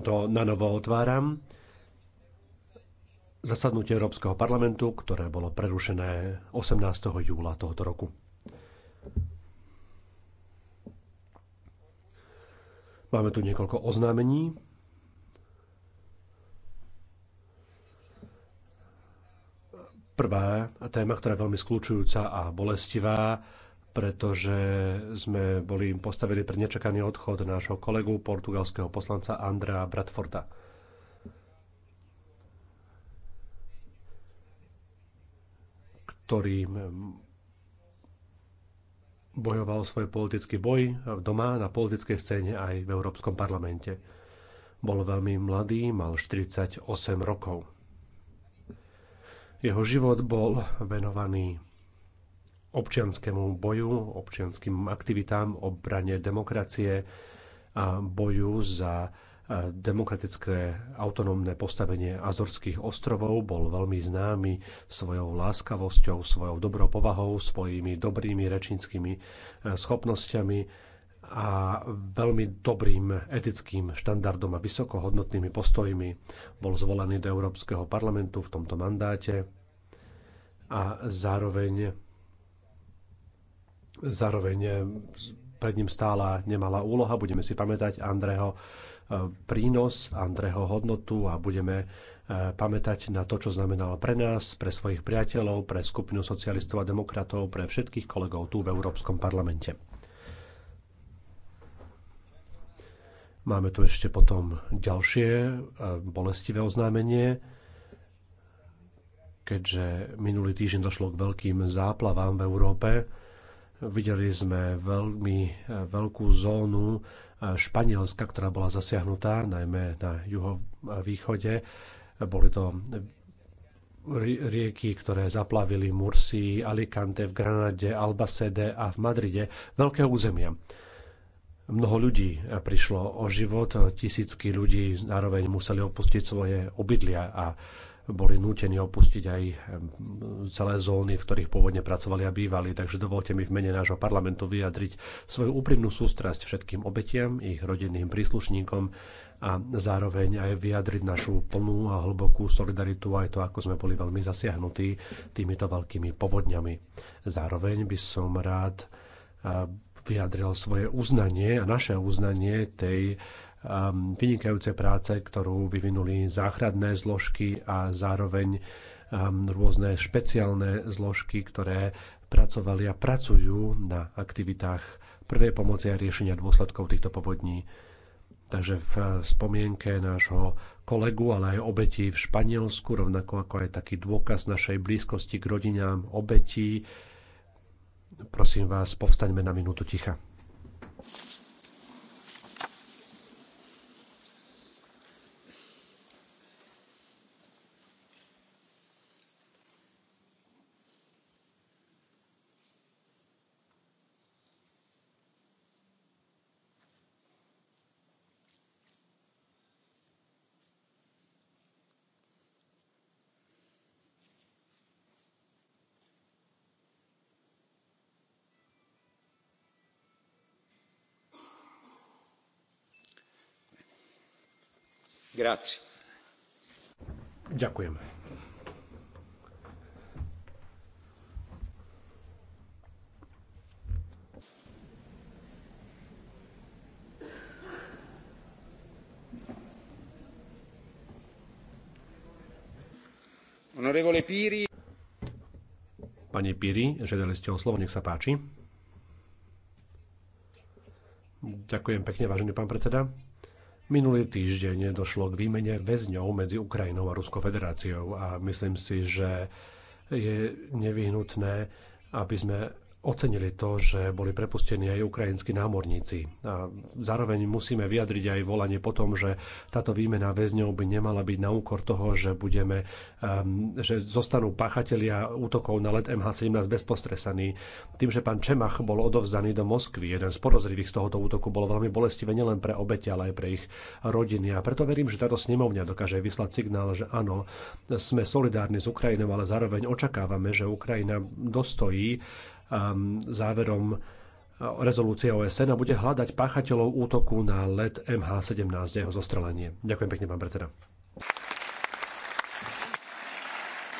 týmto na novo otváram zasadnutie Európskeho parlamentu, ktoré bolo prerušené 18. júla tohoto roku. Máme tu niekoľko oznámení. Prvá téma, ktorá je veľmi skľúčujúca a bolestivá, pretože sme boli postavili pre nečakaný odchod nášho kolegu, portugalského poslanca Andrea Bradforda. ktorým bojoval svoj politický boj doma na politickej scéne aj v Európskom parlamente. Bol veľmi mladý, mal 48 rokov. Jeho život bol venovaný občianskému boju, občianským aktivitám, obrane demokracie a boju za e, demokratické autonómne postavenie Azorských ostrovov bol veľmi známy svojou láskavosťou, svojou dobrou povahou, svojimi dobrými rečníckými e, schopnosťami a veľmi dobrým etickým štandardom a vysokohodnotnými postojmi. Bol zvolený do Európskeho parlamentu v tomto mandáte a zároveň Zároveň eh, pred ním stála nemalá úloha. Budeme si pamätať Andreho eh, prínos, Andreho hodnotu a budeme eh, pamätať na to, čo znamenalo pre nás, pre svojich priateľov, pre skupinu socialistov a demokratov, pre všetkých kolegov tu v Európskom parlamente. Máme tu ešte potom ďalšie bolestivé oznámenie. Keďže minulý týždeň došlo k veľkým záplavám v Európe, Videli sme veľmi e, veľkú zónu e, Španielska, ktorá bola zasiahnutá, najmä na juhovýchode. Boli to rieky, ktoré zaplavili Mursi Alicante, v Granade, Albacede a v Madride, veľké územia. Mnoho ľudí e, prišlo o život, tisícky ľudí zároveň museli opustiť svoje obydlia a boli nútení opustiť aj celé zóny, v ktorých pôvodne pracovali a bývali. Takže dovolte mi v mene nášho parlamentu vyjadriť svoju úprimnú sústrasť všetkým obetiam, ich rodinným príslušníkom a zároveň aj vyjadriť našu plnú a hlbokú solidaritu aj to, ako sme boli veľmi zasiahnutí týmito veľkými povodňami. Zároveň by som rád vyjadril svoje uznanie a naše uznanie tej Ehm, vynikajúce práce, ktorú vyvinuli záchradné zložky a zároveň ehm, rôzne špeciálne zložky, ktoré pracovali a pracujú na aktivitách prvej pomoci a riešenia dôsledkov týchto povodní. Takže v eh, spomienke nášho kolegu, ale aj obetí v Španielsku, rovnako ako aj taký dôkaz našej blízkosti k rodinám obetí, prosím vás, povstaňme na minútu ticha. Grazie. Ďakujem. Onorevole Piri. Pani Piri, žiadali ste o slovo, nech sa páči. Ďakujem pekne, vážený pán predseda. Minulý týždeň došlo k výmene väzňov medzi Ukrajinou a Ruskou federáciou a myslím si, že je nevyhnutné, aby sme ocenili to, že boli prepustení aj ukrajinskí námorníci. A zároveň musíme vyjadriť aj volanie po tom, že táto výmena väzňov by nemala byť na úkor toho, že, budeme, um, že zostanú páchatelia útokov na let MH17 bezpostresaní. Tým, že pán Čemach bol odovzdaný do Moskvy, jeden z podozrivých z tohoto útoku bolo veľmi bolestivé nielen pre obete, ale aj pre ich rodiny. A preto verím, že táto snemovňa dokáže vyslať signál, že áno, sme solidárni s Ukrajinou, ale zároveň očakávame, že Ukrajina dostojí Ehm, záverom e, rezolúcie OSN a bude hľadať páchateľov útoku na let MH17 a jeho zostrelenie. Ďakujem pekne, pán predseda.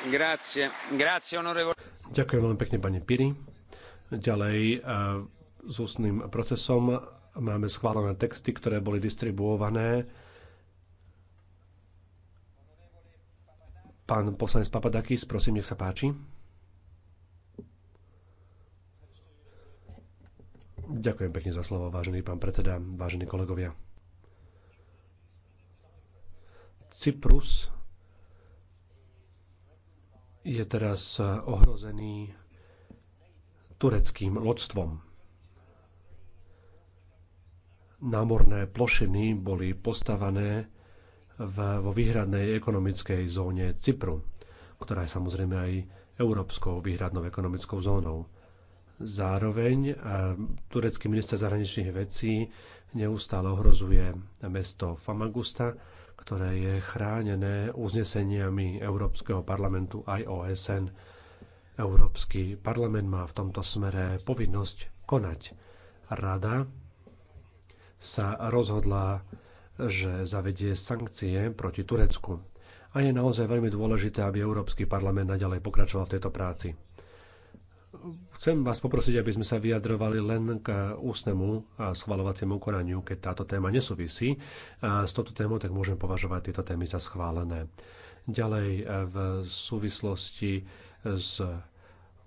Grazie. Grazie, Ďakujem veľmi pekne, pani Piri. Ďalej e, s ústnym procesom máme schválené texty, ktoré boli distribuované. Pán poslanec Papadakis, prosím, nech sa páči. Ďakujem pekne za slovo, vážený pán predseda, vážení kolegovia. Cyprus je teraz ohrozený tureckým lodstvom. Námorné plošiny boli postavané vo výhradnej ekonomickej zóne Cypru, ktorá je samozrejme aj európskou výhradnou ekonomickou zónou. Zároveň turecký minister zahraničných vecí neustále ohrozuje mesto Famagusta, ktoré je chránené uzneseniami Európskeho parlamentu aj OSN. Európsky parlament má v tomto smere povinnosť konať. Rada sa rozhodla, že zavedie sankcie proti Turecku. A je naozaj veľmi dôležité, aby Európsky parlament naďalej pokračoval v tejto práci. Chcem vás poprosiť, aby sme sa vyjadrovali len k ústnemu schvalovaciemu konaniu. Keď táto téma nesúvisí s touto témou, tak môžem považovať tieto témy za schválené. Ďalej v súvislosti s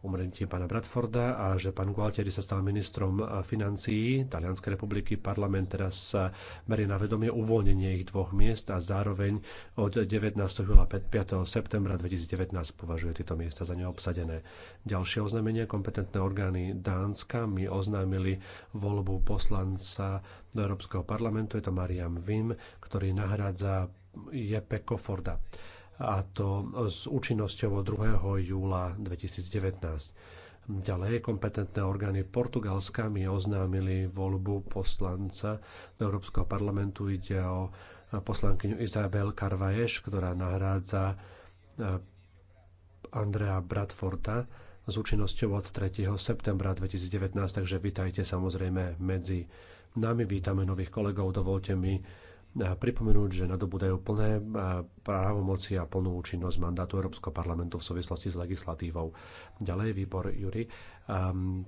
umrnutí pána Bradforda a že pán Gualtieri sa stal ministrom eh, financií Talianskej republiky. Parlament teraz sa eh, merí na vedomie uvoľnenie ich dvoch miest a zároveň od 19. júla 5. septembra 2019 považuje tieto miesta za neobsadené. Ďalšie oznámenie kompetentné orgány Dánska mi oznámili voľbu poslanca do Európskeho parlamentu. Je to Mariam Vim, ktorý nahrádza Jepe Koforda a to s účinnosťou od 2. júla 2019. Ďalej kompetentné orgány Portugalska mi oznámili voľbu poslanca do Európskeho parlamentu. Ide o poslankyňu Izabel Carvaješ, ktorá nahrádza eh, Andrea Bradforta s účinnosťou od 3. septembra 2019, takže vitajte samozrejme medzi nami, vítame nových kolegov, dovolte mi pripomenúť, že nadobúdajú plné e, právomoci a plnú účinnosť mandátu Európskeho parlamentu v súvislosti s legislatívou. Ďalej výbor Jury e,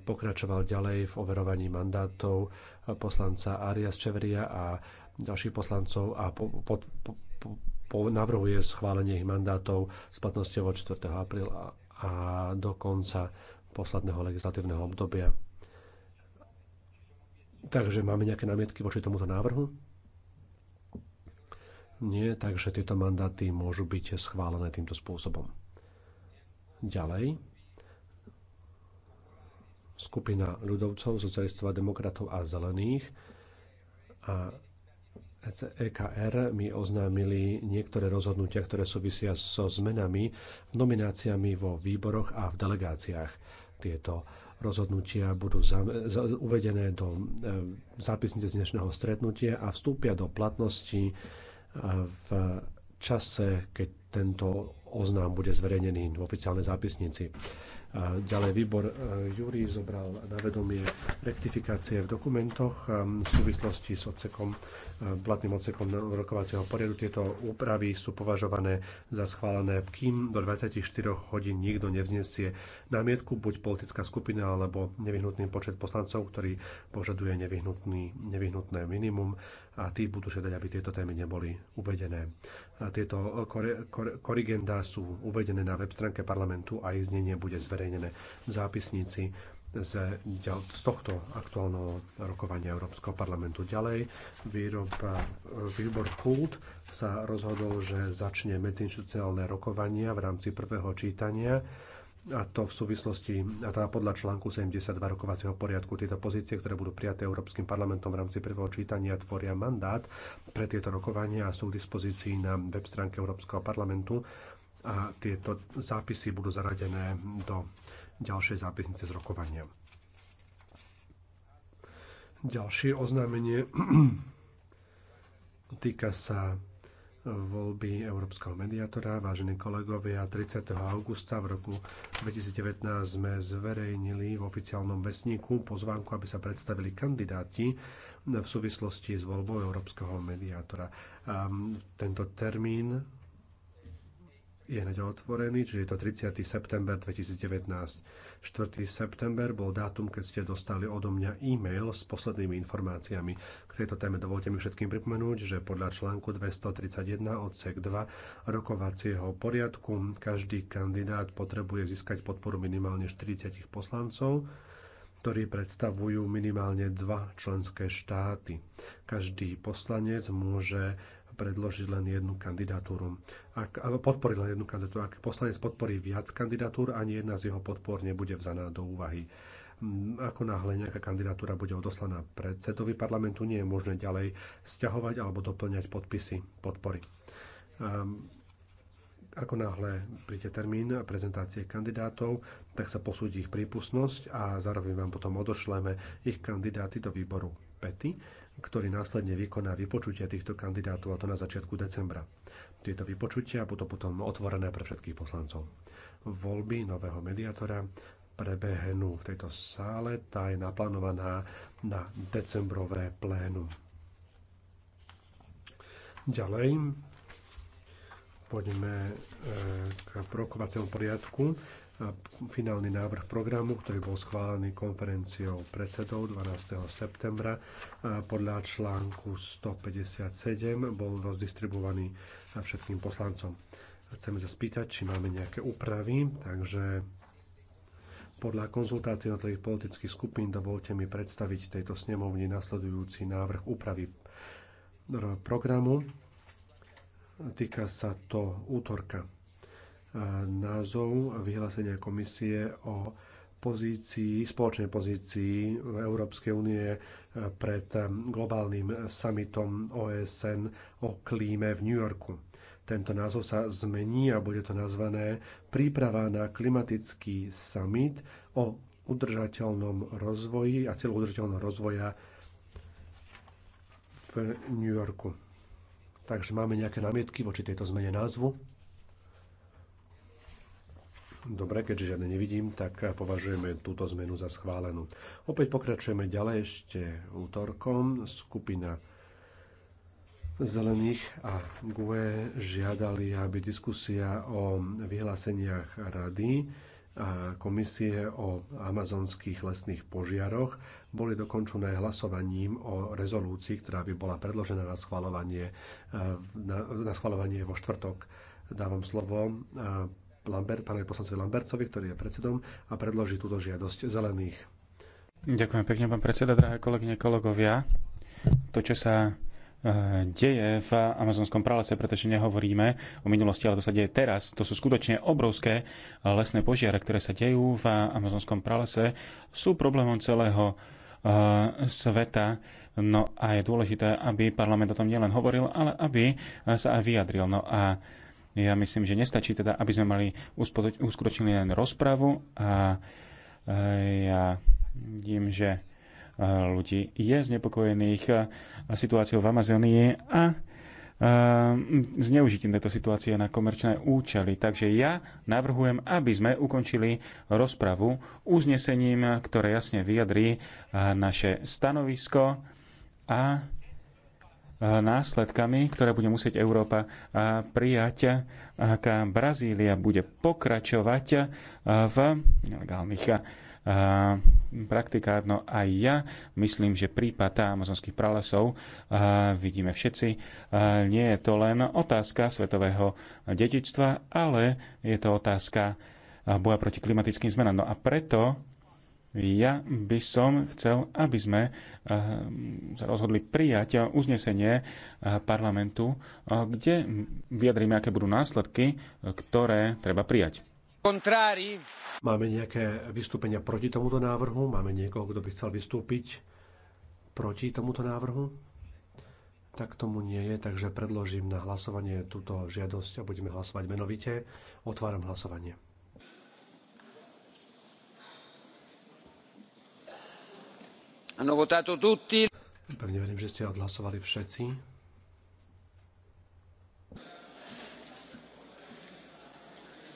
pokračoval ďalej v overovaní mandátov e, poslanca Arias Čeveria a ďalších poslancov a po, po, po, po, navrhuje schválenie ich mandátov s platnosťou od 4. apríla a do konca posledného legislatívneho obdobia. Takže máme nejaké námietky voči tomuto návrhu? Nie, takže tieto mandáty môžu byť schválené týmto spôsobom. Ďalej. Skupina ľudovcov, socialistov a demokratov a zelených a EKR mi oznámili niektoré rozhodnutia, ktoré súvisia so zmenami, nomináciami vo výboroch a v delegáciách. Tieto rozhodnutia budú za, za, uvedené do e, zápisnice z dnešného stretnutia a vstúpia do platnosti v čase, keď tento oznám bude zverejnený v oficiálnej zápisnici. Ďalej výbor e, Júri zobral na vedomie rektifikácie v dokumentoch e, v súvislosti s odsekom, e, platným odsekom rokovacieho poriadu. Tieto úpravy sú považované za schválené, kým do 24 hodín nikto nevznesie námietku, buď politická skupina alebo nevyhnutný počet poslancov, ktorý požaduje nevyhnutný, nevyhnutné minimum a tí budú žiadať, aby tieto témy neboli uvedené. A tieto korigenda sú uvedené na web stránke parlamentu a ich znenie bude zverejnené v zápisnici z, z tohto aktuálneho rokovania Európskeho parlamentu. Ďalej výroba, výbor Kult sa rozhodol, že začne medziinstitucionálne rokovania v rámci prvého čítania a to v súvislosti, a teda podľa článku 72 rokovacieho poriadku, tieto pozície, ktoré budú prijaté Európskym parlamentom v rámci prvého čítania, tvoria mandát pre tieto rokovania a sú k dispozícii na web stránke Európskeho parlamentu a tieto zápisy budú zaradené do ďalšej zápisnice z rokovania. Ďalšie oznámenie týka sa voľby Európskeho mediátora. Vážení kolegovia, 30. augusta v roku 2019 sme zverejnili v oficiálnom vesníku pozvánku, aby sa predstavili kandidáti v súvislosti s voľbou Európskeho mediátora. Ehm, tento termín je hneď otvorený, čiže je to 30. september 2019. 4. september bol dátum, keď ste dostali odo mňa e-mail s poslednými informáciami. K tejto téme dovolte mi všetkým pripomenúť, že podľa článku 231 odsek 2 rokovacieho poriadku každý kandidát potrebuje získať podporu minimálne 40 poslancov, ktorí predstavujú minimálne dva členské štáty. Každý poslanec môže predložiť len jednu kandidatúru. Ak, podporiť len jednu kandidatúru. Ak poslanec podporí viac kandidatúr, ani jedna z jeho podpor nebude vzaná do úvahy. Mm, ako náhle nejaká kandidatúra bude odoslaná predsedovi parlamentu, nie je možné ďalej stiahovať alebo doplňať podpisy podpory. Um, ako náhle príde termín prezentácie kandidátov, tak sa posúdi ich prípustnosť a zároveň vám potom odošleme ich kandidáty do výboru PETI ktorý následne vykoná vypočutie týchto kandidátov, a to na začiatku decembra. Tieto vypočutia budú potom otvorené pre všetkých poslancov. Voľby nového mediátora prebehnú v tejto sále, tá je naplánovaná na decembrové plénu. Ďalej, poďme eh, k rokovaciemu poriadku finálny návrh programu, ktorý bol schválený konferenciou predsedov 12. septembra. Podľa článku 157 bol rozdistribuovaný všetkým poslancom. Chceme sa spýtať, či máme nejaké úpravy, takže podľa konzultácií jednotlivých politických skupín dovolte mi predstaviť tejto snemovni nasledujúci návrh úpravy programu. Týka sa to útorka názov vyhlásenia komisie o pozícii, spoločnej pozícii Európskej únie e, pred e, globálnym summitom OSN o klíme v New Yorku. Tento názov sa zmení a bude to nazvané Príprava na klimatický summit o udržateľnom rozvoji a cieľu udržateľného rozvoja v New Yorku. Takže máme nejaké námietky voči tejto zmene názvu? Dobre, keďže žiadne nevidím, tak považujeme túto zmenu za schválenú. Opäť pokračujeme ďalej ešte útorkom. Skupina Zelených a GUE žiadali, aby diskusia o vyhláseniach rady a komisie o amazonských lesných požiaroch boli dokončené hlasovaním o rezolúcii, ktorá by bola predložená na schvalovanie, na, na schvalovanie vo štvrtok. Dávam slovo Lambert, pánovi poslancovi Lambercovi, ktorý je predsedom a predloží túto žiadosť zelených. Ďakujem pekne, pán predseda, drahé kolegyne, kolegovia. To, čo sa eh, deje v amazonskom pralese, pretože nehovoríme o minulosti, ale to sa deje teraz. To sú skutočne obrovské lesné požiare, ktoré sa dejú v amazonskom pralese. Sú problémom celého eh, sveta. No a je dôležité, aby parlament o tom nielen hovoril, ale aby eh, sa aj vyjadril. No a ja myslím, že nestačí teda, aby sme mali uskutočnili len rozpravu a ja vidím, že ľudí je znepokojených situáciou v Amazonii a zneužitím tejto situácie na komerčné účely. Takže ja navrhujem, aby sme ukončili rozpravu uznesením, ktoré jasne vyjadrí naše stanovisko a Eh, následkami, ktoré bude musieť Európa eh, prijať, eh, ak Brazília bude pokračovať v nelegálnych praktikách. No aj ja myslím, že prípad amazonských pralesov vidíme všetci. Nie je to len otázka svetového dedičstva, ale je to otázka boja proti klimatickým zmenám. No a preto ja by som chcel, aby sme eh, sa rozhodli prijať uznesenie eh, parlamentu, eh, kde vyjadríme, aké budú následky, ktoré treba prijať. Kontrári. Máme nejaké vystúpenia proti tomuto návrhu? Máme niekoho, kto by chcel vystúpiť proti tomuto návrhu? Tak tomu nie je, takže predložím na hlasovanie túto žiadosť a budeme hlasovať menovite. Otváram hlasovanie. Hanno votato tutti. Pevne verím, že ste odhlasovali všetci.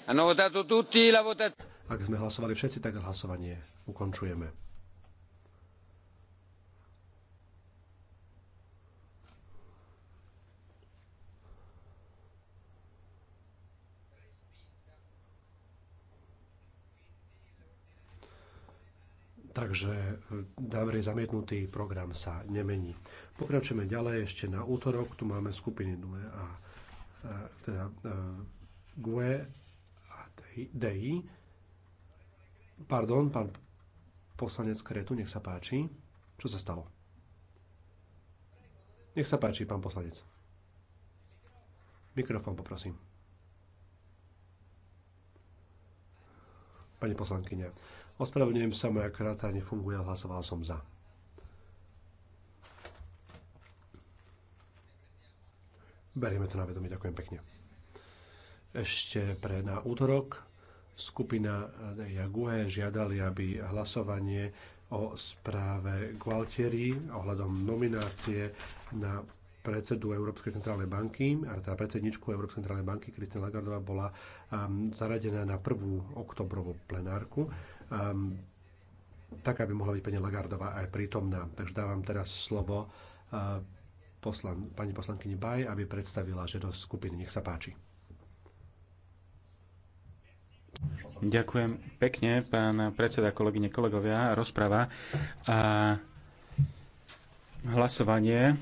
Hanno votato tutti la votazione. Ak sme hlasovali všetci, tak hlasovanie ukončujeme. Takže dobre zamietnutý program sa nemení. Pokračujeme ďalej ešte na útorok. Tu máme skupiny DUE a e, teda e, GUE a Dei. Pardon, pán poslanec Kretu, nech sa páči. Čo sa stalo? Nech sa páči, pán poslanec. Mikrofón poprosím. Pani poslankyňa, Ospravedlňujem sa, moja kráta nefunguje, hlasoval som za. Berieme to na vedomie, ďakujem pekne. Ešte pre na útorok skupina Jague žiadali, aby hlasovanie o správe Gualtieri ohľadom nominácie na predsedu Európskej centrálnej banky, teda predsedničku Európskej centrálnej banky Kristina Lagardová bola um, zaradená na prvú oktobrovú plenárku um, tak, aby mohla byť pani Lagardová aj prítomná. Takže dávam teraz slovo uh, poslan, pani poslankyni Baj, aby predstavila žiadosť skupiny. Nech sa páči. Ďakujem pekne, pán predseda, kolegyne, kolegovia. Rozprava a hlasovanie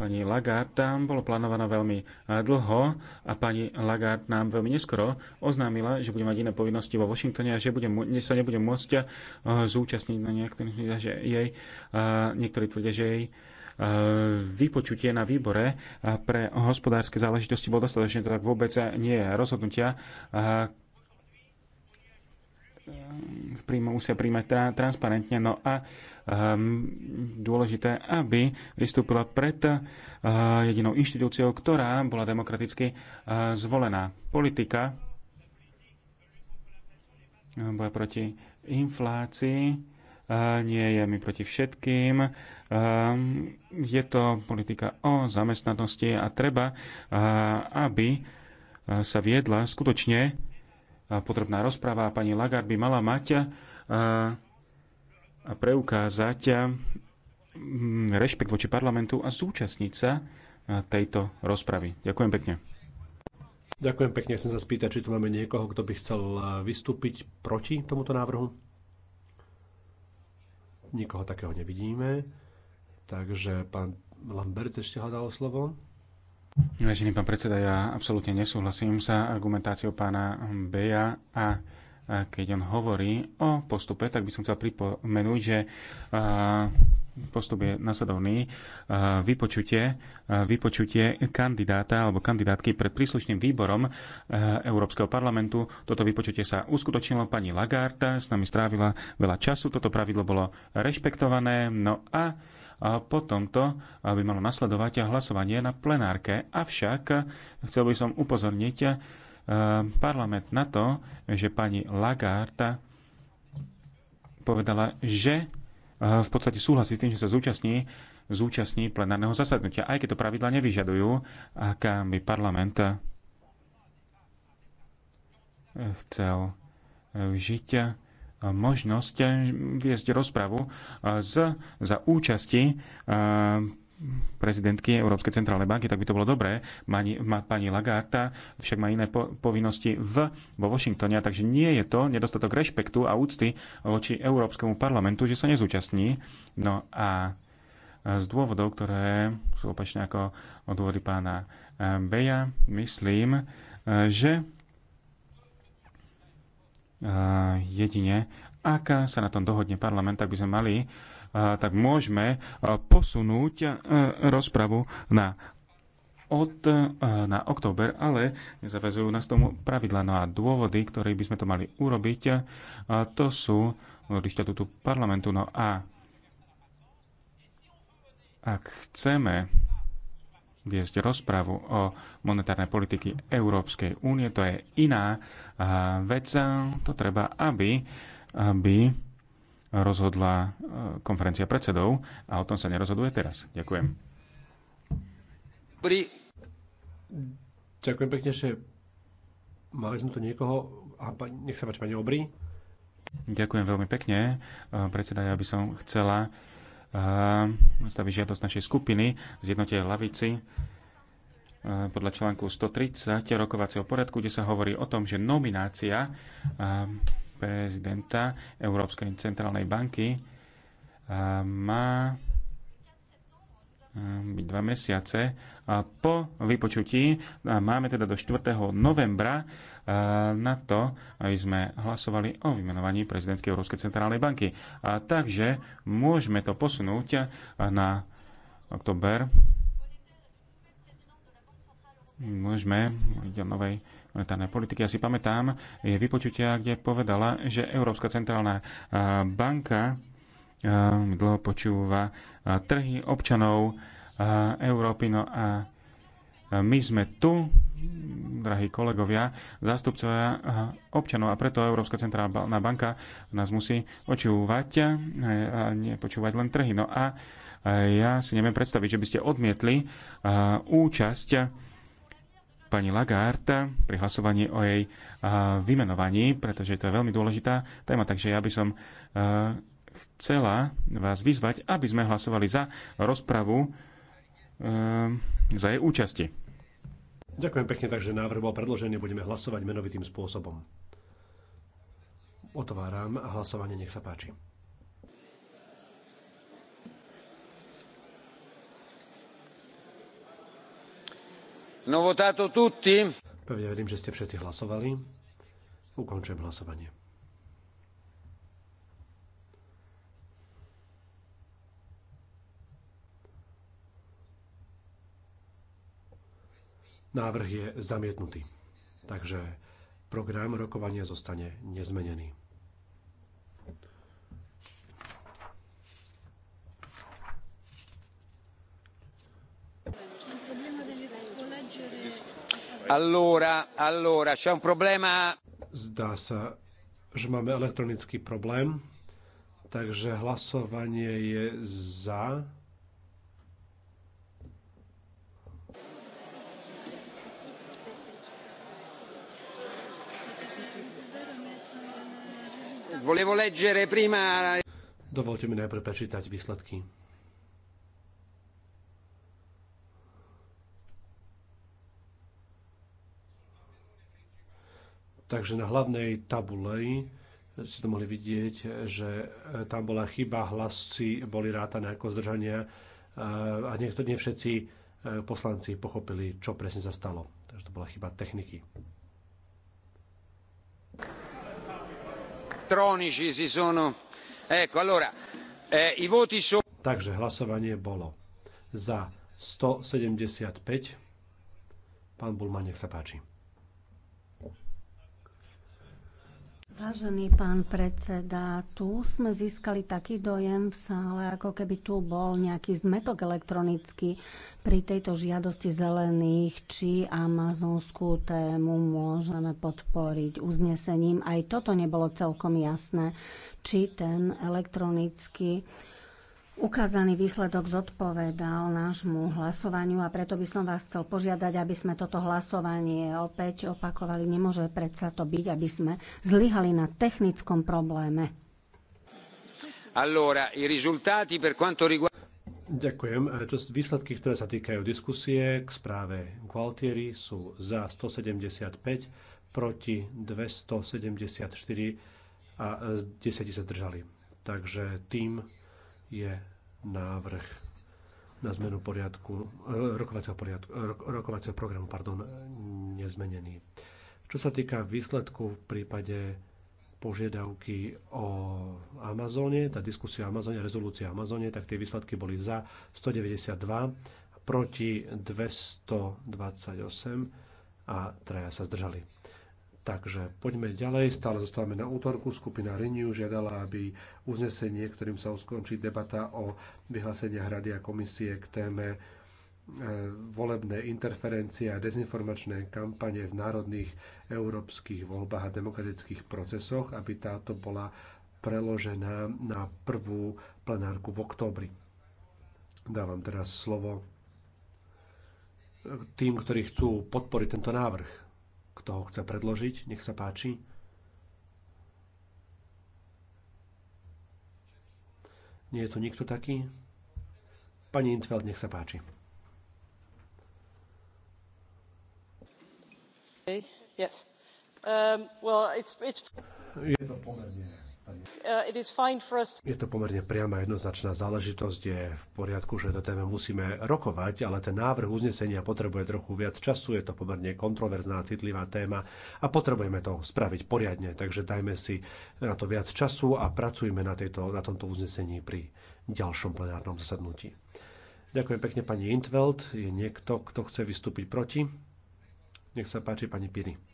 pani Lagarde tam bolo plánovaná veľmi e, dlho a pani Lagarde nám veľmi neskoro oznámila, že bude mať iné povinnosti vo Washingtone a že bude, sa nebude môcť e, zúčastniť na niektorých, že jej, e, niektorí tvrdia, že jej vypočutie na výbore pre hospodárske záležitosti bolo dostatočné, to tak vôbec nie je rozhodnutia, príjma, musia príjmať tra, transparentne. No a um, dôležité, aby vystúpila pred uh, jedinou inštitúciou, ktorá bola demokraticky uh, zvolená. Politika uh, boja proti inflácii uh, nie je mi proti všetkým. Uh, je to politika o zamestnanosti a treba, uh, aby sa viedla skutočne potrebná rozpráva. a pani Lagard by mala mať a, a preukázať a, m, rešpekt voči parlamentu a zúčastniť sa tejto rozpravy. Ďakujem pekne. Ďakujem pekne. Chcem sa spýtať, či tu máme niekoho, kto by chcel vystúpiť proti tomuto návrhu. Nikoho takého nevidíme. Takže pán Lambert ešte hľadal slovo. Vážený pán predseda, ja absolútne nesúhlasím sa argumentáciou pána Beja a keď on hovorí o postupe, tak by som chcel pripomenúť, že postup je nasledovný. Vypočutie, vypočutie kandidáta alebo kandidátky pred príslušným výborom Európskeho parlamentu. Toto vypočutie sa uskutočnilo. Pani Lagarta, s nami strávila veľa času. Toto pravidlo bolo rešpektované. No a po tomto by malo nasledovať hlasovanie na plenárke. Avšak chcel by som upozorniť eh, parlament na to, že pani Lagarde povedala, že eh, v podstate súhlasí s tým, že sa zúčastní, zúčastní plenárneho zasadnutia, aj keď to pravidla nevyžadujú, aká by parlament eh, chcel vžiť možnosť eh, viesť rozpravu eh, z, za účasti eh, prezidentky Európskej centrálnej banky, tak by to bolo dobré. Mani, ma, pani Lagarta však má iné po, povinnosti v, vo Washingtone, takže nie je to nedostatok rešpektu a úcty voči Európskemu parlamentu, že sa nezúčastní. No a z dôvodov, ktoré sú opačne ako dôvody pána Beja, myslím, že jedine, ak sa na tom dohodne parlament, tak by sme mali, tak môžeme posunúť rozpravu na od, na október, ale nezavezujú nás tomu pravidla. No a dôvody, ktoré by sme to mali urobiť, to sú dôvody štatútu parlamentu. No a ak chceme viesť rozpravu o monetárnej politiky Európskej únie. To je iná vec. To treba, aby, aby rozhodla konferencia predsedov a o tom sa nerozhoduje teraz. Ďakujem. Pri... Ďakujem pekne, že mali sme tu niekoho. A nech sa páči, pani Obry. Ďakujem veľmi pekne. Predseda, ja by som chcela Stavy žiadosť našej skupiny z jednotej lavici podľa článku 130 rokovacieho poriadku, kde sa hovorí o tom, že nominácia prezidenta Európskej centrálnej banky má byť dva mesiace po vypočutí. Máme teda do 4. novembra na to, aby sme hlasovali o vymenovaní prezidentky Európskej centrálnej banky. A takže môžeme to posunúť na oktober. Môžeme hovoriť o novej monetárnej politiky. Ja si pamätám je vypočutia, kde povedala, že Európska centrálna banka dlho počúva trhy občanov Európy. No a my sme tu, drahí kolegovia, zástupcovia eh, občanov a preto Európska centrálna banka nás musí očúvať eh, a nepočúvať len trhy. No a eh, ja si neviem predstaviť, že by ste odmietli účasť pani Lagarde pri hlasovaní o jej vymenovaní, pretože to je veľmi dôležitá téma. Takže ja by som chcela vás vyzvať, aby sme hlasovali za rozpravu Ehm, za jej účasti. Ďakujem pekne, takže návrh bol predložený, budeme hlasovať menovitým spôsobom. Otváram hlasovanie, nech sa páči. No tutti. Pevne verím, že ste všetci hlasovali. Ukončujem hlasovanie. Návrh je zamietnutý. Takže program rokovania zostane nezmenený. Allora, allora, c'è un problema. Zdá sa, že máme elektronický problém, takže hlasovanie je za. Volevo leggere prima... Dovolte mi najprv prečítať výsledky. Takže na hlavnej tabulej ste to mohli vidieť, že tam bola chyba, hlasci boli rátané ako zdržania eh, a niektorí, nie všetci eh, poslanci pochopili, čo presne sa stalo. Takže to bola chyba techniky. si sono... Ecco, allora, eh, i voti sono... Takže hlasovanie bolo za 175. Pán Bulman, nech sa páči. Vážený pán predseda, tu sme získali taký dojem v sále, ako keby tu bol nejaký zmetok elektronický pri tejto žiadosti zelených, či amazonskú tému môžeme podporiť uznesením. Aj toto nebolo celkom jasné, či ten elektronický Ukázaný výsledok zodpovedal nášmu hlasovaniu a preto by som vás chcel požiadať, aby sme toto hlasovanie opäť opakovali. Nemôže predsa to byť, aby sme zlyhali na technickom probléme. Allora, i risultati per quanto riguarda... Ďakujem. E, čo výsledky, ktoré sa týkajú diskusie k správe Gualtieri sú za 175, proti 274 a 10 e, sa zdržali. Takže tým je návrh na zmenu poriadku, eh, rokovacieho, poriadku, eh, rokovacieho programu pardon, eh, nezmenený. Čo sa týka výsledku v prípade požiadavky o Amazone, tá diskusia o Amazone, rezolúcia o Amazone, tak tie výsledky boli za 192, proti 228 a traja sa zdržali. Takže poďme ďalej, stále zostávame na útorku. Skupina Renew žiadala, aby uznesenie, ktorým sa uskončí debata o vyhlásení Rady a komisie k téme e, volebné interferencie a dezinformačné kampane v národných európskych voľbách a demokratických procesoch, aby táto bola preložená na prvú plenárku v októbri. Dávam teraz slovo tým, ktorí chcú podporiť tento návrh. Kto ho chce predložiť, nech sa páči. Nie je tu nikto taký? Pani Intveld, nech sa páči. Yes. Um, well, it's, it's... Je to pomerne Uh, je to pomerne priama jednoznačná záležitosť. Je v poriadku, že do téme musíme rokovať, ale ten návrh uznesenia potrebuje trochu viac času. Je to pomerne kontroverzná, citlivá téma a potrebujeme to spraviť poriadne. Takže dajme si na to viac času a pracujme na, tejto, na tomto uznesení pri ďalšom plenárnom zasadnutí. Ďakujem pekne pani Intveld. Je niekto, kto chce vystúpiť proti? Nech sa páči pani Piri.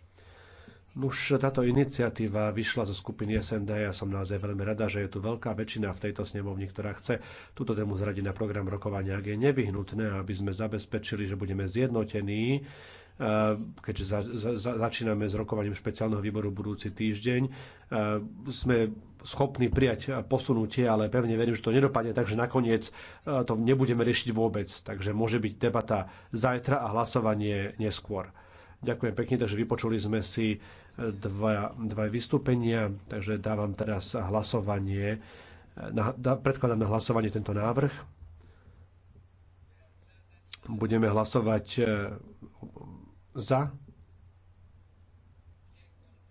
Už táto iniciatíva vyšla zo skupiny SND. Ja som naozaj veľmi rada, že je tu veľká väčšina v tejto snemovni, ktorá chce túto tému zradiť na program rokovania, ak je nevyhnutné, aby sme zabezpečili, že budeme zjednotení e, keďže za, za, za, začíname s rokovaním špeciálneho výboru budúci týždeň. E, sme schopní prijať posunutie, ale pevne verím, že to nedopadne, takže nakoniec e, to nebudeme riešiť vôbec. Takže môže byť debata zajtra a hlasovanie neskôr. Ďakujem pekne, takže vypočuli sme si e, dva, dva vystúpenia, takže dávam teraz hlasovanie, e, na, da, predkladám na hlasovanie tento návrh. Budeme hlasovať e, za.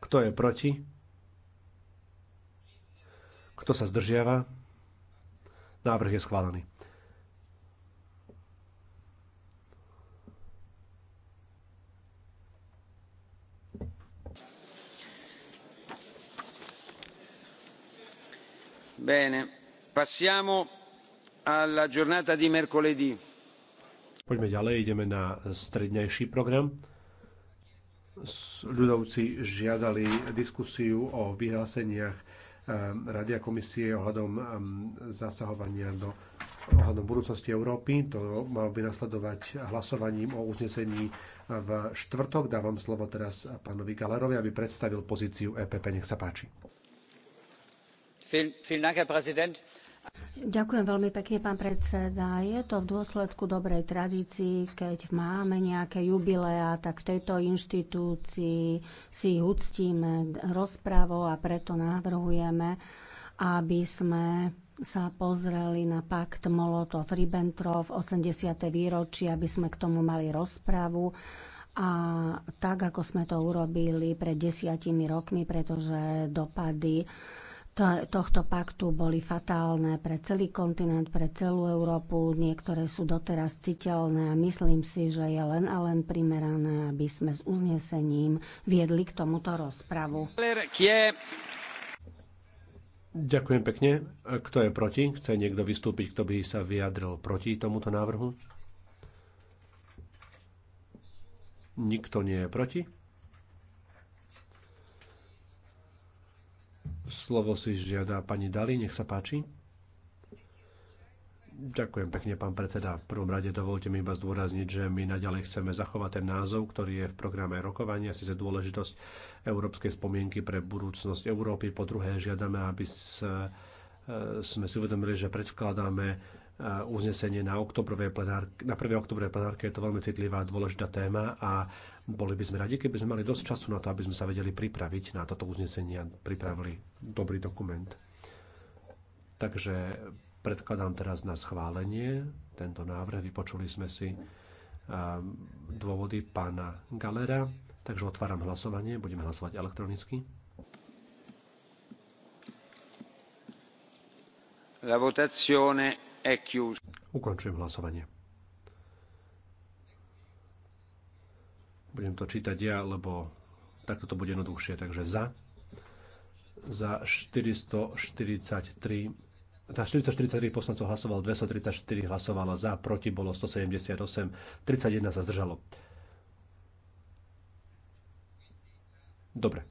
Kto je proti? Kto sa zdržiava? Návrh je schválený. Passiamo alla giornata di mercoledì. Poďme ďalej, ideme na strednejší program. Ľudovci žiadali diskusiu o vyhláseniach ehm, Radia a komisie ohľadom ehm, zasahovania do ohľadom budúcnosti Európy. To malo by nasledovať hlasovaním o uznesení v štvrtok. Dávam slovo teraz pánovi Galerovi, aby predstavil pozíciu EPP. Nech sa páči. Ďakujem veľmi pekne, pán predseda. Je to v dôsledku dobrej tradícii, keď máme nejaké jubileá, tak v tejto inštitúcii si ich uctíme rozprávou a preto navrhujeme, aby sme sa pozreli na pakt Molotov-Ribbentrop 80. výročie, aby sme k tomu mali rozpravu a tak, ako sme to urobili pred desiatimi rokmi, pretože dopady tohto paktu boli fatálne pre celý kontinent, pre celú Európu. Niektoré sú doteraz citeľné a myslím si, že je len a len primerané, aby sme s uznesením viedli k tomuto rozpravu. Ďakujem pekne. Kto je proti? Chce niekto vystúpiť, kto by sa vyjadril proti tomuto návrhu? Nikto nie je proti. Slovo si žiada pani Dali, nech sa páči. Ďakujem pekne, pán predseda. V prvom rade dovolte mi iba zdôrazniť, že my naďalej chceme zachovať ten názov, ktorý je v programe rokovania, za dôležitosť európskej spomienky pre budúcnosť Európy. Po druhé, žiadame, aby e, sme si uvedomili, že predkladáme e, uznesenie na, oktobrovej plenárke, na 1. oktobrovej plenárke. Je to veľmi citlivá a dôležitá téma a boli by sme radi, keby sme mali dosť času na to, aby sme sa vedeli pripraviť na toto uznesenie a pripravili dobrý dokument. Takže predkladám teraz na schválenie tento návrh. Vypočuli sme si eh, dôvody pána Galera, takže otváram hlasovanie, budeme hlasovať elektronicky. La votazione è chiusa. Ukončujem hlasovanie. Budem to čítať ja, lebo takto to bude jednoduchšie. Takže za, za 443 tá 443 poslancov hlasoval, 234 hlasovala za, proti bolo 178, 31 sa zdržalo. Dobre,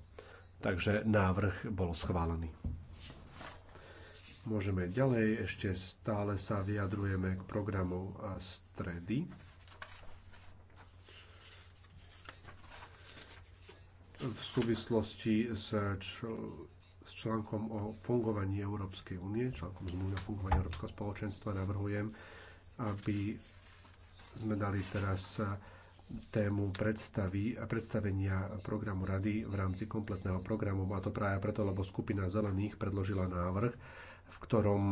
takže návrh bol schválený. Môžeme ďalej, ešte stále sa vyjadrujeme k programu a stredy. v súvislosti s, čl- s článkom o fungovaní Európskej únie, článkom zmluvy o fungovaní Európskeho spoločenstva, navrhujem, aby sme dali teraz tému predstavy a predstavenia programu Rady v rámci kompletného programu. A to práve preto, lebo skupina zelených predložila návrh, v ktorom,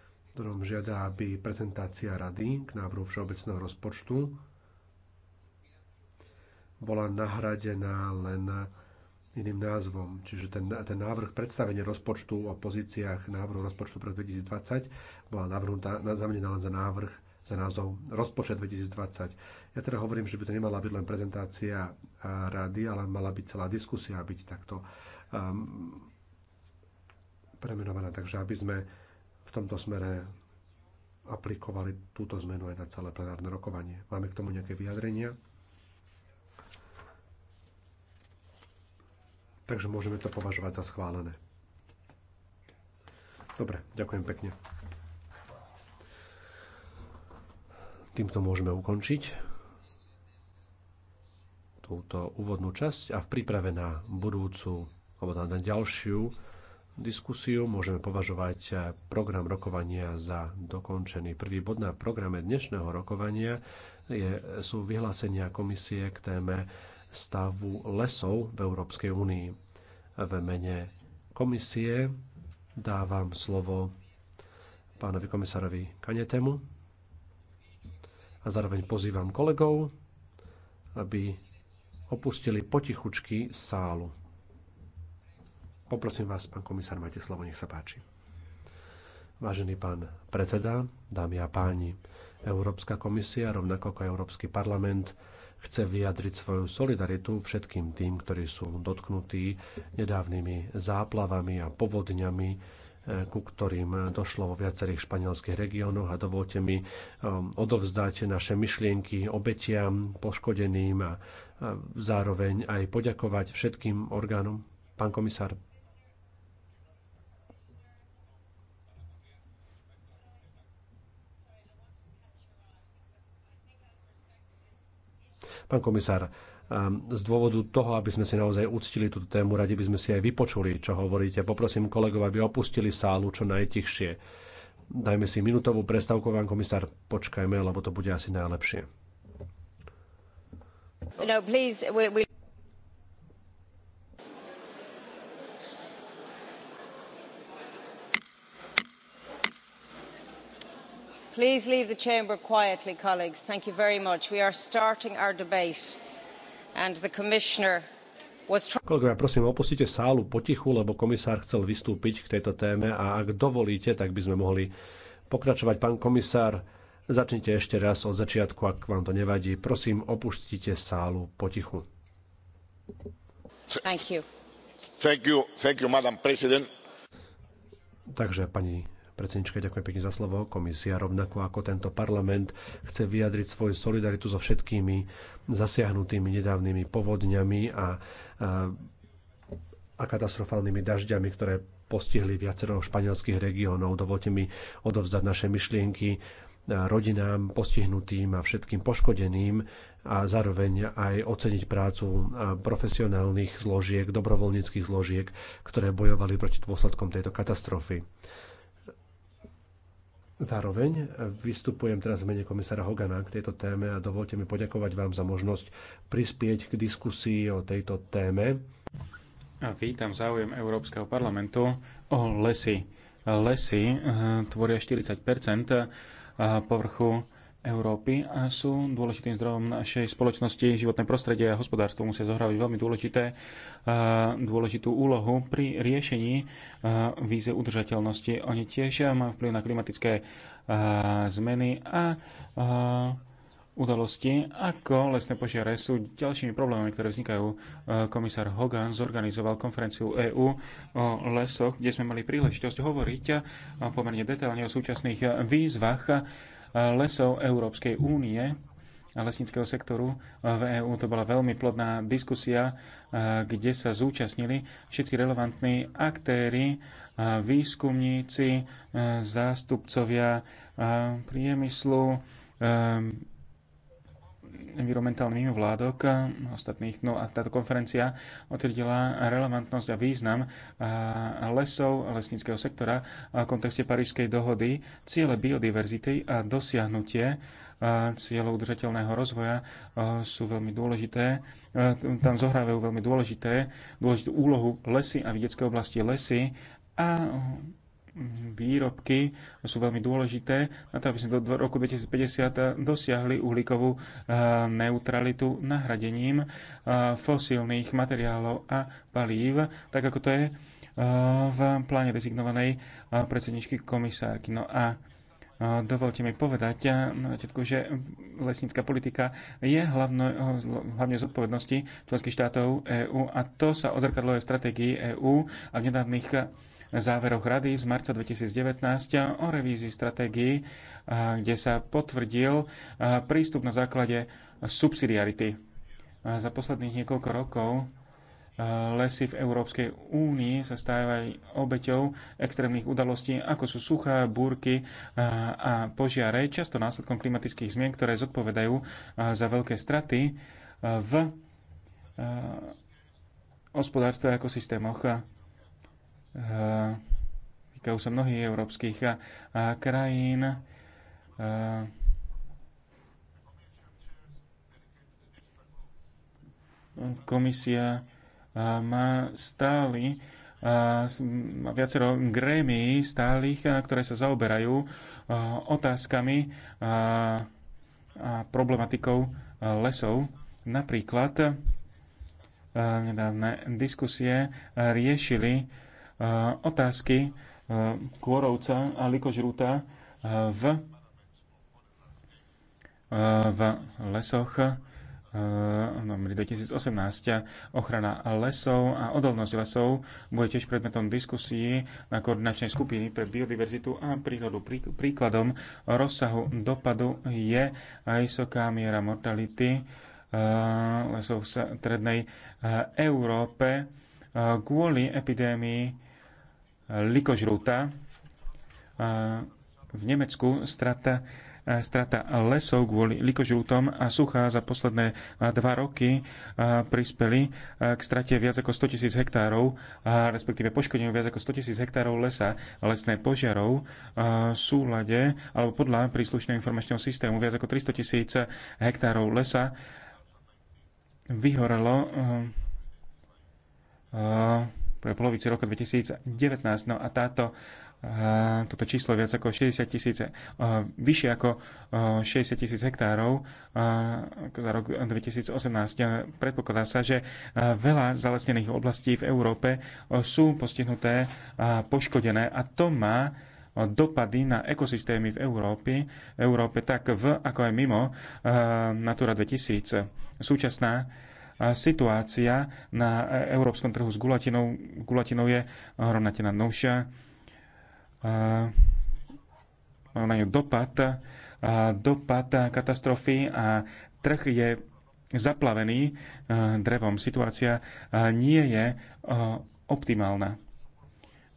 v ktorom žiada, aby prezentácia Rady k návrhu všeobecného rozpočtu bola nahradená len iným názvom. Čiže ten, ten návrh predstavenie rozpočtu o pozíciách návrhu rozpočtu pre 2020 bola navrhnutá, zamenená len za návrh za názov Rozpočet 2020. Ja teda hovorím, že by to nemala byť len prezentácia rady, ale mala byť celá diskusia byť takto um, premenovaná. Takže aby sme v tomto smere aplikovali túto zmenu aj na celé plenárne rokovanie. Máme k tomu nejaké vyjadrenia? takže môžeme to považovať za schválené. Dobre, ďakujem pekne. Týmto môžeme ukončiť túto úvodnú časť a v príprave na budúcu alebo na ďalšiu diskusiu môžeme považovať program rokovania za dokončený. Prvý bod na programe dnešného rokovania je, sú vyhlásenia komisie k téme stavu lesov v Európskej únii. V mene komisie dávam slovo pánovi komisárovi Kanetemu a zároveň pozývam kolegov, aby opustili potichučky sálu. Poprosím vás, pán komisár, majte slovo, nech sa páči. Vážený pán predseda, dámy a páni, Európska komisia, rovnako ako Európsky parlament, chce vyjadriť svoju solidaritu všetkým tým, ktorí sú dotknutí nedávnymi záplavami a povodňami, e, ku ktorým došlo vo viacerých španielských regiónoch a dovolte mi e, odovzdať naše myšlienky obetiam, poškodeným a zároveň aj poďakovať všetkým orgánom. Pán komisár. Pán komisár, ehm, z dôvodu toho, aby sme si naozaj uctili túto tému, radi by sme si aj vypočuli, čo hovoríte. Poprosím kolegov, aby opustili sálu čo najtichšie. Dajme si minútovú prestávku, pán komisár, počkajme, lebo to bude asi najlepšie. No, please, we, we... please leave the chamber quietly colleagues thank you very much. we are starting our debate and the commissioner was. kolegovia prosím opustite sálu potichu lebo komisár chcel vystúpiť k tejto téme a ak dovolíte tak by sme mohli pokračovať pán komisár začnite ešte raz od začiatku ak vám to nevadí prosím opustite sálu potichu. Thank you. Thank you, thank you, madam president. Takže pani Predsednička, ďakujem pekne za slovo. Komisia rovnako ako tento parlament chce vyjadriť svoju solidaritu so všetkými zasiahnutými nedávnymi povodňami a, a, a katastrofálnymi dažďami, ktoré postihli viacero španielských regiónov. Dovolte mi odovzdať naše myšlienky rodinám postihnutým a všetkým poškodeným a zároveň aj oceniť prácu profesionálnych zložiek, dobrovoľníckých zložiek, ktoré bojovali proti dôsledkom tejto katastrofy. Zároveň vystupujem teraz v mene komisára Hogana k tejto téme a dovolte mi poďakovať vám za možnosť prispieť k diskusii o tejto téme. A vítam záujem Európskeho parlamentu o lesy. Lesy eh, tvoria 40 eh, povrchu Európy a sú dôležitým zdrojom našej spoločnosti. Životné prostredie a hospodárstvo musia zohrávať veľmi dôležité, eh, dôležitú úlohu pri riešení eh, víze udržateľnosti. Oni tiež eh, majú vplyv na klimatické zmeny a udalosti, ako lesné požiare sú ďalšími problémami, ktoré vznikajú. Komisár Hogan zorganizoval konferenciu EÚ o lesoch, kde sme mali príležitosť hovoriť pomerne detailne o súčasných výzvach lesov Európskej únie a lesníckého sektoru v EÚ. To bola veľmi plodná diskusia, e, kde sa zúčastnili všetci relevantní aktéry, e, výskumníci, e, zástupcovia priemyslu, environmentálny mimovládok ostatných. No a táto konferencia otvrdila relevantnosť a význam lesov, lesníckého sektora v kontexte Parížskej dohody, ciele biodiverzity a dosiahnutie cieľov udržateľného rozvoja sú veľmi dôležité. Tam zohrávajú veľmi dôležité, dôležitú úlohu lesy a vidiecké oblasti lesy a výrobky sú veľmi dôležité na to, aby sme do roku 2050 dosiahli uhlíkovú eh, neutralitu nahradením eh, fosílnych materiálov a palív, tak ako to je eh, v pláne dezignovanej predsedničky komisárky. No a Dovolte mi povedať na začiatku, že lesnícka politika je hlavno, hlavne z odpovednosti členských štátov EÚ a to sa odzrkadlo aj v stratégii EÚ a v nedávnych záveroch Rady z marca 2019 o revízii stratégií, kde sa potvrdil prístup na základe subsidiarity. Za posledných niekoľko rokov lesy v Európskej únii sa stávajú obeťou extrémnych udalostí, ako sú suchá, búrky a požiare, často následkom klimatických zmien, ktoré zodpovedajú za veľké straty v hospodárstve a ekosystémoch. Eh, týkajú sa mnohých európskych eh, krajín. Eh, komisia má stály viacero grémy stálych, ktoré sa zaoberajú otázkami a problematikou lesov. Napríklad nedávne diskusie riešili otázky kôrovca a likožrúta v, v lesoch no, v 2018 ochrana lesov a odolnosť lesov bude tiež predmetom diskusie na koordinačnej skupiny pre biodiverzitu a prírodu. Príkladom rozsahu dopadu je aj vysoká miera mortality lesov v strednej Európe kvôli epidémii likožrúta V Nemecku strata strata lesov kvôli likožrútom a suchá za posledné dva roky prispeli k strate viac ako 100 tisíc hektárov, respektíve poškodeniu viac ako 100 tisíc hektárov lesa. Lesné požiarov v súlade, alebo podľa príslušného informačného systému, viac ako 300 tisíc hektárov lesa vyhorelo pre polovici roku 2019. No a táto toto číslo viac ako 60 tisíc, vyššie ako 60 tisíc hektárov za rok 2018. Predpokladá sa, že veľa zalesnených oblastí v Európe sú postihnuté a poškodené a to má dopady na ekosystémy v Európe, Európe tak v ako aj mimo Natura 2000. Súčasná situácia na európskom trhu s gulatinou, gulatinou je hromnatená novšia. na ňu dopad, dopad katastrofy a trh je zaplavený drevom. Situácia nie je optimálna.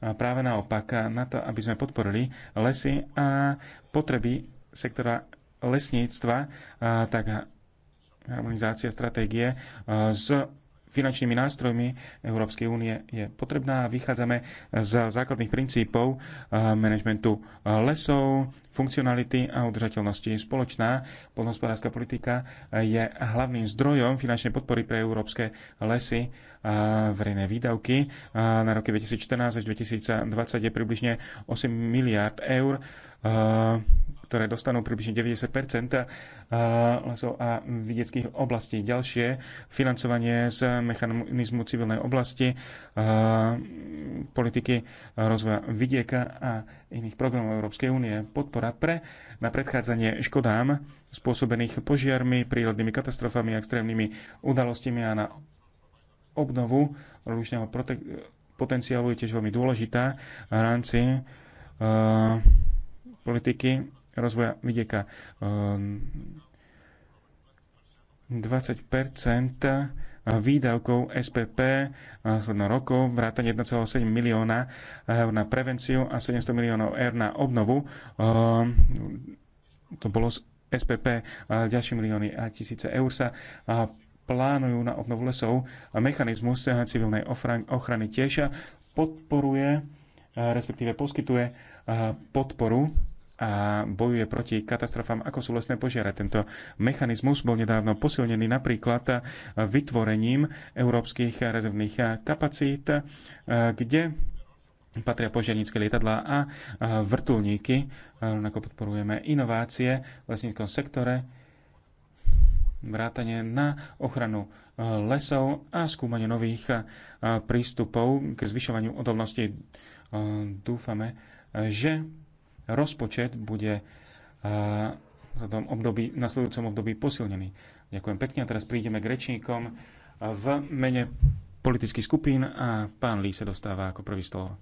Práve naopak, na to, aby sme podporili lesy a potreby sektora lesníctva, tak harmonizácia stratégie e, s finančnými nástrojmi Európskej únie je potrebná. Vychádzame z základných princípov e, manažmentu lesov, funkcionality a udržateľnosti. Spoločná poľnohospodárska politika je hlavným zdrojom finančnej podpory pre európske lesy. a Verejné výdavky e, na roky 2014 až 2020 je približne 8 miliard eur Eh, ktoré dostanú približne 90 eh, lesov a vidieckých oblastí. Ďalšie financovanie z mechanizmu civilnej oblasti, eh, politiky rozvoja vidieka a iných programov Európskej únie. Podpora pre na predchádzanie škodám spôsobených požiarmi, prírodnými katastrofami a extrémnymi udalostiami a na obnovu rodičného potenciálu je tiež veľmi dôležitá v rámci uh, politiky rozvoja vidieka. 20 ehm, výdavkov SPP následno eh, rokov, vrátane 1,7 milióna eur na prevenciu a 700 miliónov eur na obnovu. Ehm, to bolo z SPP, eh, ďalšie milióny a tisíce eur sa eh, plánujú na obnovu lesov. Mechanizmus civilnej ochrany tiež podporuje, respektíve poskytuje podporu a bojuje proti katastrofám, ako sú lesné požiare. Tento mechanizmus bol nedávno posilnený napríklad vytvorením európskych rezervných kapacít, e, kde patria požiarnícke lietadlá a e, vrtulníky. E, rovnako podporujeme inovácie v lesníckom sektore, vrátanie na ochranu lesov a skúmanie nových prístupov k zvyšovaniu odolnosti. Dúfame, že rozpočet bude v eh, tom období, nasledujúcom období posilnený. Ďakujem pekne a teraz prídeme k rečníkom v mene politických skupín a pán Lí sa dostáva ako prvý slovo.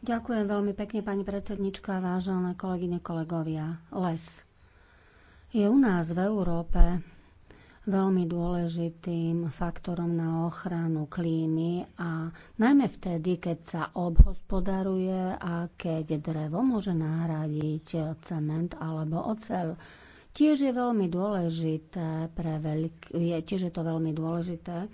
Ďakujem veľmi pekne, pani predsednička, vážené kolegyne, kolegovia. Les je u nás v Európe veľmi dôležitým faktorom na ochranu klímy a najmä vtedy, keď sa obhospodaruje a keď drevo môže nahradiť cement alebo oceľ. Tiež je veľmi dôležité pre veľk- je, tiež je to veľmi dôležité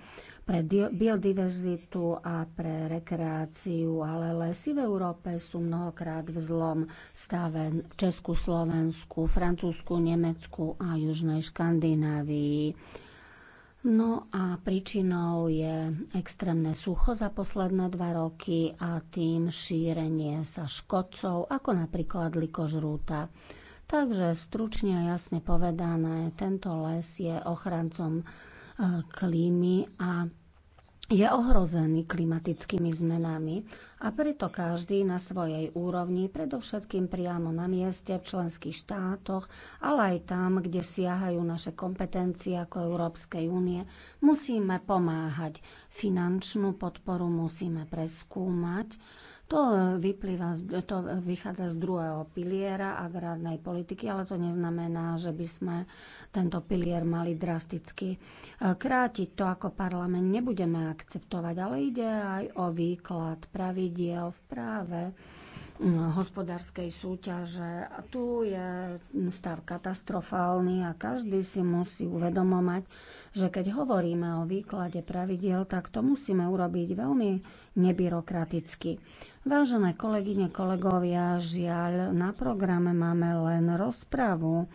pre biodiverzitu a pre rekreáciu, ale lesy v Európe sú mnohokrát v zlom stave v Česku, Slovensku, Francúzsku, Nemecku a Južnej Škandinávii. No a príčinou je extrémne sucho za posledné dva roky a tým šírenie sa škodcov, ako napríklad likožrúta. Takže stručne a jasne povedané, tento les je ochrancom klímy a je ohrozený klimatickými zmenami a preto každý na svojej úrovni, predovšetkým priamo na mieste v členských štátoch, ale aj tam, kde siahajú naše kompetencie ako Európskej únie, musíme pomáhať. Finančnú podporu musíme preskúmať to, vyplýva, to vychádza z druhého piliera agrárnej politiky, ale to neznamená, že by sme tento pilier mali drasticky e, krátiť. To ako parlament nebudeme akceptovať, ale ide aj o výklad pravidiel v práve hospodárskej súťaže. A tu je stav katastrofálny a každý si musí uvedomovať, že keď hovoríme o výklade pravidiel, tak to musíme urobiť veľmi nebyrokraticky. Vážené kolegyne, kolegovia, žiaľ, na programe máme len rozpravu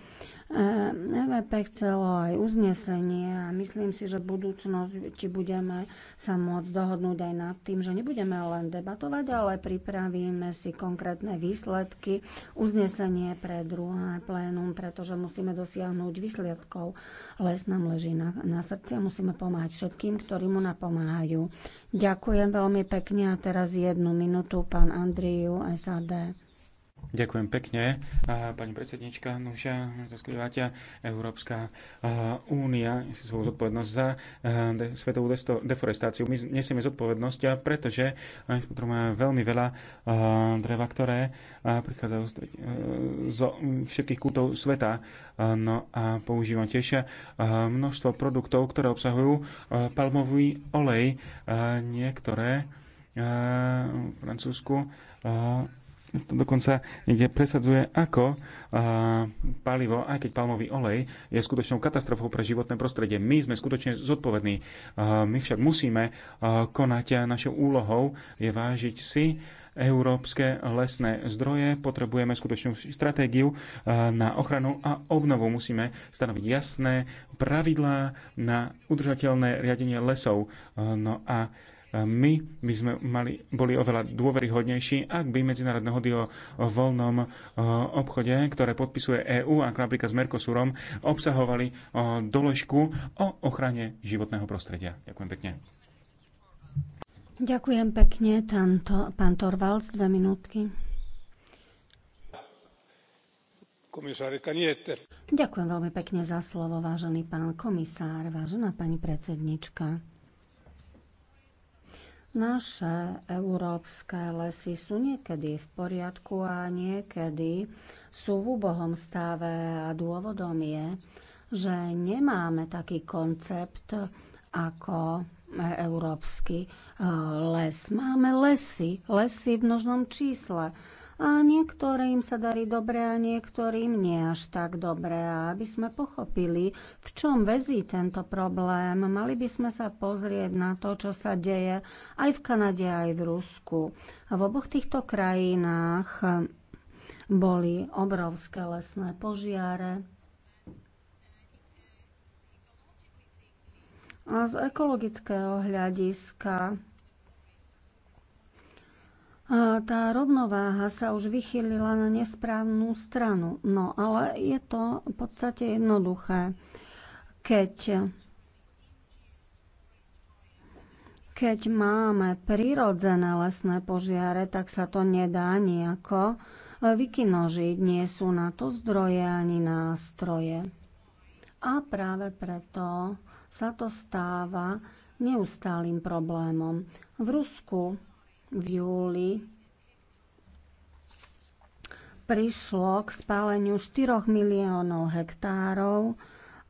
EVP e chcelo aj uznesenie a myslím si, že v budúcnosti budeme sa môcť dohodnúť aj nad tým, že nebudeme len debatovať, ale pripravíme si konkrétne výsledky, uznesenie pre druhé plénum, pretože musíme dosiahnuť výsledkov. Les nám leží na, na srdci a musíme pomáhať všetkým, ktorí mu napomáhajú. Ďakujem veľmi pekne a teraz jednu minútu pán Andriu SAD. Ďakujem pekne, pani predsednička. Nuža, to skrývate, Európska únia nesie svoju zodpovednosť za svetovú deforestáciu. My nesieme zodpovednosť, pretože máme veľmi veľa dreva, ktoré prichádzajú e, zo všetkých kútov sveta. No a používam tiež množstvo produktov, ktoré obsahujú palmový olej. Niektoré v Francúzsku to dokonca niekde presadzuje ako palivo, aj keď palmový olej je skutočnou katastrofou pre životné prostredie. My sme skutočne zodpovední. My však musíme konať a našou úlohou je vážiť si európske lesné zdroje. Potrebujeme skutočnú stratégiu na ochranu a obnovu. Musíme stanoviť jasné pravidlá na udržateľné riadenie lesov. No a my by sme mali, boli oveľa dôveryhodnejší, ak by medzinárodné hody o, voľnom obchode, ktoré podpisuje EÚ, a napríklad s Mercosurom, obsahovali doložku o ochrane životného prostredia. Ďakujem pekne. Ďakujem pekne, tanto, pán Torvalds, dve minútky. Ďakujem veľmi pekne za slovo, vážený pán komisár, vážená pani predsednička. Naše európske lesy sú niekedy v poriadku a niekedy sú v úbohom stave a dôvodom je, že nemáme taký koncept ako európsky eh, les. Máme lesy, lesy v množnom čísle a niektorým sa darí dobre a niektorým nie až tak dobre. A aby sme pochopili, v čom vezí tento problém, mali by sme sa pozrieť na to, čo sa deje aj v Kanade, aj v Rusku. A v oboch týchto krajinách boli obrovské lesné požiare, A z ekologického hľadiska tá rovnováha sa už vychýlila na nesprávnu stranu. No ale je to v podstate jednoduché. Keď keď máme prirodzené lesné požiare, tak sa to nedá nejako e, vykinožiť. Nie sú na to zdroje ani nástroje. A práve preto sa to stáva neustálým problémom. V Rusku v júli prišlo k spáleniu 4 miliónov hektárov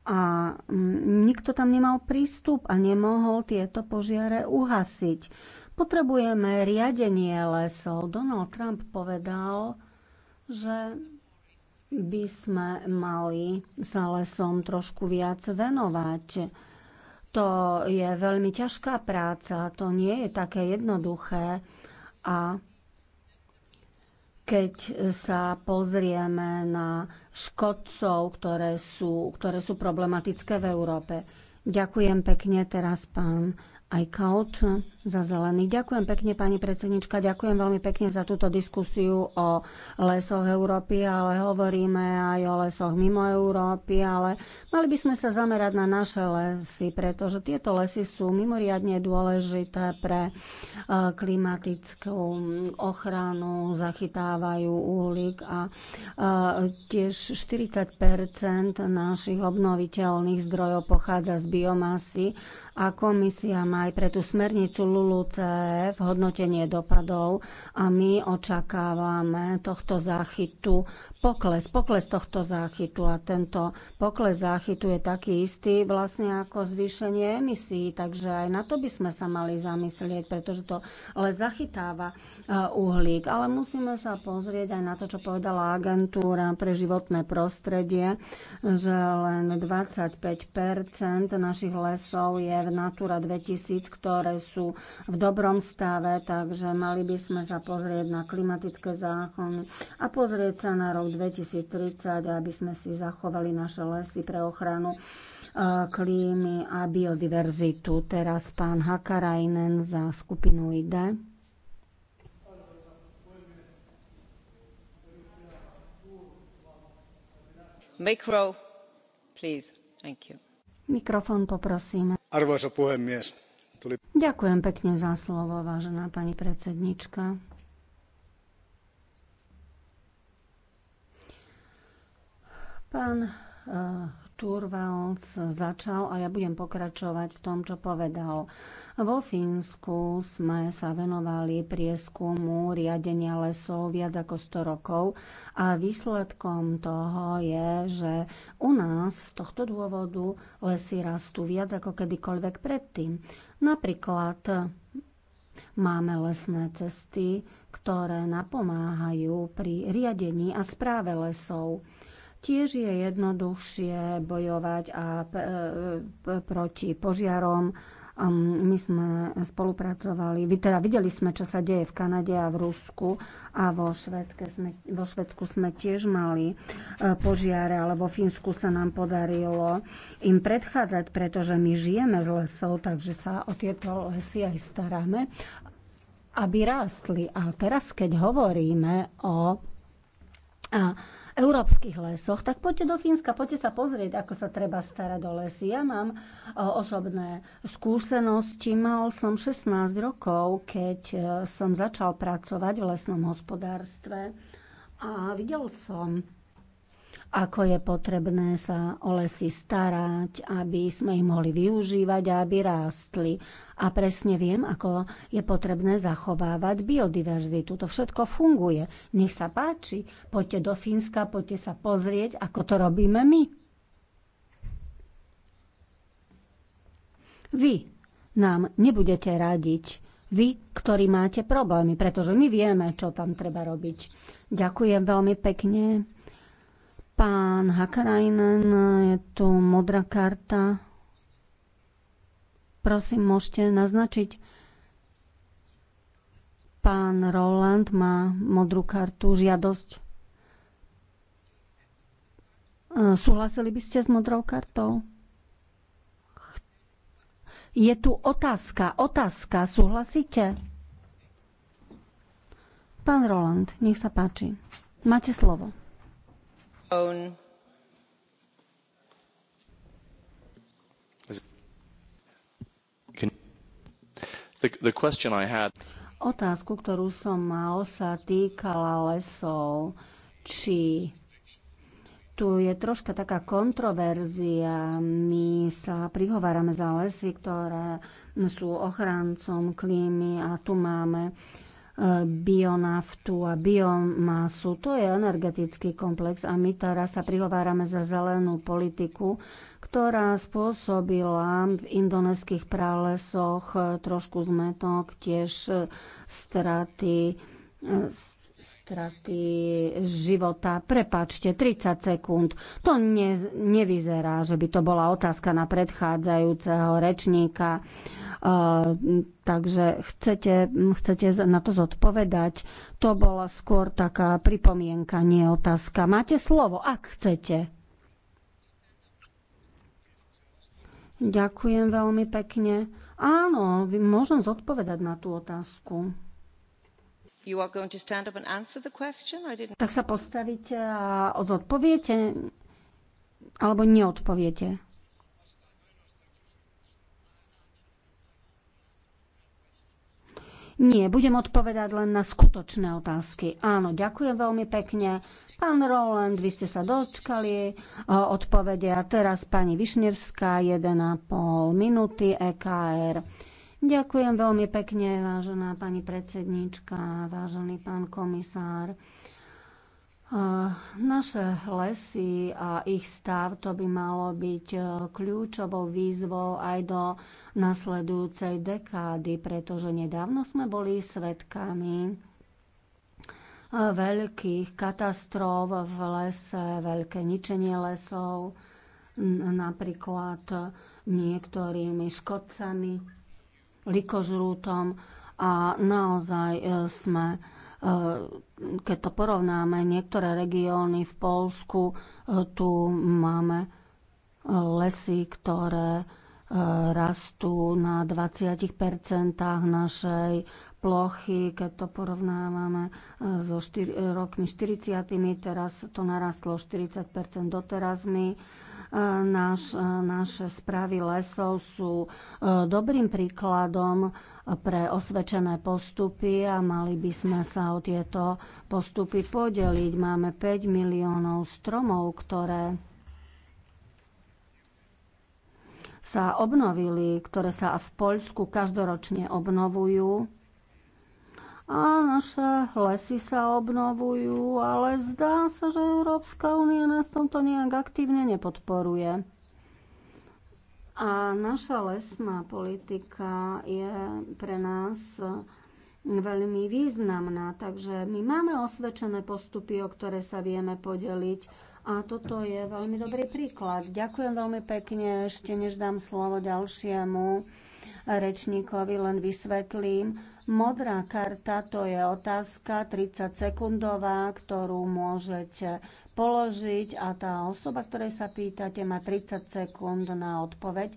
a mm, nikto tam nemal prístup a nemohol tieto požiare uhasiť. Potrebujeme riadenie lesov. Donald Trump povedal, že by sme mali sa lesom trošku viac venovať to je veľmi ťažká práca, to nie je také jednoduché a keď sa pozrieme na škodcov, ktoré sú, ktoré sú problematické v Európe. Ďakujem pekne teraz pán Eichhout za zelený. Ďakujem pekne, pani predsednička. Ďakujem veľmi pekne za túto diskusiu o lesoch Európy, ale hovoríme aj o lesoch mimo Európy, ale mali by sme sa zamerať na naše lesy, pretože tieto lesy sú mimoriadne dôležité pre e, klimatickú ochranu, zachytávajú uhlík a e, tiež 40 našich obnoviteľných zdrojov pochádza z biomasy a komisia má aj pre tú smernicu LULUCF, hodnotenie dopadov a my očakávame tohto záchytu pokles, pokles tohto záchytu a tento pokles záchytu je taký istý vlastne ako zvýšenie emisí, takže aj na to by sme sa mali zamyslieť, pretože to ale zachytáva e, uhlík. Ale musíme sa pozrieť aj na to, čo povedala agentúra pre životné prostredie, že len 25 našich lesov je v Natura 2000, ktoré sú v dobrom stave, takže mali by sme sa pozrieť na klimatické zákony a pozrieť sa na rok 2030, aby sme si zachovali naše lesy pre ochranu e, klímy a biodiverzitu. Teraz pán Hakarajnen za skupinu IDE. Mikro, Mikrofón poprosím. Arvoisa puhemies, Ďakujem pekne za slovo, vážená pani predsednička. Pán eh, Turvalc začal a ja budem pokračovať v tom, čo povedal. Vo Fínsku sme sa venovali prieskumu riadenia lesov viac ako 100 rokov a výsledkom toho je, že u nás z tohto dôvodu lesy rastú viac ako kedykoľvek predtým. Napríklad Máme lesné cesty, ktoré napomáhajú pri riadení a správe lesov. Tiež je jednoduchšie bojovať a e, e, proti požiarom, my sme spolupracovali, teda videli sme, čo sa deje v Kanade a v Rusku a vo, Švedke sme, vo Švedsku sme tiež mali e, požiare, ale vo Fínsku sa nám podarilo im predchádzať, pretože my žijeme z lesov, takže sa o tieto lesy aj staráme, aby rástli. A teraz, keď hovoríme o a európskych lesoch, tak poďte do Fínska, poďte sa pozrieť, ako sa treba starať o lesy. Ja mám e, osobné skúsenosti. Mal som 16 rokov, keď e, som začal pracovať v lesnom hospodárstve a videl som ako je potrebné sa o lesy starať, aby sme ich mohli využívať a aby rástli. A presne viem, ako je potrebné zachovávať biodiverzitu. To všetko funguje. Nech sa páči, poďte do Fínska, poďte sa pozrieť, ako to robíme my. Vy nám nebudete radiť, vy, ktorí máte problémy, pretože my vieme, čo tam treba robiť. Ďakujem veľmi pekne. Pán Hakarajnen, je tu modrá karta. Prosím, môžete naznačiť. Pán Roland má modrú kartu, žiadosť. E, súhlasili by ste s modrou kartou? Je tu otázka, otázka, súhlasíte? Pán Roland, nech sa páči. Máte slovo. Otázku, ktorú som mal, sa týkala lesov, či tu je troška taká kontroverzia. My sa prihovárame za lesy, ktoré sú ochrancom klímy a tu máme uh, bionaftu a biomasu. To je energetický komplex a my teraz sa prihovárame za zelenú politiku, ktorá spôsobila v indoneských pralesoch trošku zmetok, tiež straty straty života. Prepačte, 30 sekúnd. To ne, nevyzerá, že by to bola otázka na predchádzajúceho rečníka. Uh, takže chcete, chcete na to zodpovedať. To bola skôr taká pripomienka, nie otázka. Máte slovo, ak chcete. Ďakujem veľmi pekne. Áno, môžem zodpovedať na tú otázku. Tak sa postavíte a zodpoviete? Alebo neodpoviete? Nie, budem odpovedať len na skutočné otázky. Áno, ďakujem veľmi pekne. Pán Roland, vy ste sa dočkali e, odpovede a teraz pani Višnevská, 1,5 minúty EKR. Ďakujem veľmi pekne, vážená pani predsednička, vážený pán komisár. Naše lesy a ich stav to by malo byť e, kľúčovou výzvou aj do nasledujúcej dekády, pretože nedávno sme boli svetkami e, veľkých katastrof v lese, veľké ničenie lesov, napríklad niektorými škodcami likožrútom a naozaj e, sme e, keď to porovnáme, niektoré regióny v Polsku, e, tu máme lesy, ktoré rastú na 20 našej plochy, keď to porovnávame so rokmi 40, teraz to narastlo 40 doteraz my Náš, naše správy lesov sú e, dobrým príkladom pre osvedčené postupy a mali by sme sa o tieto postupy podeliť. Máme 5 miliónov stromov, ktoré sa obnovili, ktoré sa v Poľsku každoročne obnovujú a naše lesy sa obnovujú, ale zdá sa, že Európska únia nás tomto nejak aktívne nepodporuje. A naša lesná politika je pre nás veľmi významná, takže my máme osvedčené postupy, o ktoré sa vieme podeliť. A toto je veľmi dobrý príklad. Ďakujem veľmi pekne, ešte než dám slovo ďalšiemu rečníkovi len vysvetlím. Modrá karta to je otázka 30 sekundová, ktorú môžete položiť a tá osoba, ktorej sa pýtate, má 30 sekúnd na odpoveď.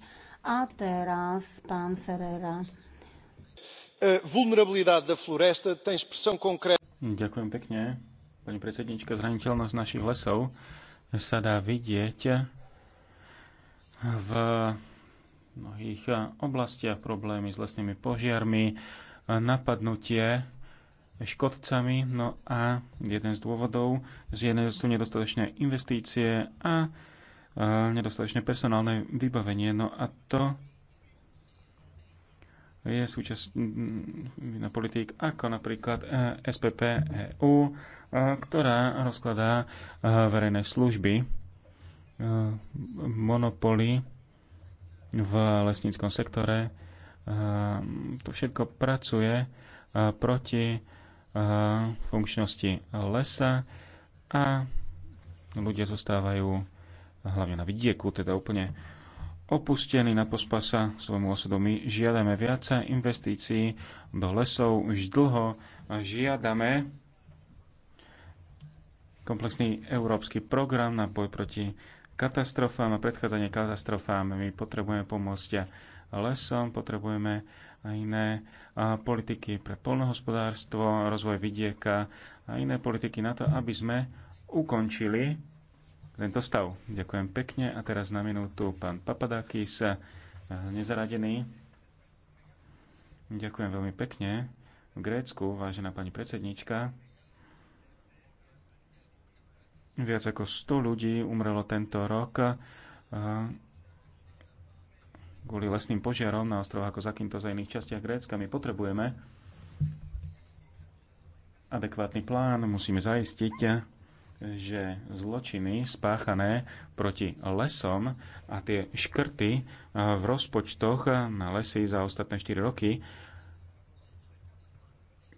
A teraz pán Ferreira. Vulnerabilidade da floresta tem expressão concreta. Ďakujem pekne. Pani predsednička, zraniteľnosť našich lesov sa dá vidieť v mnohých eh, oblastiach problémy s lesnými požiarmi, eh, napadnutie škodcami, no a jeden z dôvodov že sú nedostatočné investície a eh, nedostatočné personálne vybavenie. No a to je súčasť mm, mm, na politík ako napríklad SPP EU, ktorá rozkladá verejné služby, monopoly v lesníckom sektore. Ehm, to všetko pracuje eh, proti eh, funkčnosti lesa a ľudia zostávajú eh, hlavne na vidieku, teda úplne opustení na pospasa svojmu osudu. My žiadame viacej investícií do lesov už dlho a žiadame komplexný európsky program na boj proti katastrofám a predchádzanie katastrofám. My potrebujeme pomôcť lesom, potrebujeme a iné a politiky pre polnohospodárstvo, rozvoj vidieka a iné politiky na to, aby sme ukončili tento stav. Ďakujem pekne a teraz na minútu pán Papadakis, nezaradený. Ďakujem veľmi pekne. V Grécku, vážená pani predsednička, Viac ako 100 ľudí umrelo tento rok eh, kvôli lesným požiarom na ostrovách ako Zakintos za iných častiach Grécka. My potrebujeme adekvátny plán, musíme zaistiť, že zločiny spáchané proti lesom a tie škrty eh, v rozpočtoch na lesy za ostatné 4 roky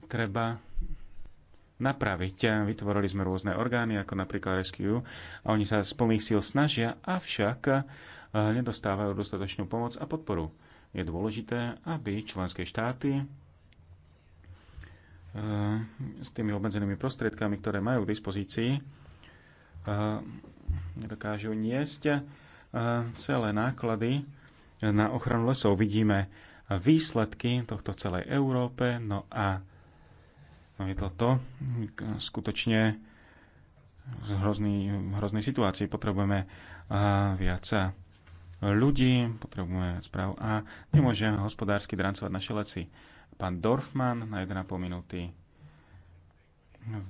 treba napraviť. Vytvorili sme rôzne orgány, ako napríklad Rescue, a oni sa z plných síl snažia, avšak eh, nedostávajú dostatočnú pomoc a podporu. Je dôležité, aby členské štáty eh, s tými obmedzenými prostriedkami, ktoré majú k dispozícii, eh, dokážu niesť celé náklady na ochranu lesov. Vidíme výsledky tohto celej Európe, no a vedlo no to skutočne z hrozný, hroznej situácii. Potrebujeme viac ľudí, potrebujeme viac práv a nemôžeme hospodársky drancovať naše leci. Pán Dorfman na 1,5 minúty.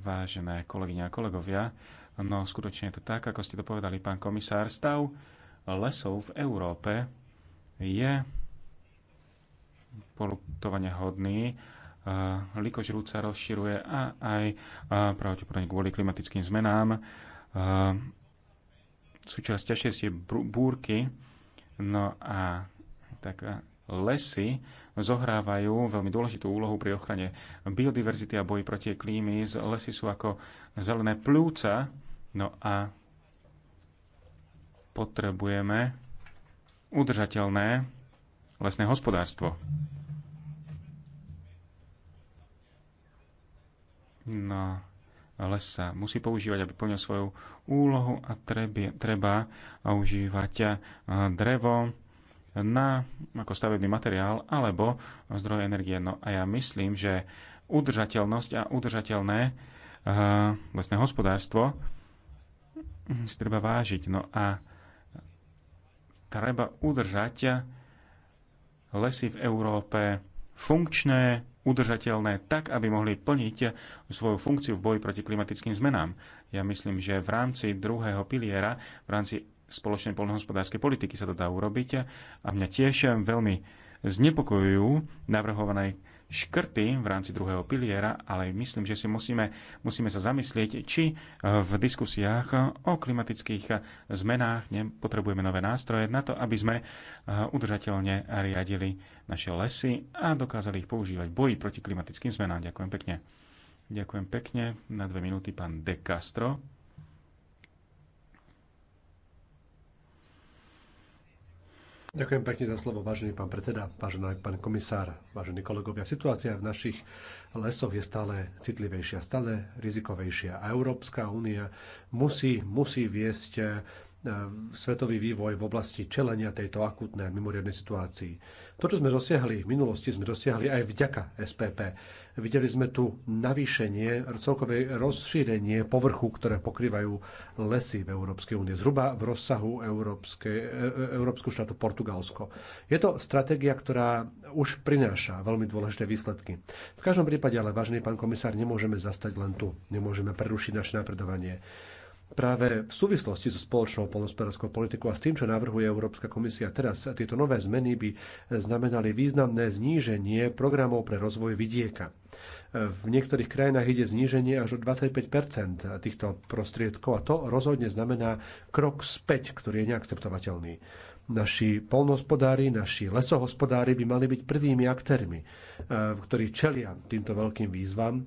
Vážené kolegyne a kolegovia, no skutočne je to tak, ako ste to povedali, pán komisár, stav lesov v Európe je polutovania hodný likožrúca rozširuje a aj pravdepodobne kvôli klimatickým zmenám súčasť ťažšie tie búrky, no a tak lesy zohrávajú veľmi dôležitú úlohu pri ochrane biodiverzity a boji proti klímy. Lesy sú ako zelené plúca, no a potrebujeme udržateľné lesné hospodárstvo. No, les sa musí používať, aby plnil svoju úlohu a trebie, treba užívať eh, drevo na, ako stavebný materiál alebo zdroj energie. No a ja myslím, že udržateľnosť a udržateľné uh, lesné hospodárstvo si treba vážiť. No a treba udržať lesy v Európe funkčné, udržateľné tak, aby mohli plniť svoju funkciu v boji proti klimatickým zmenám. Ja myslím, že v rámci druhého piliera, v rámci spoločnej poľnohospodárskej politiky sa to dá urobiť a mňa tiež veľmi znepokojujú navrhované škrty v rámci druhého piliera, ale myslím, že si musíme, musíme sa zamyslieť, či v diskusiách o klimatických zmenách nepotrebujeme nové nástroje na to, aby sme eh, udržateľne riadili naše lesy a dokázali ich používať v boji proti klimatickým zmenám. Ďakujem pekne. Ďakujem pekne. Na dve minúty pán De Castro. Ďakujem pekne za slovo, vážený pán predseda, vážený pán komisár, vážení kolegovia. Situácia v našich lesoch je stále citlivejšia, stále rizikovejšia a Európska únia musí, musí viesť E, svetový vývoj v oblasti čelenia tejto akútnej mimoriadnej situácii. To, čo sme dosiahli v minulosti, sme dosiahli aj vďaka SPP. Videli sme tu navýšenie, celkové rozšírenie povrchu, ktoré pokrývajú lesy v Európskej únie, zhruba v rozsahu Európske, e, e, Európsku štátu Portugalsko. Je to stratégia, ktorá už prináša veľmi dôležité výsledky. V každom prípade ale, vážený pán komisár, nemôžeme zastať len tu. Nemôžeme prerušiť naše napredovanie práve v súvislosti so spoločnou polnospodárskou politikou a s tým, čo navrhuje Európska komisia teraz. Tieto nové zmeny by znamenali významné zníženie programov pre rozvoj vidieka. V niektorých krajinách ide zníženie až o 25 týchto prostriedkov a to rozhodne znamená krok späť, ktorý je neakceptovateľný. Naši polnohospodári, naši lesohospodári by mali byť prvými aktérmi, eh, ktorí čelia týmto veľkým výzvam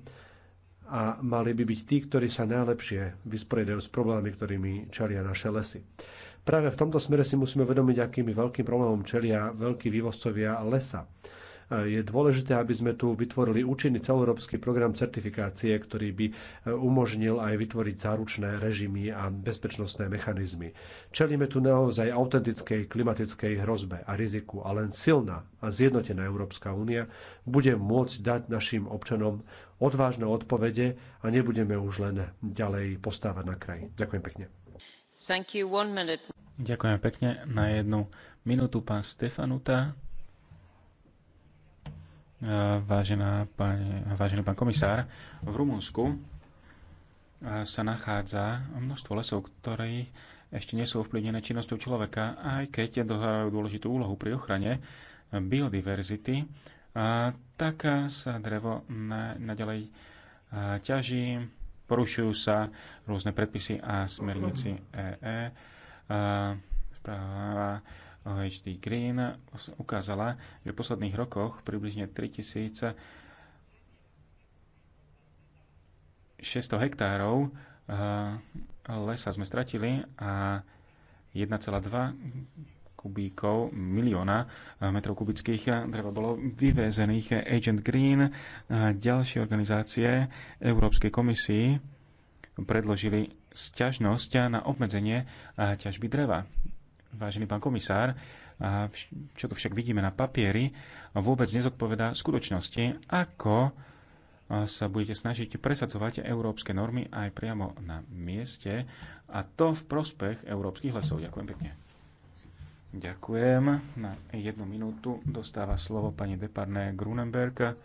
a mali by byť tí, ktorí sa najlepšie vysporiadajú s problémami, ktorými čelia naše lesy. Práve v tomto smere si musíme vedomiť, akými veľkým problémom čelia veľkí vývozcovia lesa. Je dôležité, aby sme tu vytvorili účinný celoeurópsky program certifikácie, ktorý by umožnil aj vytvoriť záručné režimy a bezpečnostné mechanizmy. Čelíme tu naozaj autentickej klimatickej hrozbe a riziku a len silná a zjednotená Európska únia bude môcť dať našim občanom odvážne odpovede a nebudeme už len ďalej postávať na kraji. Ďakujem pekne. Ďakujem pekne. Na jednu minútu pán Stefanuta. Vážená pani, vážený pán komisár, v Rumunsku sa nachádza množstvo lesov, ktoré ešte nie sú ovplyvnené činnosťou človeka, aj keď dohrávajú dôležitú úlohu pri ochrane biodiverzity tak sa drevo naďalej ťaží, porušujú sa rôzne predpisy a smernici EE. E. Správa OHD Green ukázala, že v posledných rokoch približne 600 hektárov lesa sme stratili a 1,2 kubíkov, milióna eh, metrov kubických dreva eh, bolo vyvezených eh, Agent Green a ďalšie organizácie Európskej komisii predložili sťažnosť na obmedzenie ťažby dreva. Vážený pán komisár, čo tu však vidíme na papieri, vôbec nezodpovedá skutočnosti, ako sa budete snažiť presadzovať európske normy aj priamo na mieste a to v prospech európskych lesov. Ďakujem pekne. Ďakujem. Na jednu minútu dostáva slovo pani Deparné Grunenberg.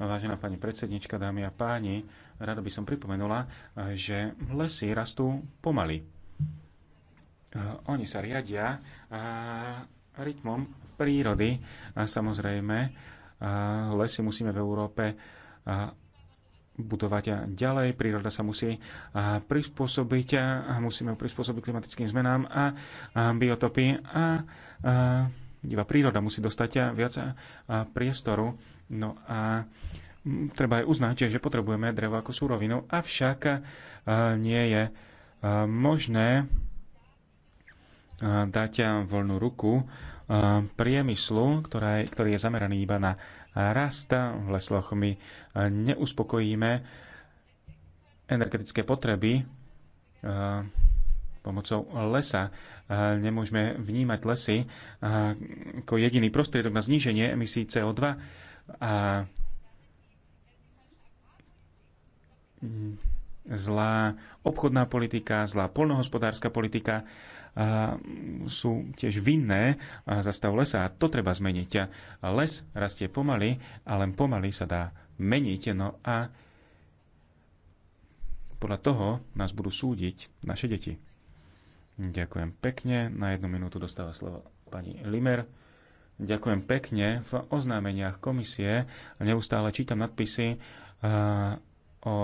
Vážená pani predsednička, dámy a páni, rada by som pripomenula, že lesy rastú pomaly. Oni sa riadia rytmom prírody a samozrejme lesy musíme v Európe budovať ďalej. Príroda sa musí prispôsobiť, musíme prispôsobiť klimatickým zmenám a biotopy a divá príroda musí dostať viac priestoru. No a treba aj uznať, že potrebujeme drevo ako súrovinu, avšak nie je možné dať voľnú ruku priemyslu, ktorá ktorý je zameraný iba na rasta, v lesloch. My neuspokojíme energetické potreby e, pomocou lesa. E, nemôžeme vnímať lesy e, ako jediný prostriedok na zníženie emisí CO2 a zlá obchodná politika, zlá polnohospodárska politika Mm, sú tiež vinné za stav lesa a to treba zmeniť. Les rastie pomaly a len pomaly sa dá meniť. No a podľa toho nás budú súdiť naše deti. Ďakujem pekne. Na jednu minútu dostáva slovo pani Limer. Ďakujem pekne. V oznámeniach komisie neustále čítam nadpisy o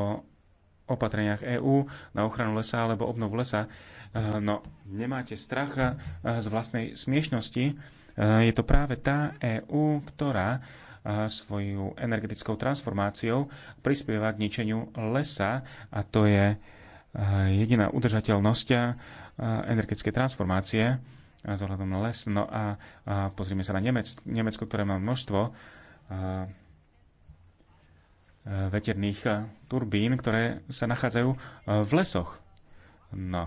opatreniach EÚ na ochranu lesa alebo obnovu lesa. Eh, no, nemáte strach eh, z vlastnej smiešnosti. Eh, je to práve tá EÚ, ktorá svojou energetickou transformáciou prispieva k ničeniu lesa a to je jediná udržateľnosť energetickej transformácie s ohľadom na les. No a, a pozrime sa na Nemec, Nemecko, ktoré má množstvo veterných turbín, ktoré sa nachádzajú v lesoch. No.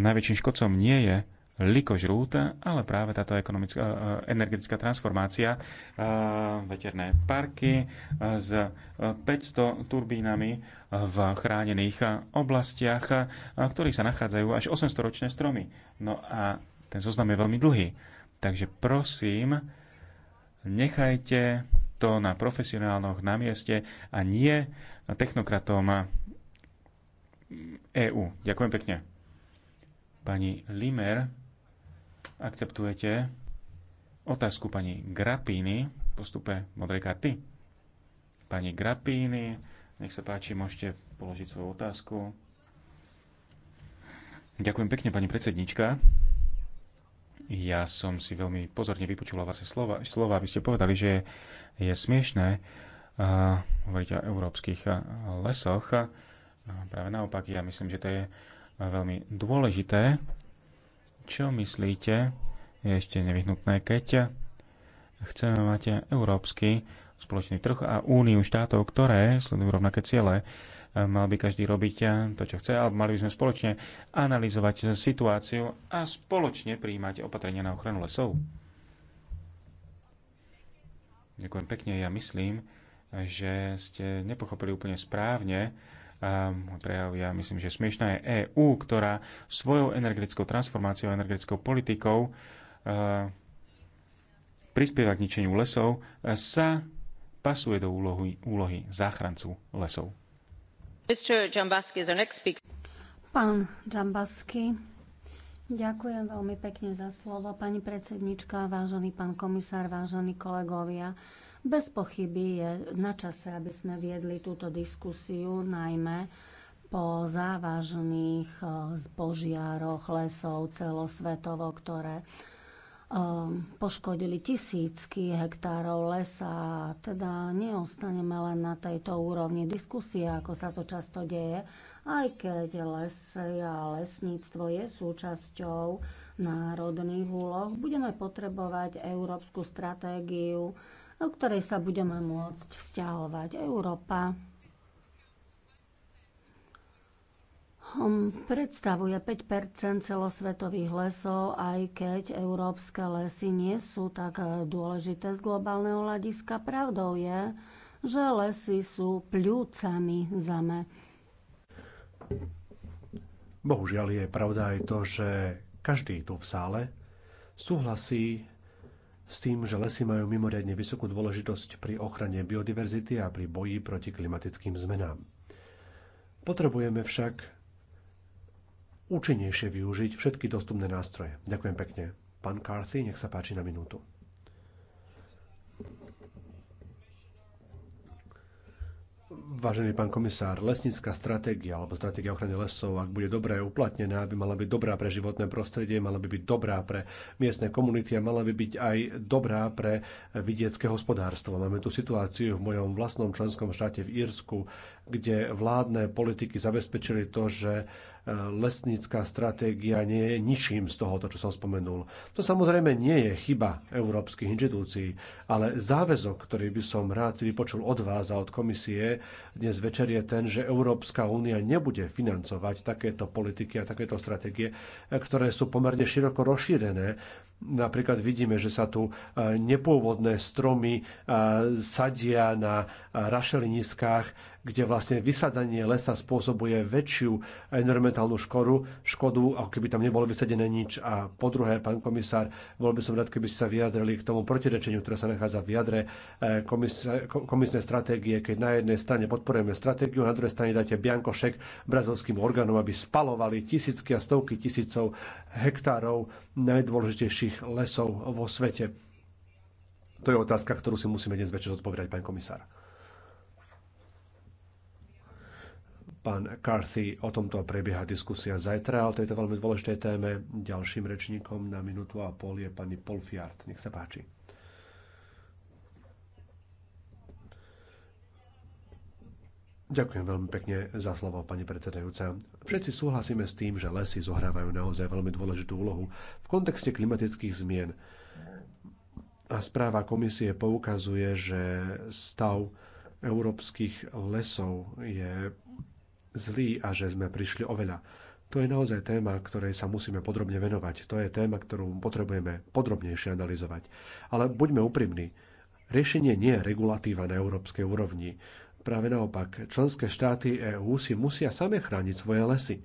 Najväčším škodcom nie je likožrút, ale práve táto ekonomická, eh, energetická transformácia, eh, veterné parky eh, s 500 turbínami v chránených oblastiach, v ktorých sa nachádzajú až 800-ročné stromy. No a ten zoznam je veľmi dlhý. Takže prosím, nechajte to na profesionálnoch na mieste a nie technokratom EÚ. E Ďakujem pekne. Pani Limer, akceptujete otázku pani Grapíny v postupe modrej karty? Pani Grapíny, nech sa páči, môžete položiť svoju otázku. Ďakujem pekne, pani predsednička. Ja som si veľmi pozorne vypočula vaše slova. slova. Vy ste povedali, že je smiešné uh, hovoriť o európskych lesoch. Uh, práve naopak, ja myslím, že to je veľmi dôležité. Čo myslíte, je ešte nevyhnutné, keď chceme mať európsky spoločný trh a úniu štátov, ktoré sledujú rovnaké ciele. Mal by každý robiť to, čo chce, alebo mali by sme spoločne analyzovať situáciu a spoločne príjmať opatrenia na ochranu lesov. Ďakujem pekne. Ja myslím, že ste nepochopili úplne správne prejav, ja myslím, že smiešná je EÚ, ktorá svojou energetickou transformáciou, energetickou politikou e, prispieva k ničeniu lesov, sa pasuje do úlohy, úlohy záchrancu lesov. Pán Jambasky, ďakujem veľmi pekne za slovo. Pani predsednička, vážený pán komisár, vážení kolegovia. Bez pochyby je na čase, aby sme viedli túto diskusiu, najmä po závažných požiaroch e, lesov celosvetovo, ktoré e, poškodili tisícky hektárov lesa. Teda neostaneme len na tejto úrovni diskusie, ako sa to často deje, aj keď lesy a lesníctvo je súčasťou národných úloh. Budeme potrebovať európsku stratégiu o ktorej sa budeme môcť vzťahovať. Európa predstavuje 5 celosvetových lesov, aj keď európske lesy nie sú tak e, dôležité z globálneho hľadiska. Pravdou je, že lesy sú pľúcami zeme. Bohužiaľ je pravda aj to, že každý tu v sále súhlasí s tým, že lesy majú mimoriadne vysokú dôležitosť pri ochrane biodiverzity a pri boji proti klimatickým zmenám. Potrebujeme však účinnejšie využiť všetky dostupné nástroje. Ďakujem pekne. Pán Carthy, nech sa páči na minútu. Vážený pán komisár, lesnícka stratégia alebo stratégia ochrany lesov, ak bude dobré uplatnená, by mala byť dobrá pre životné prostredie, mala by byť dobrá pre miestne komunity a mala by byť aj dobrá pre vidiecké hospodárstvo. Máme tu situáciu v mojom vlastnom členskom štáte v Írsku, kde vládne politiky zabezpečili to, že lesnícká stratégia nie je ničím z toho, čo som spomenul. To samozrejme nie je chyba európskych inštitúcií, ale záväzok, ktorý by som rád si vypočul od vás a od komisie dnes večer je ten, že Európska únia nebude financovať takéto politiky a takéto stratégie, ktoré sú pomerne široko rozšírené Napríklad vidíme, že sa tu e, nepôvodné stromy e, sadia na e, rašeliniskách, kde vlastne vysadzanie lesa spôsobuje väčšiu environmentálnu škodu, škodu ako keby tam nebolo vysadené nič. A po druhé, pán komisár, bol by som rád, keby ste sa vyjadrili k tomu protirečeniu, ktoré sa nachádza v jadre komisnej stratégie, keď na jednej strane podporujeme stratégiu, na druhej strane dáte biankošek brazilským orgánom, aby spalovali tisícky a stovky tisícov hektárov najdôležitejších najväčších lesov vo svete? To je otázka, ktorú si musíme dnes večer zodpovedať, pán komisár. Pán Carthy, o tomto prebieha diskusia zajtra o tejto veľmi dôležitej téme. Ďalším rečníkom na minútu a pol je pani Polfiard. Nech sa páči. Ďakujem veľmi pekne za slovo, pani predsedajúca. Všetci súhlasíme s tým, že lesy zohrávajú naozaj veľmi dôležitú úlohu v kontexte klimatických zmien. A správa komisie poukazuje, že stav európskych lesov je zlý a že sme prišli oveľa. To je naozaj téma, ktorej sa musíme podrobne venovať. To je téma, ktorú potrebujeme podrobnejšie analyzovať. Ale buďme úprimní. Riešenie nie je regulatíva na európskej úrovni. Práve naopak, členské štáty EÚ si musia same chrániť svoje lesy.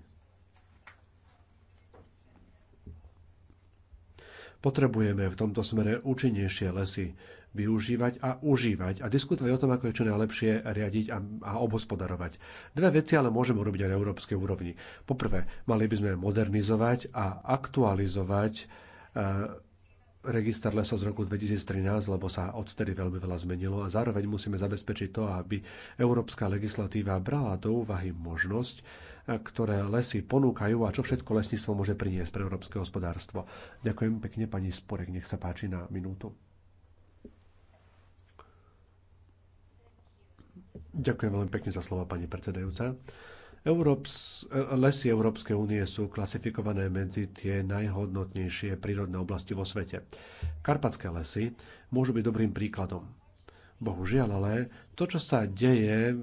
Potrebujeme v tomto smere účinnejšie lesy využívať a užívať a diskutovať o tom, ako je čo najlepšie riadiť a, a obhospodarovať. Dve veci ale môžeme urobiť aj na európskej úrovni. Poprvé, mali by sme modernizovať a aktualizovať e, register lesov z roku 2013, lebo sa odtedy veľmi veľa zmenilo a zároveň musíme zabezpečiť to, aby európska legislatíva brala do úvahy možnosť, eh, ktoré lesy ponúkajú a čo všetko lesníctvo môže priniesť pre európske hospodárstvo. Ďakujem pekne pani Sporek, nech sa páči na minútu. Ďakujem veľmi pekne za slova pani predsedajúca. Európs, e, lesy Európskej únie sú klasifikované medzi tie najhodnotnejšie prírodné oblasti vo svete. Karpatské lesy môžu byť dobrým príkladom. Bohužiaľ ale to, čo sa deje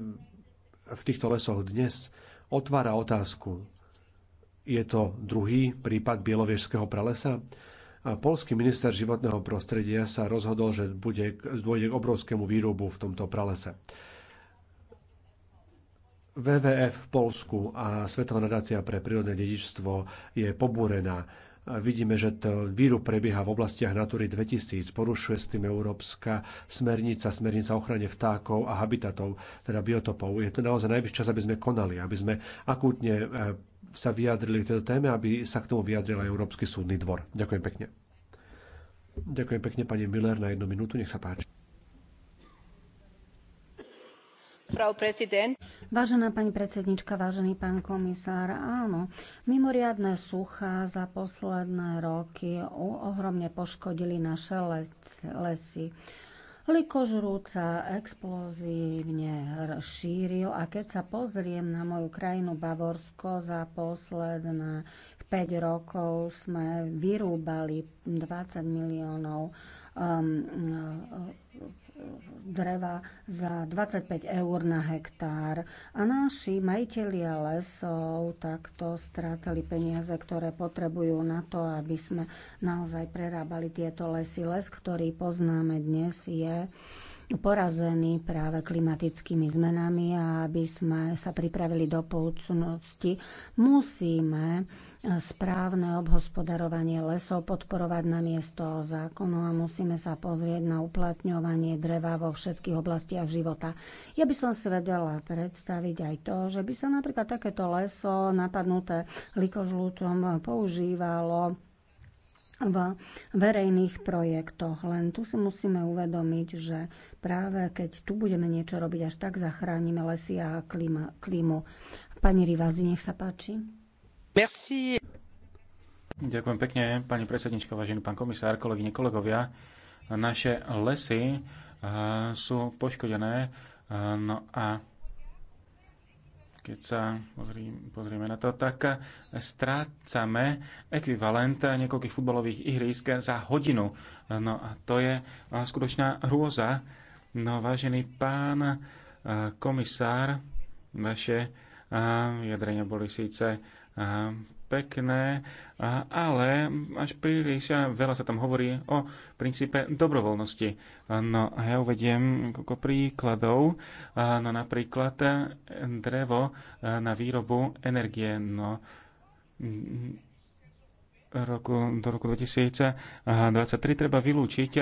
v týchto lesoch dnes, otvára otázku. Je to druhý prípad bielovežského pralesa? A polský minister životného prostredia sa rozhodol, že bude, dôjde k obrovskému výrubu v tomto pralese. WWF v Polsku a Svetová nadácia pre prírodné dedičstvo je pobúrená. Vidíme, že to víru prebieha v oblastiach Natury 2000, porušuje s tým európska smernica, smernica ochrane vtákov a habitatov, teda biotopov. Je to naozaj najvyšší čas, aby sme konali, aby sme akútne e, sa vyjadrili k tejto téme, aby sa k tomu vyjadril aj Európsky súdny dvor. Ďakujem pekne. Ďakujem pekne, pani Miller, na jednu minútu, nech sa páči. Vážená pani predsednička, vážený pán komisár, áno, mimoriadne suchá za posledné roky ohromne poškodili naše lesy. Likožrúca explozívne šíril a keď sa pozriem na moju krajinu Bavorsko za posledné 5 rokov sme vyrúbali 20 miliónov um, dreva za 25 eur na hektár. A naši majitelia lesov takto strácali peniaze, ktoré potrebujú na to, aby sme naozaj prerábali tieto lesy. Les, ktorý poznáme dnes, je porazení práve klimatickými zmenami a aby sme sa pripravili do poucnosti, musíme eh, správne obhospodarovanie lesov podporovať na miesto zákonu a musíme sa pozrieť na uplatňovanie dreva vo všetkých oblastiach života. Ja by som si vedela predstaviť aj to, že by sa napríklad takéto leso napadnuté likožlútom používalo v verejných projektoch. Len tu si musíme uvedomiť, že práve keď tu budeme niečo robiť, až tak zachránime lesy a klima, klímu. Pani Rivazi, nech sa páči. Merci. Ďakujem pekne, pani predsednička, vážený pán komisár, kolegyne, kolegovia. Naše lesy eh, sú poškodené, eh, no a keď sa pozrieme na to, tak strácame ekvivalent niekoľkých futbalových ihrísk za hodinu. No a to je eh, skutočná hrôza. No vážený pán eh, komisár, vaše eh, vyjadrenia boli síce pekné, ale až príliš veľa sa tam hovorí o princípe dobrovoľnosti. No a ja uvediem koľko príkladov. No napríklad drevo na výrobu energie. No roku, do roku 2023 treba vylúčiť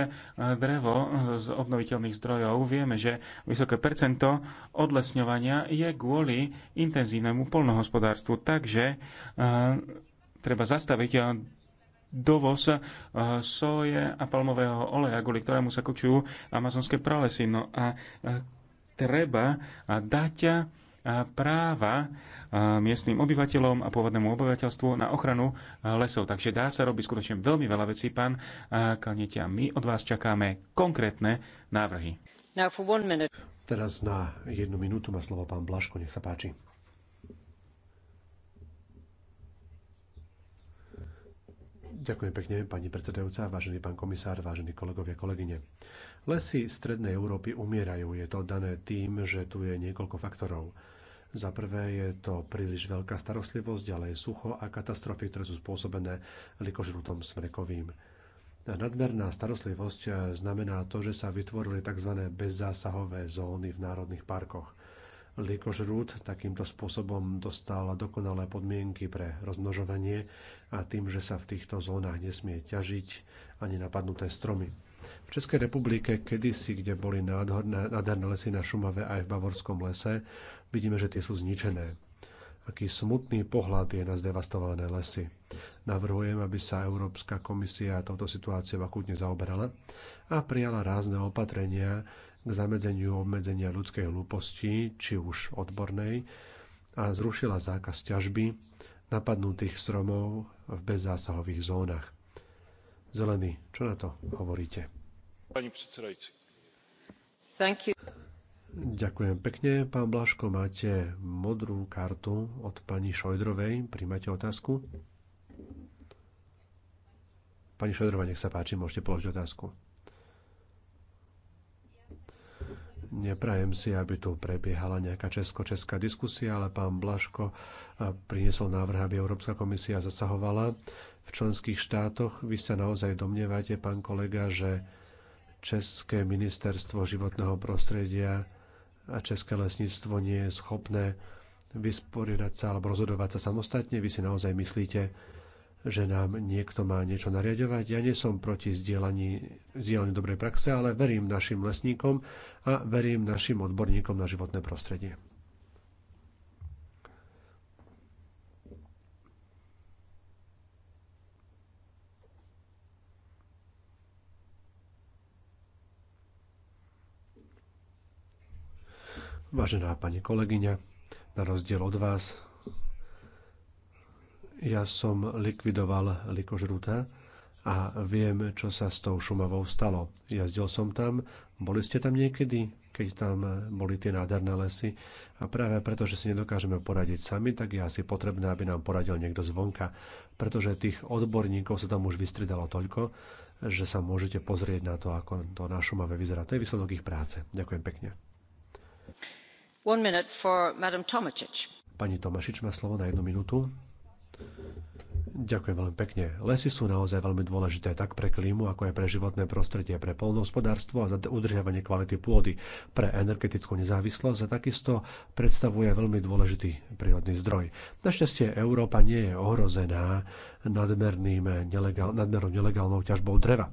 drevo z obnoviteľných zdrojov. Vieme, že vysoké percento odlesňovania je kvôli intenzívnemu polnohospodárstvu, takže e, treba zastaviť dovoz e, soje a palmového oleja, kvôli ktorému sa kočujú amazonské pralesy. No a e, treba dať práva miestnym obyvateľom a pôvodnému obyvateľstvu na ochranu lesov. Takže dá sa robiť skutočne veľmi veľa vecí, pán Kalnete, a my od vás čakáme konkrétne návrhy. Teraz na jednu minútu má slovo pán Blaško, nech sa páči. Ďakujem pekne, pani predsedajúca, vážený pán komisár, vážení kolegovia, kolegyne. Lesy strednej Európy umierajú. Je to dané tým, že tu je niekoľko faktorov. Za prvé je to príliš veľká starostlivosť, ďalej sucho a katastrofy, ktoré sú spôsobené likožrutom smrekovým. Nadmerná starostlivosť e, znamená to, že sa vytvorili tzv. bezzásahové zóny v národných parkoch. Likožrút takýmto spôsobom dostal dokonalé podmienky pre rozmnožovanie a tým, že sa v týchto zónach nesmie ťažiť ani napadnuté stromy. V Českej republike kedysi, kde boli nádherné lesy na Šumave aj v Bavorskom lese, vidíme, že tie sú zničené. Aký smutný pohľad je na zdevastované lesy. Navrhujem, aby sa Európska komisia touto situáciou akutne zaoberala a prijala rázne opatrenia k zamedzeniu obmedzenia ľudskej hlúposti, či už odbornej, a zrušila zákaz ťažby napadnutých stromov v bezzásahových zónach. Zelený, čo na to hovoríte? Pani predsedajúci. Ďakujem pekne. Pán Blaško, máte modrú kartu od pani Šojdrovej. Príjmate otázku? Pani Šojdrova, nech sa páči, môžete položiť otázku. Neprajem si, aby tu prebiehala nejaká česko-česká diskusia, ale pán Blaško priniesol návrh, aby Európska komisia zasahovala v členských štátoch. Vy sa naozaj domnievate, pán kolega, že České ministerstvo životného prostredia a české lesníctvo nie je schopné vysporiadať sa alebo rozhodovať sa samostatne. Vy si naozaj myslíte, že nám niekto má niečo nariadovať. Ja nie som proti zdieľaní dobrej praxe, ale verím našim lesníkom a verím našim odborníkom na životné prostredie. Vážená pani kolegyňa, na rozdiel od vás, ja som likvidoval likožrúta a viem, čo sa s tou Šumavou stalo. Jazdil som tam, boli ste tam niekedy, keď tam boli tie nádherné lesy. A práve preto, že si nedokážeme poradiť sami, tak je asi potrebné, aby nám poradil niekto zvonka, pretože tých odborníkov sa tam už vystridalo toľko, že sa môžete pozrieť na to, ako to na Šumave vyzerá. To je výsledok ich práce. Ďakujem pekne. Pani Tomašič má slovo na jednu minútu. Ďakujem veľmi pekne. Lesy sú naozaj veľmi dôležité tak pre klímu, ako aj pre životné prostredie, pre polnohospodárstvo a za udržiavanie kvality pôdy, pre energetickú nezávislosť a takisto predstavuje veľmi dôležitý prírodný zdroj. Našťastie Európa nie je ohrozená nadmerným, nelegál, nadmernou nelegálnou ťažbou dreva.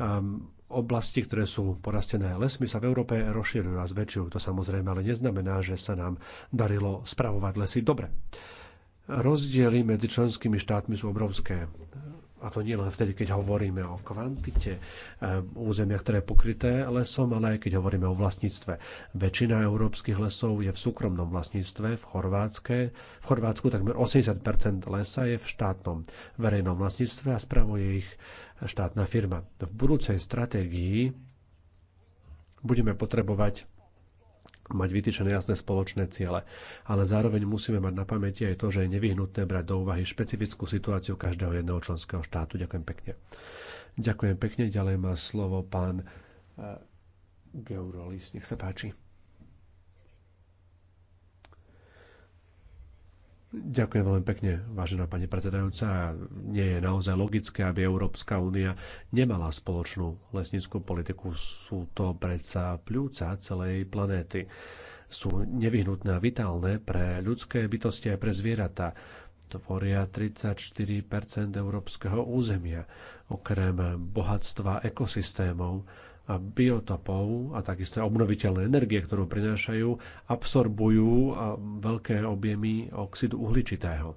Um, oblasti, ktoré sú porastené lesmi, sa v Európe rozširujú a zväčšujú. To samozrejme ale neznamená, že sa nám darilo spravovať lesy dobre. Rozdiely medzi členskými štátmi sú obrovské. A to nie len vtedy, keď hovoríme o kvantite eh, územia, ktoré je pokryté lesom, ale aj keď hovoríme o vlastníctve. Väčšina európskych lesov je v súkromnom vlastníctve. V, Chorvátske, v Chorvátsku takmer 80 lesa je v štátnom verejnom vlastníctve a spravuje ich štátna firma. V budúcej stratégii budeme potrebovať mať vytýčené jasné spoločné ciele, ale zároveň musíme mať na pamäti aj to, že je nevyhnutné brať do úvahy špecifickú situáciu každého jedného členského štátu. Ďakujem pekne. Ďakujem pekne. Ďalej má slovo pán eh, Geurolis. Nech sa páči. Ďakujem veľmi pekne, vážená pani predsedajúca. Nie je naozaj logické, aby Európska únia nemala spoločnú lesnickú politiku. Sú to predsa pľúca celej planéty. Sú nevyhnutné a vitálne pre ľudské bytosti aj pre zvieratá. Tvoria 34 európskeho územia. Okrem bohatstva ekosystémov biotopov a takisto obnoviteľné energie, ktorú prinášajú, absorbujú veľké objemy oxidu uhličitého.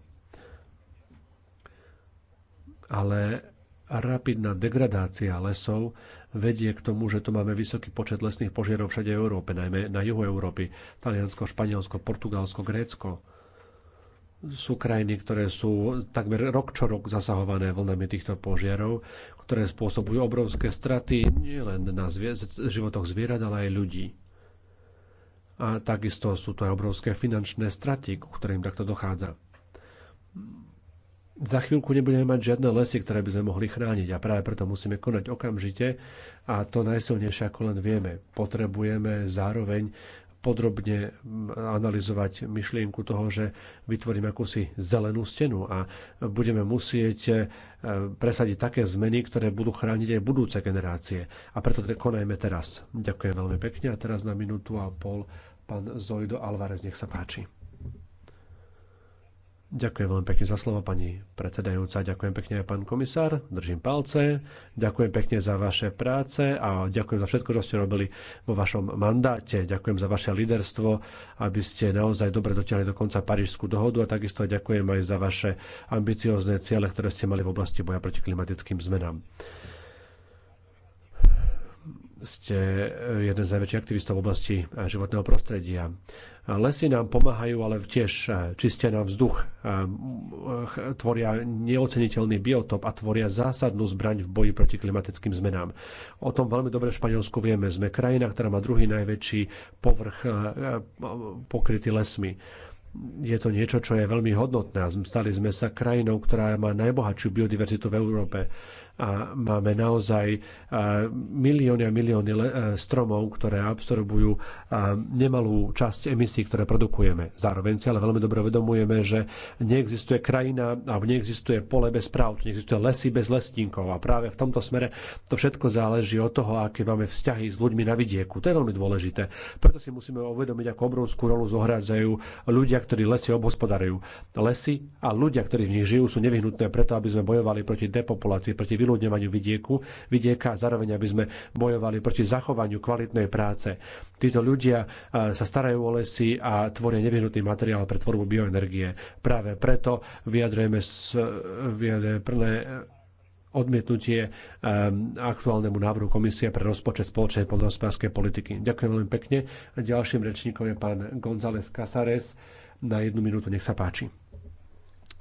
Ale rapidná degradácia lesov vedie k tomu, že tu máme vysoký počet lesných požiarov všade v Európe, najmä na juhu Európy, Taliansko, Španielsko, Portugalsko, Grécko. Sú krajiny, ktoré sú takmer rok čo rok zasahované vlnami týchto požiarov, ktoré spôsobujú obrovské straty nielen na zvier- životoch zvierat, ale aj ľudí. A takisto sú to aj obrovské finančné straty, ku ktorým takto dochádza. Za chvíľku nebudeme mať žiadne lesy, ktoré by sme mohli chrániť a práve preto musíme konať okamžite a to najsilnejšie, ako len vieme. Potrebujeme zároveň podrobne analyzovať myšlienku toho, že vytvoríme akúsi zelenú stenu a budeme musieť e, presadiť také zmeny, ktoré budú chrániť aj budúce generácie. A preto konajme teraz. Ďakujem veľmi pekne a teraz na minútu a pol pán Zojdo Alvarez, nech sa páči. Ďakujem veľmi pekne za slovo, pani predsedajúca. Ďakujem pekne aj pán komisár. Držím palce. Ďakujem pekne za vaše práce a ďakujem za všetko, čo ste robili vo vašom mandáte. Ďakujem za vaše líderstvo, aby ste naozaj dobre dotiahli do konca Parížskú dohodu a takisto ďakujem aj za vaše ambiciózne ciele, ktoré ste mali v oblasti boja proti klimatickým zmenám ste eh, jeden z najväčších aktivistov v oblasti eh, životného prostredia. Lesy nám pomáhajú, ale tiež eh, čistia nám vzduch, tvoria neoceniteľný biotop a tvoria zásadnú zbraň v boji proti klimatickým zmenám. O tom veľmi dobre v Španielsku vieme. Sme krajina, ktorá má druhý najväčší povrch pokrytý lesmi je to niečo, čo je veľmi hodnotné. Stali sme sa krajinou, ktorá má najbohatšiu biodiverzitu v Európe a máme naozaj milióny a milióny stromov, ktoré absorbujú nemalú časť emisí, ktoré produkujeme. Zároveň si ale veľmi dobre uvedomujeme, že neexistuje krajina a neexistuje pole bez práv, neexistuje lesy bez lesníkov a práve v tomto smere to všetko záleží od toho, aké máme vzťahy s ľuďmi na vidieku. To je veľmi dôležité. Preto si musíme uvedomiť, ako obrovskú rolu zohrádzajú ľudia, ktorí lesy obhospodarujú. Lesy a ľudia, ktorí v nich žijú, sú nevyhnutné preto, aby sme bojovali proti depopulácii, proti vyľudňovaniu vidieku, vidieka a zároveň, aby sme bojovali proti zachovaniu kvalitnej práce. Títo ľudia e, sa starajú o lesy a tvoria nevyhnutý materiál pre tvorbu bioenergie. Práve preto vyjadrujeme, vyjadrujeme odmietnutie odmietnutie aktuálnemu návrhu Komisie pre rozpočet spoločnej poľnohospodárskej politiky. Ďakujem veľmi pekne. Ďalším rečníkom je pán González Casares. Na jednu minútu nech sa páči.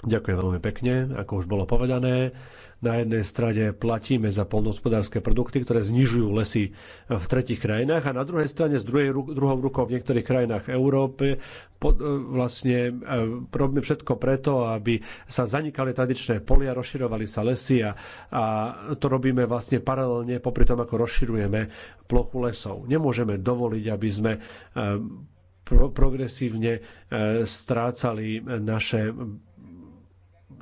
Ďakujem veľmi pekne. Ako už bolo povedané, na jednej strane platíme za polnohospodárske produkty, ktoré znižujú lesy v tretich krajinách a na druhej strane s druhej, druhou rukou v niektorých krajinách Európy pod, e, vlastne e, robíme všetko preto, aby sa zanikali tradičné polia, rozširovali sa lesy a, a to robíme vlastne paralelne popri tom, ako rozširujeme plochu lesov. Nemôžeme dovoliť, aby sme e, progresívne strácali naše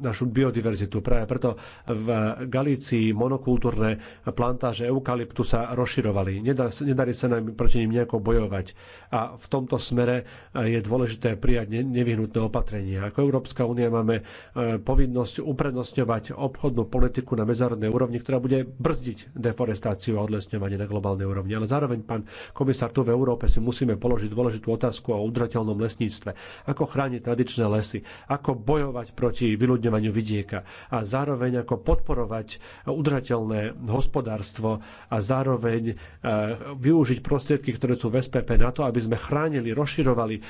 našu biodiverzitu. Práve preto v Galícii monokultúrne plantáže eukalyptu sa rozširovali. nedarí sa nám proti nim nejako bojovať. A v tomto smere e, je dôležité prijať nevyhnutné opatrenia. Ako Európska únia máme e, povinnosť uprednostňovať obchodnú politiku na medzárodnej úrovni, ktorá bude brzdiť deforestáciu a odlesňovanie na globálnej úrovni. Ale zároveň, pán komisár, tu v Európe si musíme položiť dôležitú otázku o udržateľnom lesníctve. Ako chrániť tradičné lesy? Ako bojovať proti vyľudňovaniu odňovaniu vidieka a zároveň ako podporovať udržateľné hospodárstvo a zároveň e, využiť prostriedky, ktoré sú v SPP na to, aby sme chránili, rozširovali e,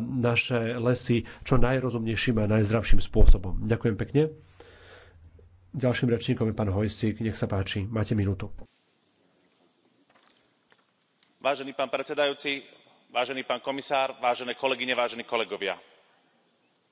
naše lesy čo najrozumnejším a najzdravším spôsobom. Ďakujem pekne. Ďalším rečníkom je pán Hojsík. Nech sa páči, máte minútu. Vážený pán predsedajúci, vážený pán komisár, vážené kolegyne, vážení kolegovia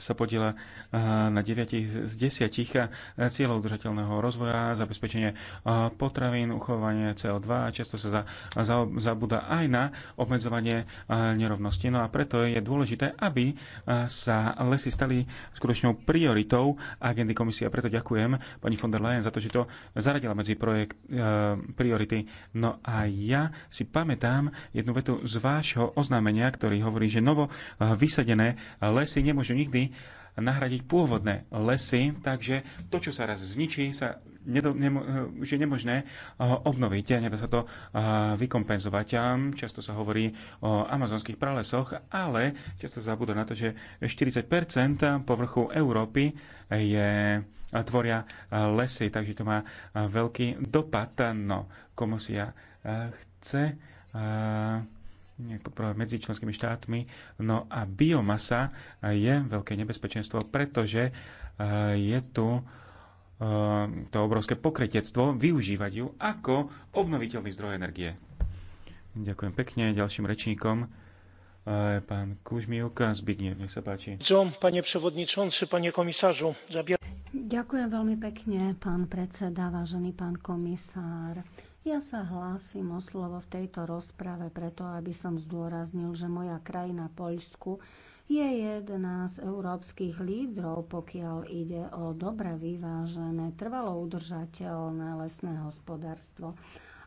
sa podiela eh, na 9 z 10 eh, cieľov udržateľného rozvoja, zabezpečenie eh, potravín, uchovanie CO2 a často sa za, zabúda aj na obmedzovanie nerovnosti. No a preto je dôležité, aby sa lesy stali skutočnou prioritou agendy komisie. A preto ďakujem pani von der Leyen za to, že to zaradila medzi projekt, priority. No a ja si pamätám jednu vetu z vášho oznámenia, ktorý hovorí, že novo vysadené lesy nemôžu nikdy nahradiť pôvodné lesy, takže to, čo sa raz zničí, sa nedo, nemo, eh, už je nemožné eh, obnoviť, nedá sa to eh, vykompenzovať. Hm, často sa hovorí o amazonských pralesoch, ale často zabúda na to, že 40 povrchu Európy je tvoria lesy, takže to má veľký dopad. No, ja chce medzi členskými štátmi. No a biomasa je veľké nebezpečenstvo, pretože e, je tu e, to obrovské pokretectvo využívať ju ako obnoviteľný zdroj energie. Ďakujem pekne ďalším rečníkom. E, pán Kužmiuka, Zbigniew, nech sa páči. Pane Ďakujem veľmi pekne, pán predseda, vážený pán komisár. Ja sa hlásim o slovo v tejto rozprave preto, aby som zdôraznil, že moja krajina Poľsku je jeden z európskych lídrov, pokiaľ ide o dobre vyvážené, trvalo udržateľné lesné hospodárstvo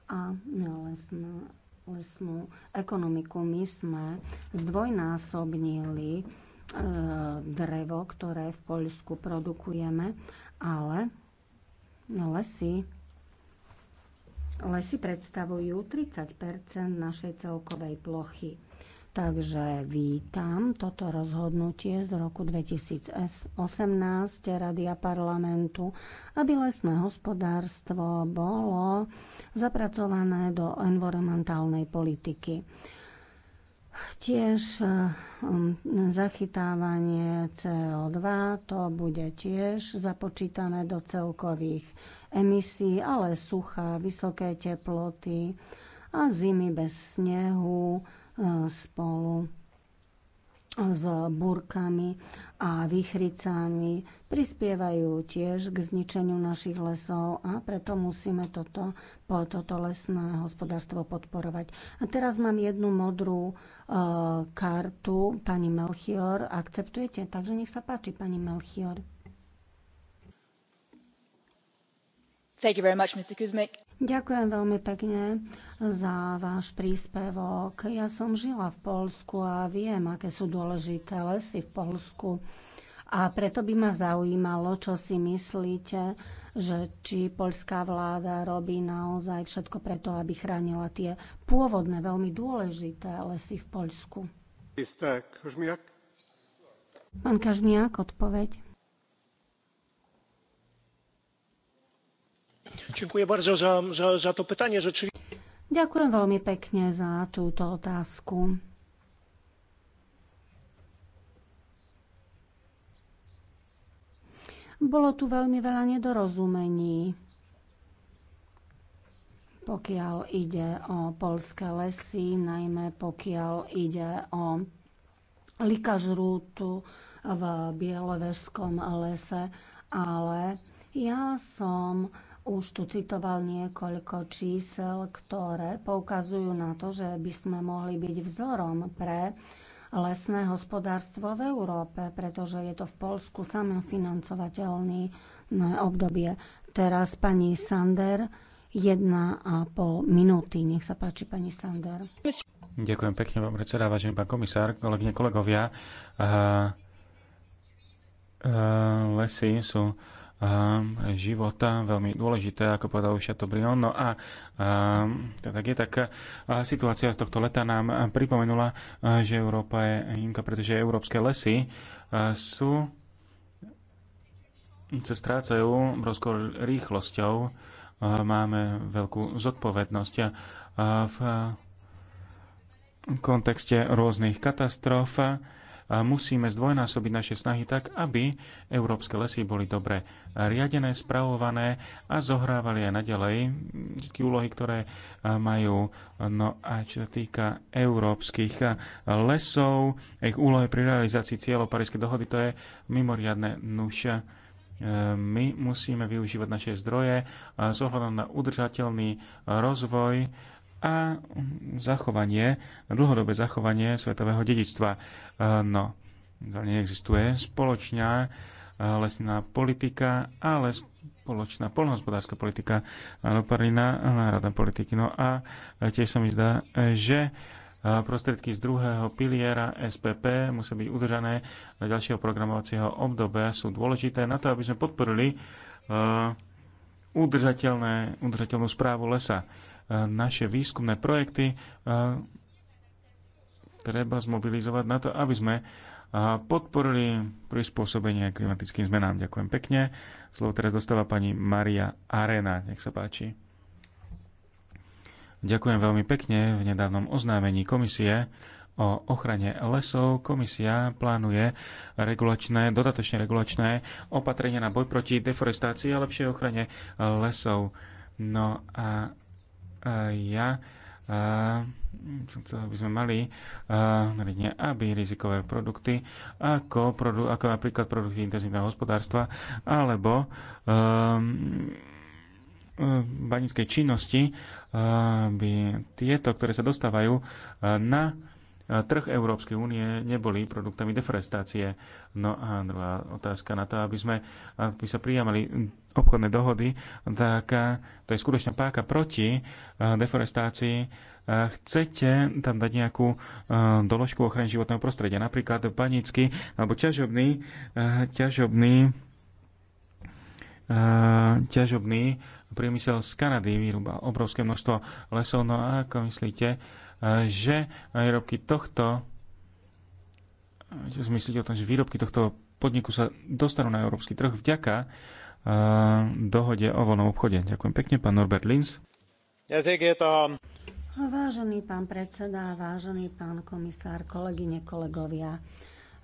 a lesné, lesnú ekonomiku. My sme zdvojnásobnili e, drevo, ktoré v Poľsku produkujeme, ale lesy Lesy predstavujú 30 našej celkovej plochy. Takže vítam toto rozhodnutie z roku 2018 Rady a parlamentu, aby lesné hospodárstvo bolo zapracované do environmentálnej politiky. Tiež um, zachytávanie CO2 to bude tiež započítané do celkových emisí, ale suchá, vysoké teploty a zimy bez snehu e, spolu s burkami a vychricami. prispievajú tiež k zničeniu našich lesov a preto musíme toto, po, toto lesné hospodárstvo podporovať. A teraz mám jednu modrú e, kartu, pani Melchior. Akceptujete? Takže nech sa páči, pani Melchior. Ďakujem veľmi pekne za váš príspevok. Ja som žila v Polsku a viem, aké sú dôležité lesy v Polsku. A preto by ma zaujímalo, čo si myslíte, že či poľská vláda robí naozaj všetko preto, aby chránila tie pôvodné, veľmi dôležité lesy v Poľsku. Pán Kažmiak, odpoveď. Ďakujem veľmi pekne za túto otázku. Bolo tu veľmi veľa nedorozumení, pokiaľ ide o polské lesy, najmä pokiaľ ide o likažrútu v Bielovežskom lese, ale ja som už tu citoval niekoľko čísel, ktoré poukazujú na to, že by sme mohli byť vzorom pre lesné hospodárstvo v Európe, pretože je to v Polsku samofinancovateľný no, obdobie. Teraz pani Sander, jedna a pol minúty. Nech sa páči, pani Sander. Ďakujem pekne, pán predseda, vážený pán komisár, kolegyne, kolegovia. Uh, uh, lesy sú života veľmi dôležité, ako povedal Chateaubriand. No a, a je tak situácia z tohto leta nám pripomenula, že Európa je inka, pretože európske lesy sú sa strácajú obrovskou rýchlosťou. Máme veľkú zodpovednosť v kontexte rôznych katastrof musíme zdvojnásobiť naše snahy tak, aby európske lesy boli dobre riadené, spravované a zohrávali aj naďalej všetky úlohy, ktoré majú. No a čo sa týka európskych lesov, ich úlohy pri realizácii cieľov Parískej dohody, to je mimoriadne nuša my musíme využívať naše zdroje s ohľadom na udržateľný rozvoj a zachovanie, dlhodobé zachovanie svetového dedičstva. E, no, neexistuje spoločná e, lesná politika, ale spoločná polnohospodárska politika, parina národné politiky. No a tiež sa mi zdá, že e, prostriedky z druhého piliera SPP musia byť udržané do ďalšieho programovacieho obdobia, sú dôležité na to, aby sme podporili udržateľné, udržateľnú správu lesa naše výskumné projekty e, treba zmobilizovať na to, aby sme e, podporili prispôsobenie klimatickým zmenám. Ďakujem pekne. Slovo teraz dostáva pani Maria Arena. Nech sa páči. Ďakujem veľmi pekne. V nedávnom oznámení komisie o ochrane lesov komisia plánuje regulačné, dodatočne regulačné opatrenia na boj proti deforestácii a lepšej ochrane lesov. No a ja uh, chcel, sme mali nariadenie, aby rizikové produkty, ako, produ, ako napríklad produkty intenzívneho hospodárstva, alebo um, banickej činnosti, by tieto, ktoré sa dostávajú na trh Európskej únie neboli produktami deforestácie. No a druhá otázka na to, aby sme aby sa prijamali obchodné dohody, tak to je skutočná páka proti deforestácii chcete tam dať nejakú doložku ochrany životného prostredia, napríklad panický alebo ťažobný, ťažobný ťažobný priemysel z Kanady vyrúba obrovské množstvo lesov. No a ako myslíte, že výrobky tohto čo si myslíte o tom, že výrobky tohto podniku sa dostanú na európsky trh vďaka uh, dohode o voľnom obchode. Ďakujem pekne, pán Norbert Linz. E vážený pán predseda, vážený pán komisár, kolegyne, kolegovia,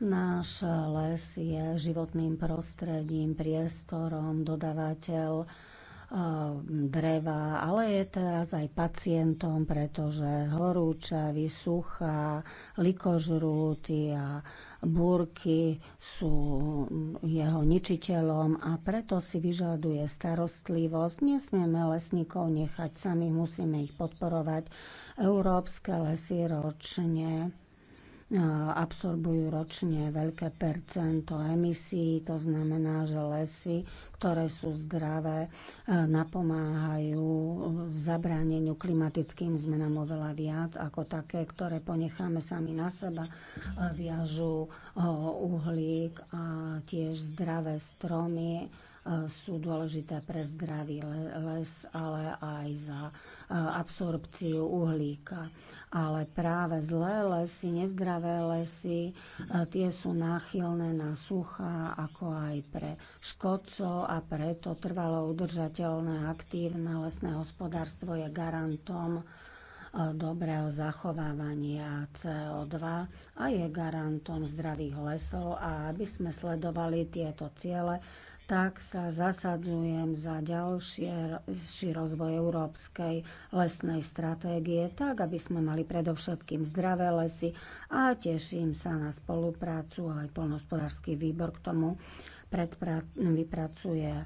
náš les je životným prostredím, priestorom, dodávateľ Eh, dreva, ale je teraz aj pacientom, pretože horúča, vysúcha, likožrúty a búrky sú jeho ničiteľom a preto si vyžaduje starostlivosť. Nesmieme lesníkov nechať sami, musíme ich podporovať. Európske lesy ročne absorbujú ročne veľké percento emisí, to znamená, že lesy, ktoré sú zdravé, e, napomáhajú zabráneniu klimatickým zmenám oveľa viac ako také, ktoré ponecháme sami na seba, e, viažú e, uhlík a tiež zdravé stromy sú dôležité pre zdravý les, ale aj za e, absorpciu uhlíka. Ale práve zlé lesy, nezdravé lesy, e, tie sú náchylné na suchá, ako aj pre škodcov a preto trvalo udržateľné aktívne lesné hospodárstvo je garantom e, dobrého zachovávania CO2 a je garantom zdravých lesov a aby sme sledovali tieto ciele, tak sa zasadzujem za ďalší rozvoj európskej lesnej stratégie, tak aby sme mali predovšetkým zdravé lesy a teším sa na spoluprácu aj polnospodársky výbor k tomu vypracuje.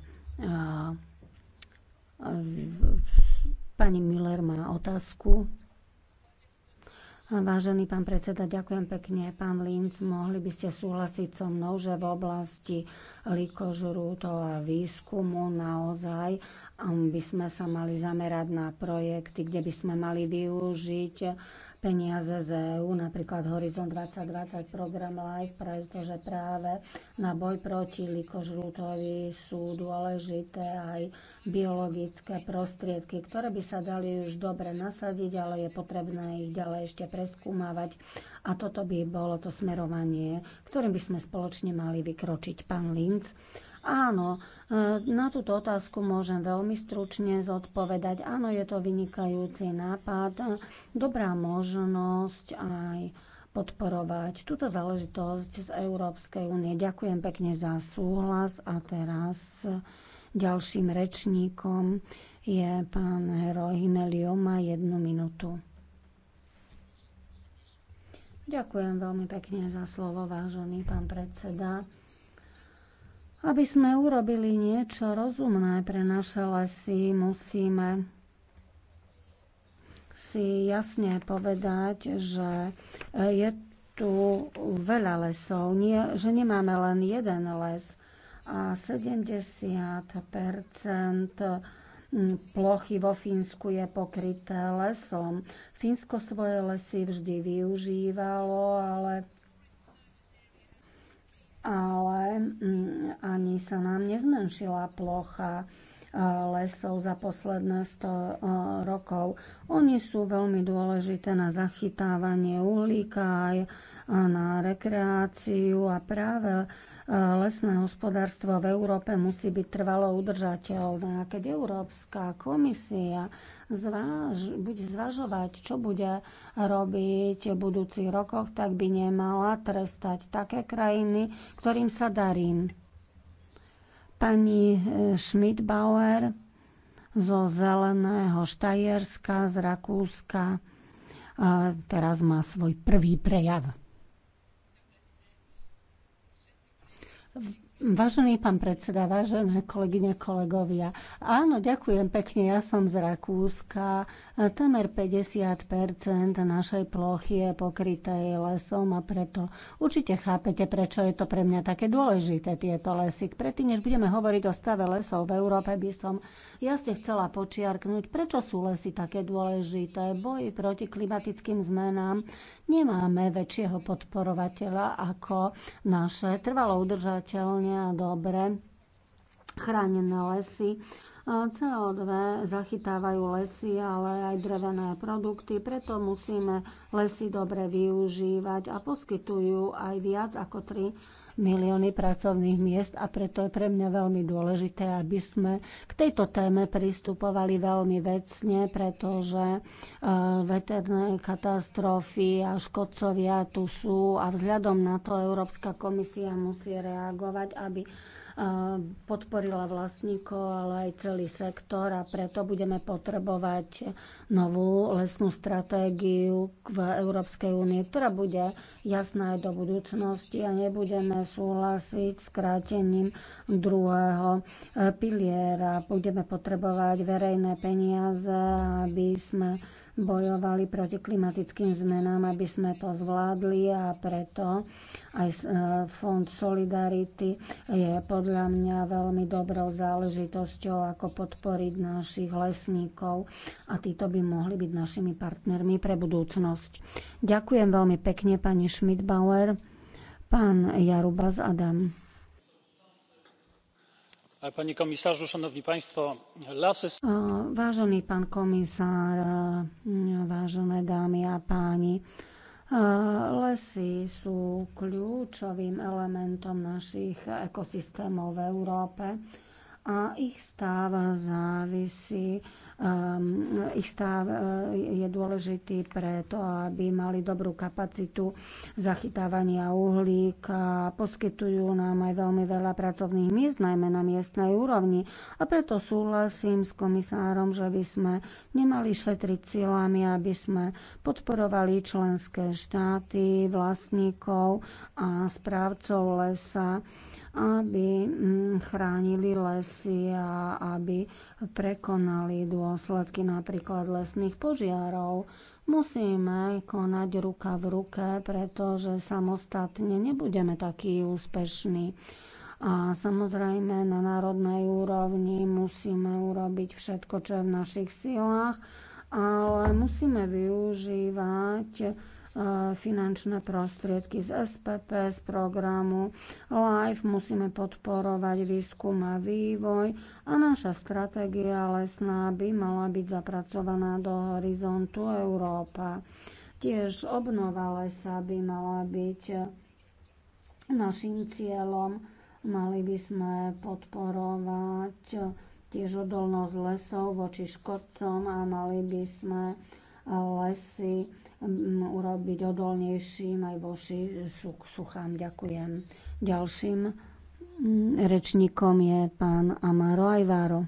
Pani Miller má otázku. Vážený pán predseda, ďakujem pekne. Pán Linc, mohli by ste súhlasiť so mnou, že v oblasti likožrútov a výskumu naozaj um, by sme sa mali zamerať na projekty, kde by sme mali využiť peniaze z EU, napríklad Horizon 2020 program LIFE, pretože práve na boj proti likožrútovi sú dôležité aj biologické prostriedky, ktoré by sa dali už dobre nasadiť, ale je potrebné ich ďalej ešte preskúmavať. A toto by bolo to smerovanie, ktorým by sme spoločne mali vykročiť. Pán Linc, Áno, e, na túto otázku môžem veľmi stručne zodpovedať. Áno, je to vynikajúci nápad, dobrá možnosť aj podporovať túto záležitosť z Európskej únie. Ďakujem pekne za súhlas a teraz ďalším rečníkom je pán Hero Hinelio, má jednu minútu. Ďakujem veľmi pekne za slovo, vážený pán predseda. Aby sme urobili niečo rozumné pre naše lesy, musíme si jasne povedať, že e, je tu veľa lesov, nie, že nemáme len jeden les a 70 plochy vo Fínsku je pokryté lesom. Fínsko svoje lesy vždy využívalo, ale ale mm, ani sa nám nezmenšila plocha e, lesov za posledné 100 e, rokov. Oni sú veľmi dôležité na zachytávanie uhlíka aj na rekreáciu a práve E, lesné hospodárstvo v Európe musí byť trvalo udržateľné. A keď Európska komisia zváž, bude zvažovať, čo bude robiť v budúcich rokoch, tak by nemala trestať také krajiny, ktorým sa darí. Pani e, Schmidbauer zo Zeleného Štajerska z Rakúska e, teraz má svoj prvý prejav. Vážený pán predseda, vážené kolegyne, kolegovia. Áno, ďakujem pekne, ja som z Rakúska. Temer 50 našej plochy je pokryté lesom a preto určite chápete, prečo je to pre mňa také dôležité, tieto lesy. Predtým, než budeme hovoriť o stave lesov v Európe, by som jasne chcela počiarknúť, prečo sú lesy také dôležité. Boj proti klimatickým zmenám nemáme väčšieho podporovateľa ako naše trvalo udržateľne a dobre chránené lesy. CO2 zachytávajú lesy, ale aj drevené produkty, preto musíme lesy dobre využívať a poskytujú aj viac ako 3 milióny pracovných miest a preto je pre mňa veľmi dôležité, aby sme k tejto téme pristupovali veľmi vecne, pretože e, veterné katastrofy a škodcovia tu sú a vzhľadom na to Európska komisia musí reagovať, aby Eh, podporila vlastníkov, ale aj celý sektor a preto budeme potrebovať novú lesnú stratégiu v Európskej únie, ktorá bude jasná aj do budúcnosti a nebudeme súhlasiť s krátením druhého eh, piliera. Budeme potrebovať verejné peniaze, aby sme bojovali proti klimatickým zmenám, aby sme to zvládli a preto aj e, Fond Solidarity je podľa mňa veľmi dobrou záležitosťou, ako podporiť našich lesníkov a títo by mohli byť našimi partnermi pre budúcnosť. Ďakujem veľmi pekne pani Schmidbauer, pán Jarubas Adam. Vážený pán komisár, vážené dámy a páni, lesy sú kľúčovým elementom našich ekosystémov v Európe a ich stáv závisí, um, ich stáv uh, je dôležitý pre to, aby mali dobrú kapacitu zachytávania uhlíka, poskytujú nám aj veľmi veľa pracovných miest, najmä na miestnej úrovni. A preto súhlasím s komisárom, že by sme nemali šetriť silami, aby sme podporovali členské štáty, vlastníkov a správcov lesa aby mm, chránili lesy a aby prekonali dôsledky napríklad lesných požiarov. Musíme konať ruka v ruke, pretože samostatne nebudeme takí úspešní. A samozrejme na národnej úrovni musíme urobiť všetko, čo je v našich silách, ale musíme využívať E, finančné prostriedky z SPP, z programu LIFE. Musíme podporovať výskum a vývoj a naša stratégia lesná by mala byť zapracovaná do horizontu Európa. Tiež obnova lesa by mala byť našim cieľom. Mali by sme podporovať tiež odolnosť lesov voči škodcom a mali by sme lesy urobiť odolnejším aj voši suchám. Ďakujem. Ďalším rečníkom je pán Amaro Ajváro.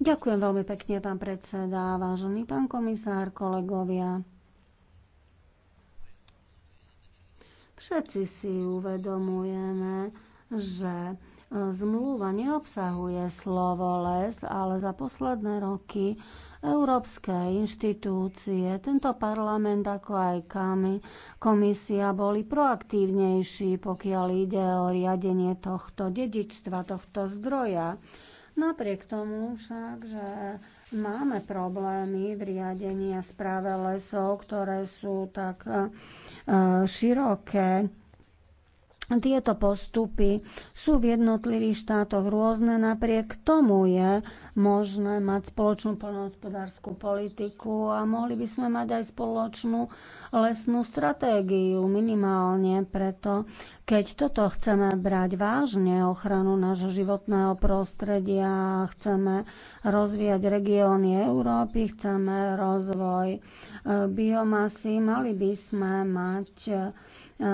Ďakujem veľmi pekne, pán predseda, vážený pán komisár, kolegovia. Všetci si uvedomujeme, že e, zmluva neobsahuje slovo les, ale za posledné roky Európske inštitúcie, tento parlament ako aj komisia boli proaktívnejší, pokiaľ ide o riadenie tohto dedičstva, tohto zdroja. Napriek tomu však, že máme problémy v riadení a správe lesov, ktoré sú tak eh, široké, tieto postupy sú v jednotlivých štátoch rôzne, napriek tomu je možné mať spoločnú poľnohospodárskú politiku a mohli by sme mať aj spoločnú lesnú stratégiu minimálne preto, keď toto chceme brať vážne, ochranu nášho životného prostredia, chceme rozvíjať regióny Európy, chceme rozvoj eh, biomasy, mali by sme mať eh,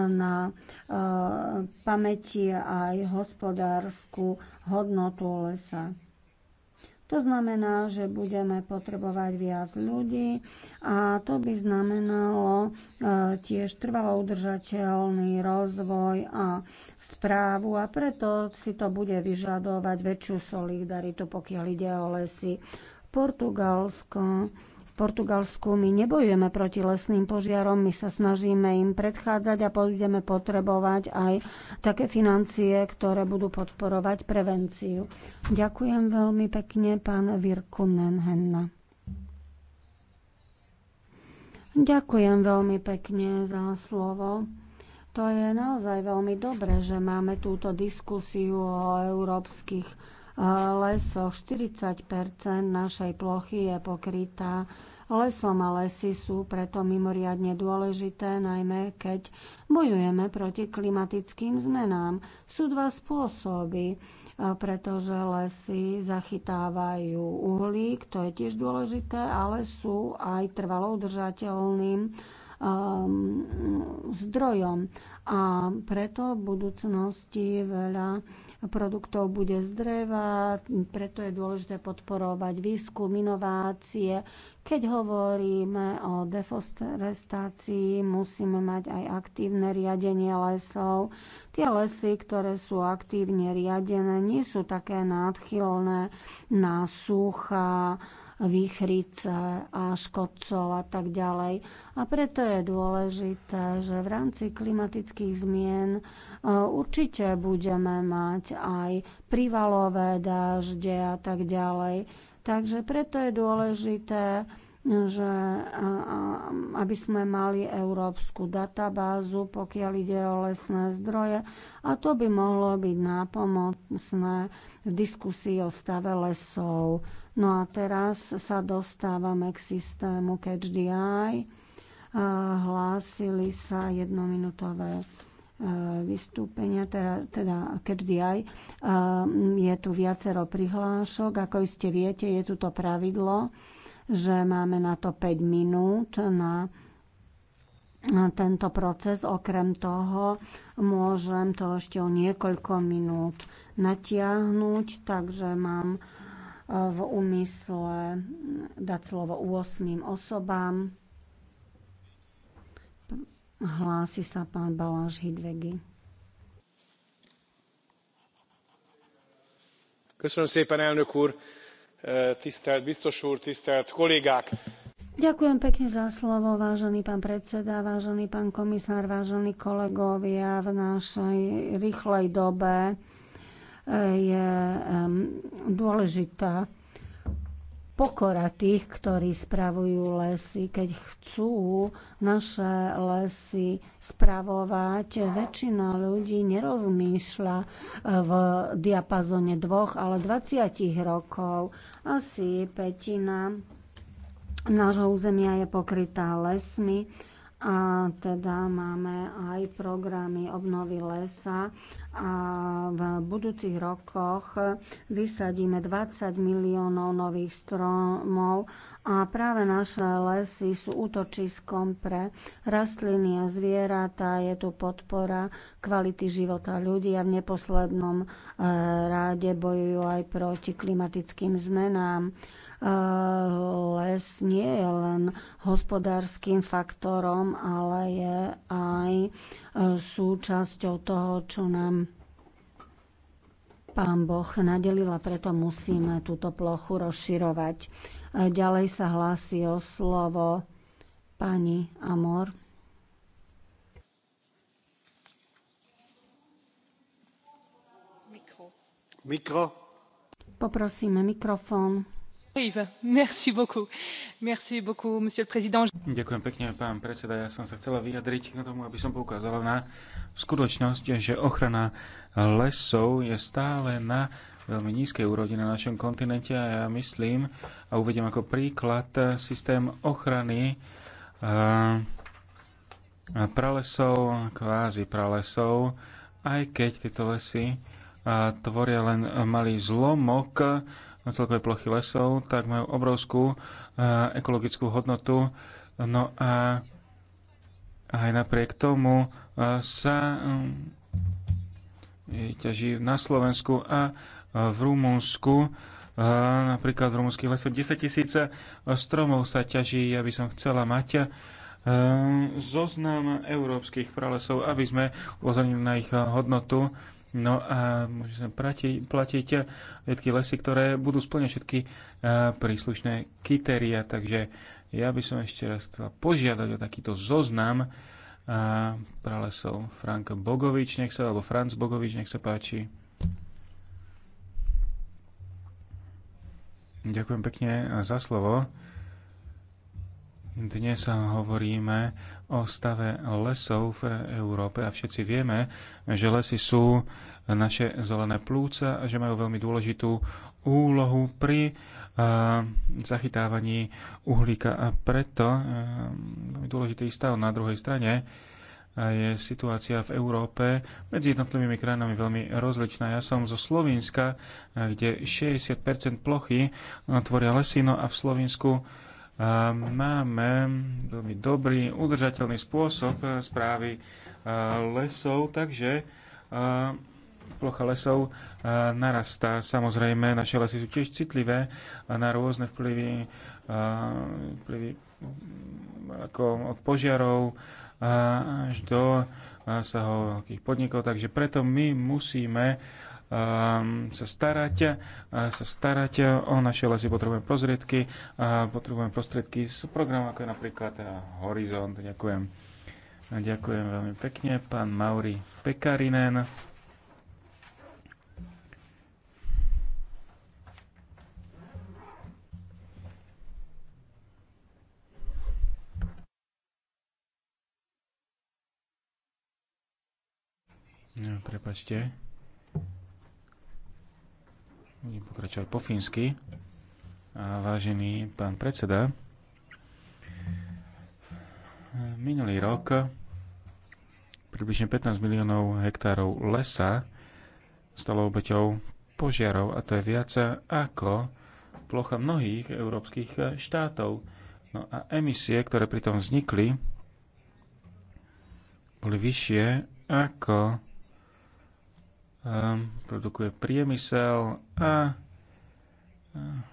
na e, pamäti aj hospodárskú hodnotu lesa. To znamená, že budeme potrebovať viac ľudí a to by znamenalo e, tiež trvalo udržateľný rozvoj a správu a preto si to bude vyžadovať väčšiu solidaritu, pokiaľ ide o lesy. Portugalsko Portugalsku my nebojujeme proti lesným požiarom, my sa snažíme im predchádzať a budeme potrebovať aj také financie, ktoré budú podporovať prevenciu. Ďakujem veľmi pekne, pán virku Nenhenna. Ďakujem veľmi pekne za slovo. To je naozaj veľmi dobré, že máme túto diskusiu o európskych lesoch. 40 našej plochy je pokrytá lesom a lesy sú preto mimoriadne dôležité, najmä keď bojujeme proti klimatickým zmenám. Sú dva spôsoby e, pretože lesy zachytávajú uhlík, to je tiež dôležité, ale sú aj trvalo udržateľným um, zdrojom. A preto v budúcnosti veľa produktov bude z dreva, preto je dôležité podporovať výskum, inovácie. Keď hovoríme o deforestácii, musíme mať aj aktívne riadenie lesov. Tie lesy, ktoré sú aktívne riadené, nie sú také nádchylné na sucha, výchrice a škodcov a tak ďalej. A preto je dôležité, že v rámci klimatických zmien E, určite budeme mať aj privalové dažde a tak ďalej. Takže preto je dôležité, že aby sme mali európsku databázu, pokiaľ ide o lesné zdroje. A to by mohlo byť nápomocné v diskusii o stave lesov. No a teraz sa dostávame k systému Eye. Hlásili sa jednominútové Eh, vystúpenia, teda, teda každý aj. Eh, je tu viacero prihlášok. Ako iste viete, je tu to pravidlo, že máme na to 5 minút na eh, tento proces. Okrem toho môžem to ešte o niekoľko minút natiahnuť, takže mám v úmysle dať slovo 8 osobám. Hlási sa pán Baláš Hidvegi. Köszönöm szépen, elnök úr, tisztelt biztos úr, tisztelt kollégák! Ďakujem pekne za slovo, vážený pán predseda, vážený pán komisár, vážení kolegovia. V našej rýchlej dobe eh, je dôležitá pokora tých, ktorí spravujú lesy, keď chcú naše lesy spravovať. Väčšina ľudí nerozmýšľa eh, v diapazone dvoch, ale 20 rokov. Asi petina nášho územia je pokrytá lesmi a teda máme aj programy obnovy lesa a v budúcich rokoch vysadíme 20 miliónov nových stromov a práve naše lesy sú útočiskom pre rastliny a zvieratá. Je tu podpora kvality života ľudí a v neposlednom eh, rade bojujú aj proti klimatickým zmenám. Eh, les nie je len hospodárskym faktorom, ale je aj eh, súčasťou toho, čo nám Pán Boh nadelil, a preto musíme túto plochu rozširovať. Eh, ďalej sa hlási o slovo pani Amor. Mikro. Poprosíme mikrofón. Ďakujem pekne, pán predseda. Ja som sa chcela vyjadriť k tomu, aby som poukázala na skutočnosť, že ochrana lesov je stále na veľmi nízkej úrovni na našom kontinente a ja myslím a uvediem ako príklad systém ochrany eh, pralesov, kvázi pralesov, aj keď tieto lesy eh, tvoria len malý zlomok na celkovej plochy lesov, tak majú obrovskú e, ekologickú hodnotu. No a aj napriek tomu e, sa e, ťaží na Slovensku a v Rumunsku. Napríklad v rumunských lesoch 10 tisíc stromov sa ťaží, ja by som chcela mať zoznam európskych pralesov, aby sme upozornili na ich hodnotu. No a môže sa platiť, platiť všetky lesy, ktoré budú splňať všetky e, príslušné kritéria. Takže ja by som ešte raz chcel požiadať o takýto zoznam e, pralesov. Frank Bogovič, nech sa, alebo Franc Bogovič, nech sa páči. Ďakujem pekne za slovo. Dnes hovoríme o stave lesov v Európe a všetci vieme, že lesy sú naše zelené plúca a že majú veľmi dôležitú úlohu pri uh, zachytávaní uhlíka a preto uh, dôležitý stav na druhej strane je situácia v Európe medzi jednotlivými krajinami veľmi rozličná. Ja som zo Slovenska, eh, kde 60% plochy tvoria lesy, no a v Slovensku máme veľmi dobrý, udržateľný spôsob eh, správy eh, lesov, takže eh, plocha lesov narastá. Samozrejme, naše lesy sú tiež citlivé na rôzne vplyvy, vplyvy mm, ako od požiarov až do sa ho podnikov, takže preto my musíme Ehm, sa starať, e, sa starať o naše lesy, potrebujeme prostriedky, e, potrebujeme prostriedky z programu, ako je napríklad e, Horizont. Ďakujem. Ďakujem veľmi pekne, pán Mauri Pekarinen. No, prepačte. Budem pokračovať po fínsky. Vážený pán predseda, minulý rok približne 15 miliónov hektárov lesa stalo obeťou požiarov a to je viac ako plocha mnohých európskych štátov. No a emisie, ktoré pritom vznikli, boli vyššie ako Ehm, produkuje priemysel a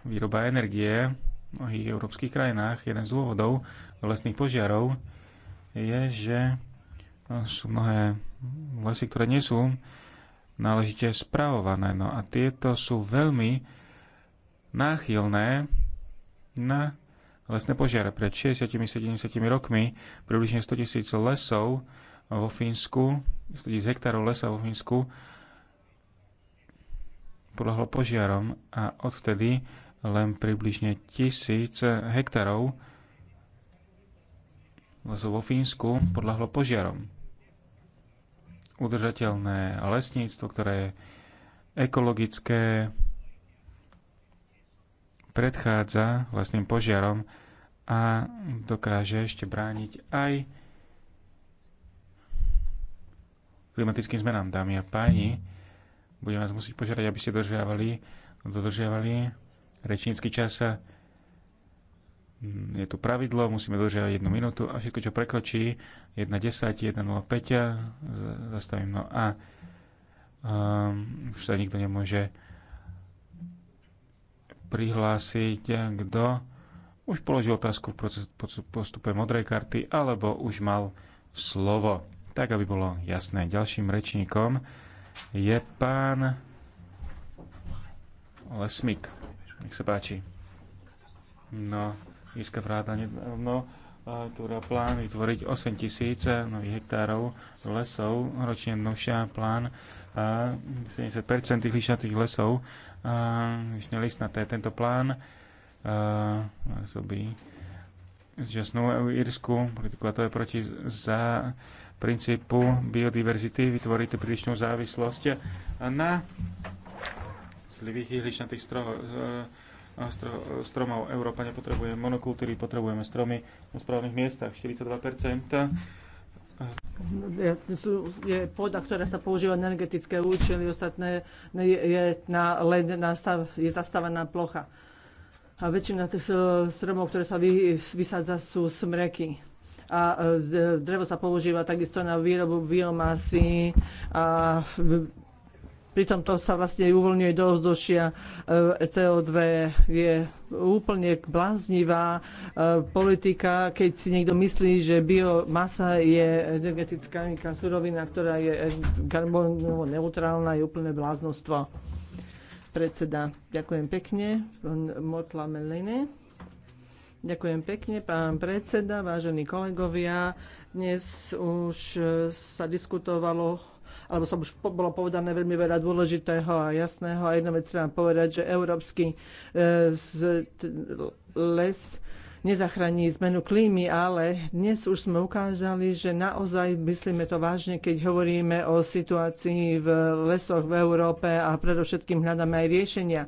výroba energie v mnohých európskych krajinách. Jeden z dôvodov lesných požiarov je, že sú mnohé lesy, ktoré nie sú náležite spravované. No a tieto sú veľmi náchylné na lesné požiare. Pred 60-70 rokmi približne 100 tisíc lesov vo Fínsku, 100 tisíc hektárov lesa vo Fínsku podľahlo požiarom a odvtedy len približne tisíc hektárov lesov vo Fínsku podľahlo požiarom. Udržateľné lesníctvo, ktoré je ekologické, predchádza vlastným požiarom a dokáže ešte brániť aj klimatickým zmenám, dámy a páni budem vás musieť požiadať, aby ste dodržiavali, dodržiavali rečnícky čas. Mm, je tu pravidlo, musíme dodržiavať jednu minútu a všetko, čo prekročí 1.10, 1.05, zastavím. No a um, už sa nikto nemôže prihlásiť, kto už položil otázku v postupe modrej karty alebo už mal slovo. Tak, aby bolo jasné. Ďalším rečníkom je pán Lesmik. Nech sa páči. No, Jiska Vráta nedávno ktorá plán vytvoriť 8 tisíc nových hektárov lesov, ročne nošia plán 70% tých lišatých lesov, vyšne listnaté. Tento plán zoby zžasnú Irsku, politiku a to je proti za princípu biodiverzity vytvoriť tú prílišnú závislosť na slivých ihličnatých stromoch stro, stromov. Európa nepotrebuje monokultúry, potrebujeme stromy na správnych miestach. 42% je pôda, ktorá sa používa na energetické účely, ostatné je, je, na, len na stav, je zastávaná plocha. A väčšina tých eh, stromov, ktoré sa vy, vysádza, sú smreky a e, e, drevo sa používa takisto na výrobu biomasy a pri to sa vlastne uvoľňuje do ovzdušia. E, CO2 je úplne bláznivá politika, keď si niekto myslí, že biomasa je energetická surovina, ktorá je karbonovo neutrálna, je úplné bláznostvo. Predseda, ďakujem pekne. Motla Melene. Ďakujem pekne, pán predseda, vážení kolegovia. Dnes už sa diskutovalo alebo som už po, bolo povedané veľmi veľa dôležitého a jasného. A jedna vec treba povedať, že európsky e, z, t, les nezachrání zmenu klímy, ale dnes už sme ukázali, že naozaj myslíme to vážne, keď hovoríme o situácii v lesoch v Európe a predovšetkým hľadáme aj riešenia.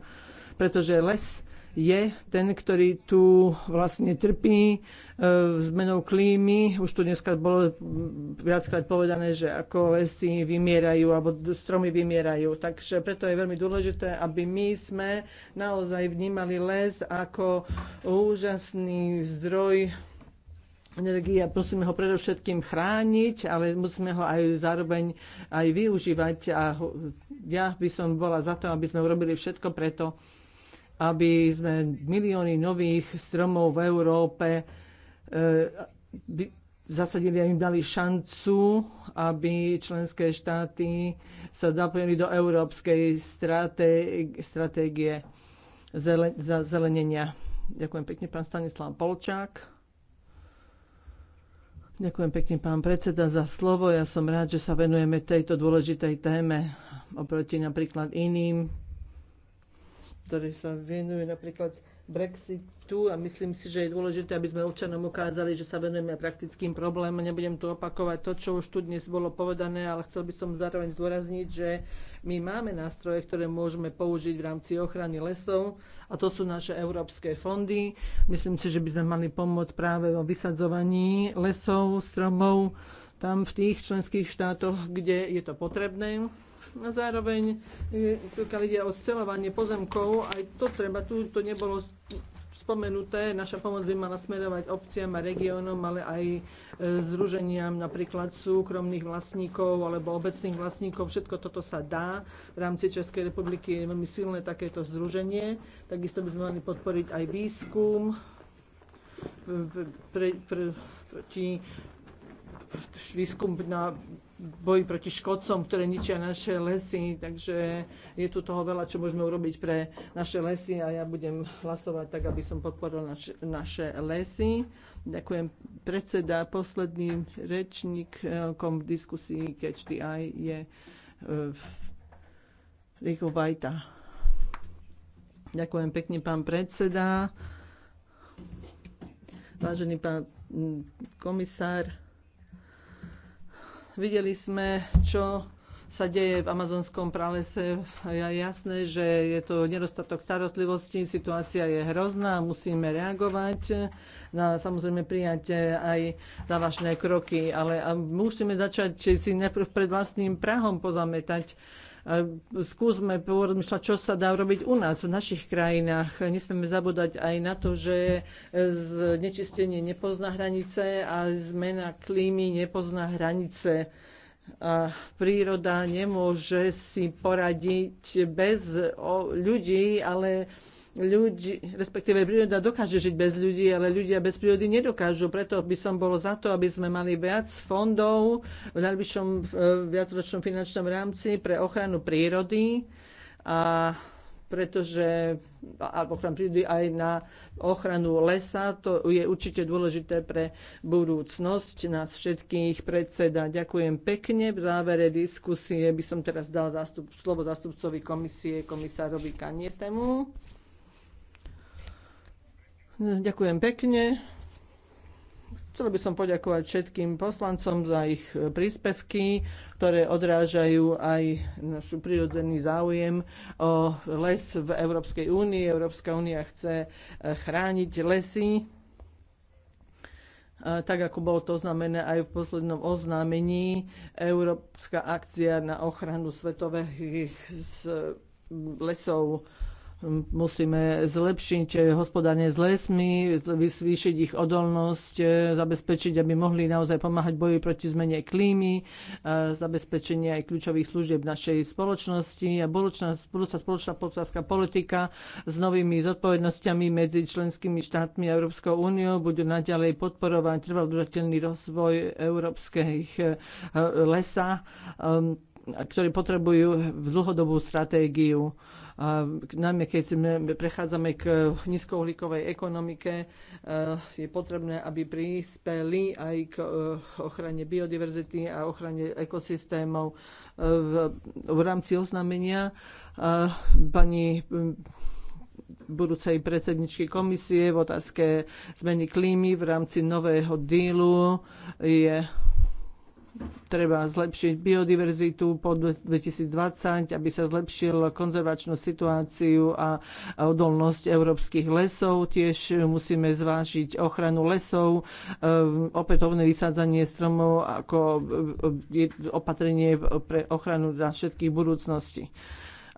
Pretože les je ten, ktorý tu vlastne trpí e, zmenou klímy. Už tu dneska bolo viackrát povedané, že ako lesy vymierajú alebo stromy vymierajú. Takže preto je veľmi dôležité, aby my sme naozaj vnímali les ako úžasný zdroj energie a musíme ho predovšetkým chrániť, ale musíme ho aj zároveň aj využívať a ja by som bola za to, aby sme urobili všetko preto, aby sme milióny nových stromov v Európe e, zasadili a im dali šancu, aby členské štáty sa zapojili do európskej stratégie za zelenenia. Ďakujem pekne, pán Stanislav Polčák. Ďakujem pekne, pán predseda, za slovo. Ja som rád, že sa venujeme tejto dôležitej téme oproti napríklad iným ktoré sa venujú napríklad Brexitu a myslím si, že je dôležité, aby sme občanom ukázali, že sa venujeme praktickým problémom. Nebudem tu opakovať to, čo už tu dnes bolo povedané, ale chcel by som zároveň zdôrazniť, že my máme nástroje, ktoré môžeme použiť v rámci ochrany lesov a to sú naše európske fondy. Myslím si, že by sme mali pomôcť práve vo vysadzovaní lesov, stromov, tam v tých členských štátoch, kde je to potrebné. A zároveň, e, pokiaľ ide o scelovanie pozemkov, aj to treba, tu to nebolo spomenuté, naša pomoc by mala smerovať obciam a regiónom, ale aj e, združeniam napríklad súkromných vlastníkov alebo obecných vlastníkov. Všetko toto sa dá. V rámci Českej republiky je veľmi silné takéto združenie. Takisto by sme mali podporiť aj výskum proti výskum na boj proti škodcom, ktoré ničia naše lesy, takže je tu toho veľa, čo môžeme urobiť pre naše lesy a ja budem hlasovať tak, aby som podporil naš, naše lesy. Ďakujem predseda. rečník, rečníkom eh, v diskusii Catch je uh, eh, Riko Vajta. Ďakujem pekne, pán predseda. Vážený pán mm, komisár, videli sme, čo sa deje v amazonskom pralese. Je jasné, že je to nedostatok starostlivosti, situácia je hrozná, musíme reagovať, na, no, samozrejme prijať aj závažné kroky, ale musíme začať si najprv pred vlastným prahom pozametať skúsme porozmýšľať, čo sa dá robiť u nás, v našich krajinách. Nesmieme zabúdať aj na to, že znečistenie nepozná hranice a zmena klímy nepozná hranice. A príroda nemôže si poradiť bez ľudí, ale ľudí, respektíve príroda dokáže žiť bez ľudí, ale ľudia bez prírody nedokážu. Preto by som bolo za to, aby sme mali viac fondov v najbližšom e, viacročnom finančnom rámci pre ochranu prírody a pretože alebo ochranu prírody aj na ochranu lesa. To je určite dôležité pre budúcnosť nás všetkých predseda. Ďakujem pekne. V závere diskusie by som teraz dal zástup, slovo zástupcovi komisie, komisárovi Kanietemu. Ďakujem pekne. Chcel by som poďakovať všetkým poslancom za ich e, príspevky, ktoré odrážajú aj našu prirodzený záujem o les v Európskej únii. Európska únia chce e, chrániť lesy, e, tak ako bolo to znamené aj v poslednom oznámení Európska akcia na ochranu svetových lesov musíme zlepšiť hospodárne s lesmi, zvýšiť ich odolnosť, e, zabezpečiť, aby mohli naozaj pomáhať boji proti zmene klímy, e, zabezpečenie aj kľúčových služieb našej spoločnosti a budúčná, budúca spoločná podsadská politika s novými zodpovednosťami medzi členskými štátmi a Európskou úniou budú naďalej podporovať trvalodržateľný rozvoj európskych e, lesa ktoré potrebujú dlhodobú stratégiu. A najmä keď prechádzame k nízkouhlíkovej ekonomike, e, je potrebné, aby prispeli aj k e, ochrane biodiverzity a ochrane ekosystémov e, v, v rámci oznámenia. Pani budúcej predsedničky komisie v otázke zmeny klímy v rámci nového dílu je treba zlepšiť biodiverzitu po 2020, aby sa zlepšil konzervačnú situáciu a odolnosť európskych lesov. Tiež musíme zvážiť ochranu lesov, eh, opätovné vysádzanie stromov ako eh, opatrenie pre ochranu na všetkých budúcnosti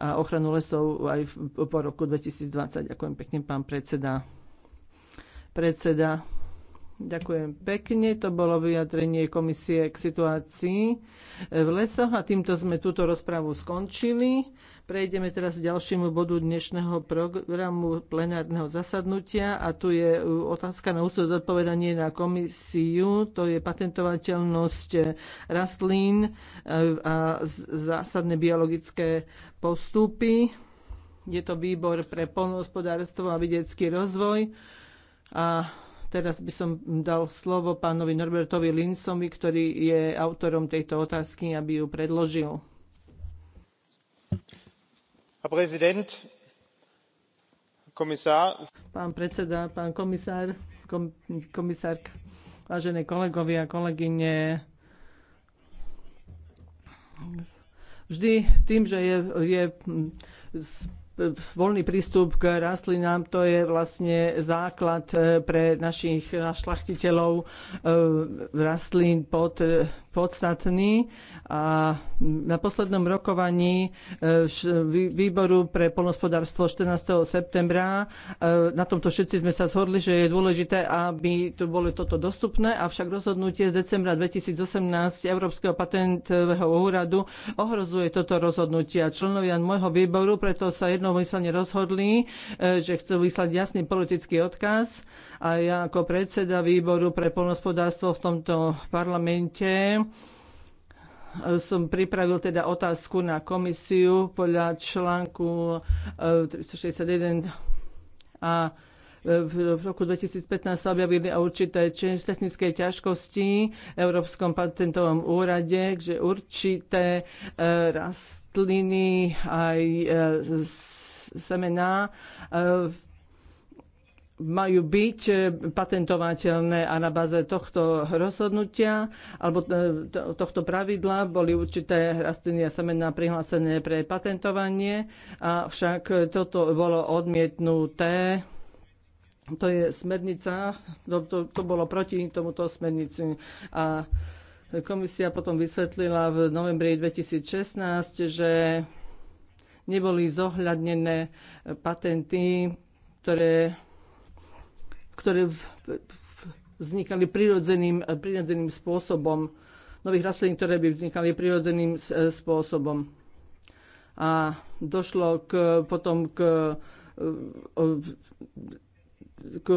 a ochranu lesov aj po roku 2020. Ďakujem pekne, pán predseda. Predseda Ďakujem pekne. To bolo vyjadrenie komisie k situácii v lesoch a týmto sme túto rozprávu skončili. Prejdeme teraz k ďalšiemu bodu dnešného programu plenárneho zasadnutia a tu je otázka na úsled odpovedanie na komisiu. To je patentovateľnosť rastlín a zásadné biologické postupy. Je to výbor pre polnohospodárstvo a vedecký rozvoj. A Teraz by som dal slovo pánovi Norbertovi Linsovi, ktorý je autorom tejto otázky, aby ju predložil. Pán predseda, pán komisár, kom, komisárka, vážené kolegovia a kolegyne, vždy tým, že je, je voľný prístup k rastlinám, to je vlastne základ e, pre našich šlachtiteľov e, rastlín pod, e, podstatný. A na poslednom rokovaní výboru pre polnospodárstvo 14. septembra, na tomto všetci sme sa zhodli, že je dôležité, aby tu bolo toto dostupné, avšak rozhodnutie z decembra 2018 Európskeho patentového úradu ohrozuje toto rozhodnutie. A členovia môjho výboru preto sa jedno jednomyselne rozhodli, e, že chcú vyslať jasný politický odkaz a ja ako predseda výboru pre polnospodárstvo v tomto parlamente e, som pripravil teda otázku na komisiu podľa článku 361 e, a v roku 2015 sa objavili určité technické ťažkosti v Európskom patentovom úrade, že určité rastliny aj semená e, majú byť e, patentovateľné a na báze tohto rozhodnutia alebo e, tohto pravidla boli určité rastliny a semená prihlásené pre patentovanie, avšak toto bolo odmietnuté to je smernica, to, no, to, to bolo proti tomuto smernici. A komisia potom vysvetlila v novembri 2016, že neboli zohľadnené eh, patenty, ktoré, ktoré vznikali prirodzeným, eh, prirodzeným spôsobom, nových rastlín, ktoré by vznikali prirodzeným eh, spôsobom. A došlo k, potom k, k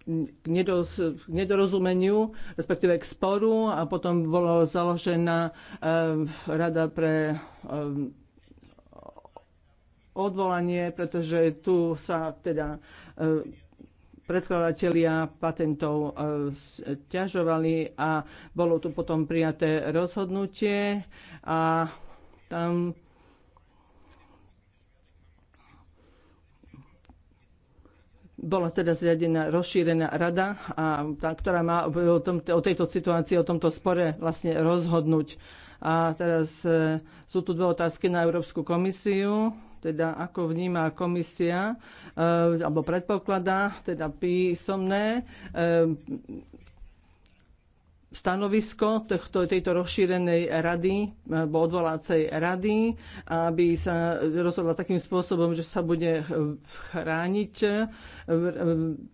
k nedorozumeniu, respektíve k sporu a potom bolo založená rada pre odvolanie, pretože tu sa teda e, predkladatelia patentov e, ťažovali a bolo tu potom prijaté rozhodnutie a tam bola teda zriadená rozšírená rada, a tá, ktorá má o, tom, o tejto situácii, o tomto spore vlastne rozhodnúť. A teraz e, sú tu dve otázky na Európsku komisiu teda ako vníma komisia, eh, alebo predpokladá, teda písomné eh, stanovisko tohto, tejto rozšírenej rady alebo odvolácej rady, aby sa rozhodla takým spôsobom, že sa bude chrániť eh,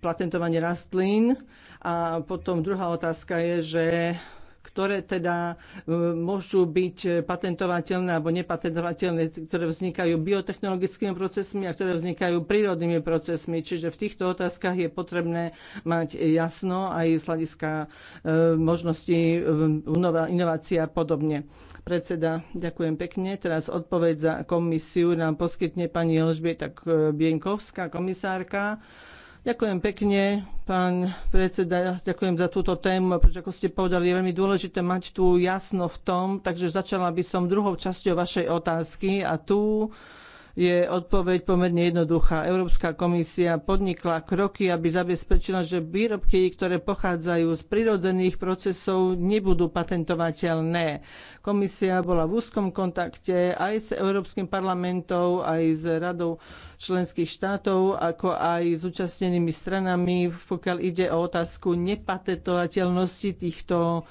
patentovanie rastlín. A potom druhá otázka je, že ktoré teda e, môžu byť patentovateľné alebo nepatentovateľné, ktoré vznikajú biotechnologickými procesmi a ktoré vznikajú prírodnými procesmi. Čiže v týchto otázkach je potrebné mať jasno aj z hľadiska e, možností e, inovácia a podobne. Predseda, ďakujem pekne. Teraz odpoveď za komisiu nám poskytne pani Elžbieta Bienkovská, komisárka. Ďakujem pekne, pán predseda. Ďakujem za túto tému, pretože ako ste povedali, je veľmi dôležité mať tu jasno v tom. Takže začala by som druhou časťou vašej otázky a tu je odpoveď pomerne jednoduchá. Európska komisia podnikla kroky, aby zabezpečila, že výrobky, ktoré pochádzajú z prirodzených procesov, nebudú patentovateľné. Komisia bola v úzkom kontakte aj s Európskym parlamentom, aj s radou členských štátov, ako aj s účastnenými stranami, pokiaľ ide o otázku nepatentovateľnosti týchto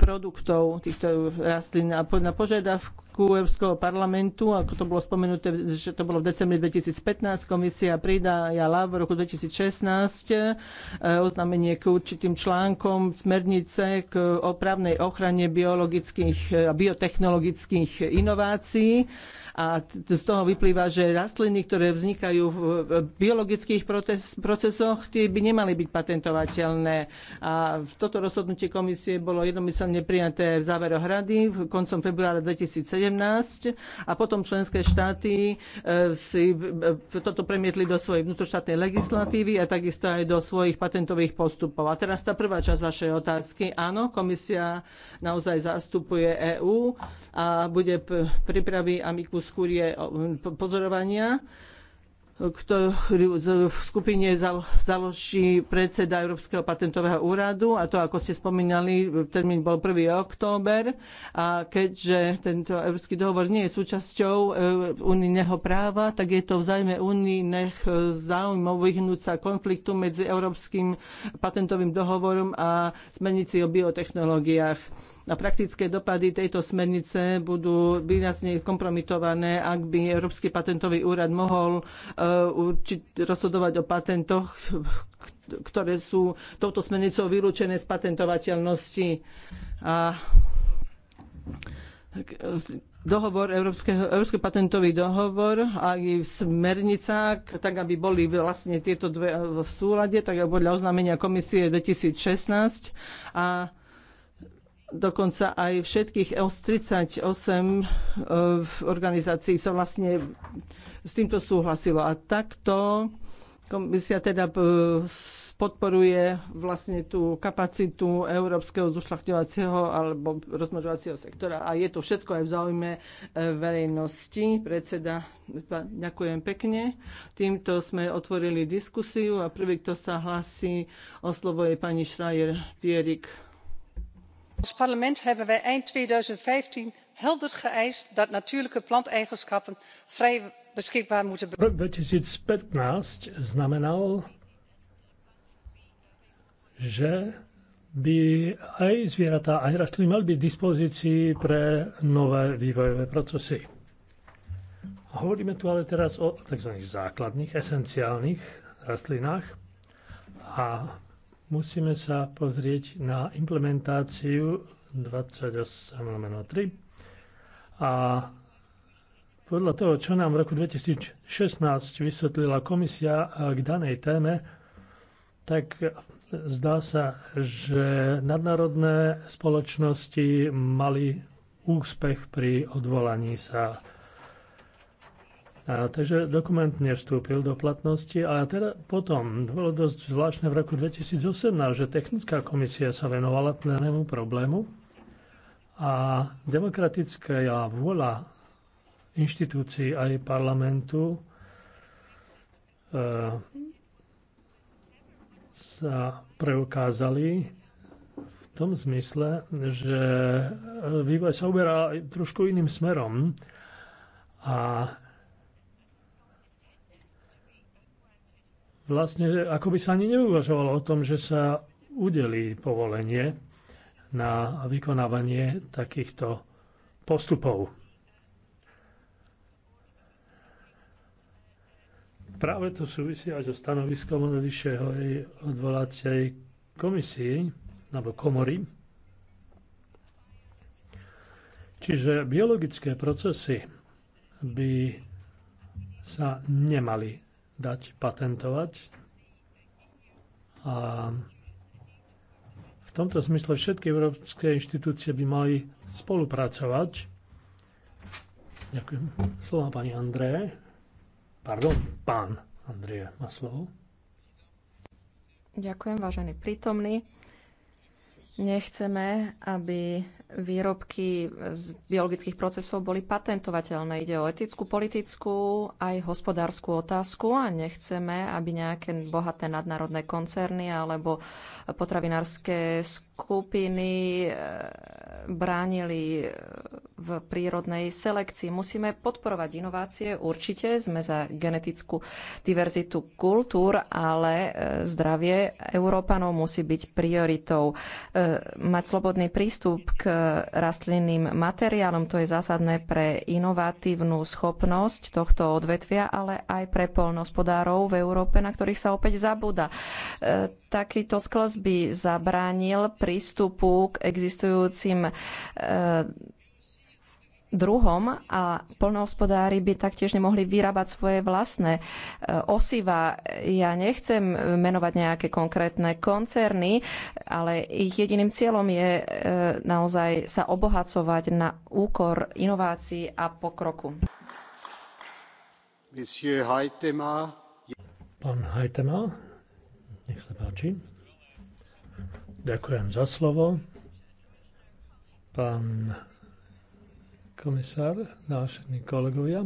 produktov, týchto rastlín a podľa požiadavku stanovisku Európskeho parlamentu, ako to bolo spomenuté, že to bolo v decembri 2015, komisia pridá v roku 2016 e, oznámenie k určitým článkom smernice k opravnej ochrane biologických e, a biotechnologických inovácií a z toho vyplýva, že rastliny, ktoré vznikajú v biologických procesoch, tie by nemali byť patentovateľné. A toto rozhodnutie komisie bolo jednomyselne prijaté v záveroch rady koncom februára 2017 a potom členské štáty e, si e, toto premietli do svojej vnútroštátnej legislatívy a takisto aj do svojich patentových postupov. A teraz tá prvá časť vašej otázky. Áno, komisia naozaj zastupuje EÚ a bude pripraví amicus curiae pozorovania ktorú v skupine založí predseda Európskeho patentového úradu a to, ako ste spomínali, termín bol 1. október a keďže tento Európsky dohovor nie je súčasťou e, unijného práva, tak je to v zájme unijných e, záujmov vyhnúť sa konfliktu medzi Európskym patentovým dohovorom a smernici o biotechnológiách a praktické dopady tejto smernice budú výrazne kompromitované, ak by Európsky patentový úrad mohol e, rozhodovať o patentoch, ktoré sú touto smernicou vylúčené z patentovateľnosti. A e, dohovor Európskeho, Európsky patentový dohovor a aj smernica, tak aby boli vlastne tieto dve e, v súlade, tak podľa oznámenia komisie 2016 a dokonca aj všetkých 38 e, organizácií sa vlastne s týmto súhlasilo. A takto komisia teda e, podporuje vlastne tú kapacitu európskeho zušľachňovacieho alebo rozmnožovacieho sektora a je to všetko aj v záujme e, verejnosti. Predseda, ďakujem pekne. Týmto sme otvorili diskusiu a prvý, kto sa hlasí o slovo je pani Šrajer Pierik als parlement hebben wij eind tweeduizendvijftien helder geëist dat natuurlijke planteigenschappen vrij beschikbaar moeten. rok 2015 znamenal že by aj zvieratá, aj rastliny mali byť v dispozícii pre nové vývojové procesy. Hovoríme tu ale teraz o oh, tzv. základných, esenciálnych rastlinách a musíme sa pozrieť na implementáciu 28.3 a podľa toho, čo nám v roku 2016 vysvetlila komisia k danej téme, tak zdá sa, že nadnárodné spoločnosti mali úspech pri odvolaní sa a, takže dokument nevstúpil do platnosti a teda potom bolo dosť zvláštne v roku 2018, že technická komisia sa venovala danému problému a demokratická vôľa inštitúcií aj parlamentu e, sa preukázali v tom zmysle, že vývoj sa uberá trošku iným smerom a vlastne ako by sa ani neuvažovalo o tom, že sa udelí povolenie na vykonávanie takýchto postupov. Práve to súvisí aj so stanoviskom najvyššieho odvolacej komisii alebo komory. Čiže biologické procesy by sa nemali dať patentovať. A v tomto zmysle všetky európske inštitúcie by mali spolupracovať. Ďakujem. Slova pani André. Pardon, pán André má slovo. Ďakujem, vážený prítomný. Nechceme, aby výrobky z biologických procesov boli patentovateľné. Ide o etickú, politickú, aj hospodárskú otázku a nechceme, aby nejaké bohaté nadnárodné koncerny alebo potravinárske skupiny e, bránili e, v prírodnej selekcii. Musíme podporovať inovácie, určite sme za genetickú diverzitu kultúr, ale e, zdravie Európanov musí byť prioritou. Mať slobodný prístup k rastlinným materiálom, to je zásadné pre inovatívnu schopnosť tohto odvetvia, ale aj pre polnospodárov v Európe, na ktorých sa opäť zabúda takýto skles by zabránil prístupu k existujúcim e, druhom a polnohospodári by taktiež nemohli vyrábať svoje vlastné e, osiva. Ja nechcem menovať nejaké konkrétne koncerny, ale ich jediným cieľom je e, naozaj sa obohacovať na úkor inovácií a pokroku. Pán Heitema, nech sa páči. Ďakujem za slovo. Pán komisár, nášení kolegovia.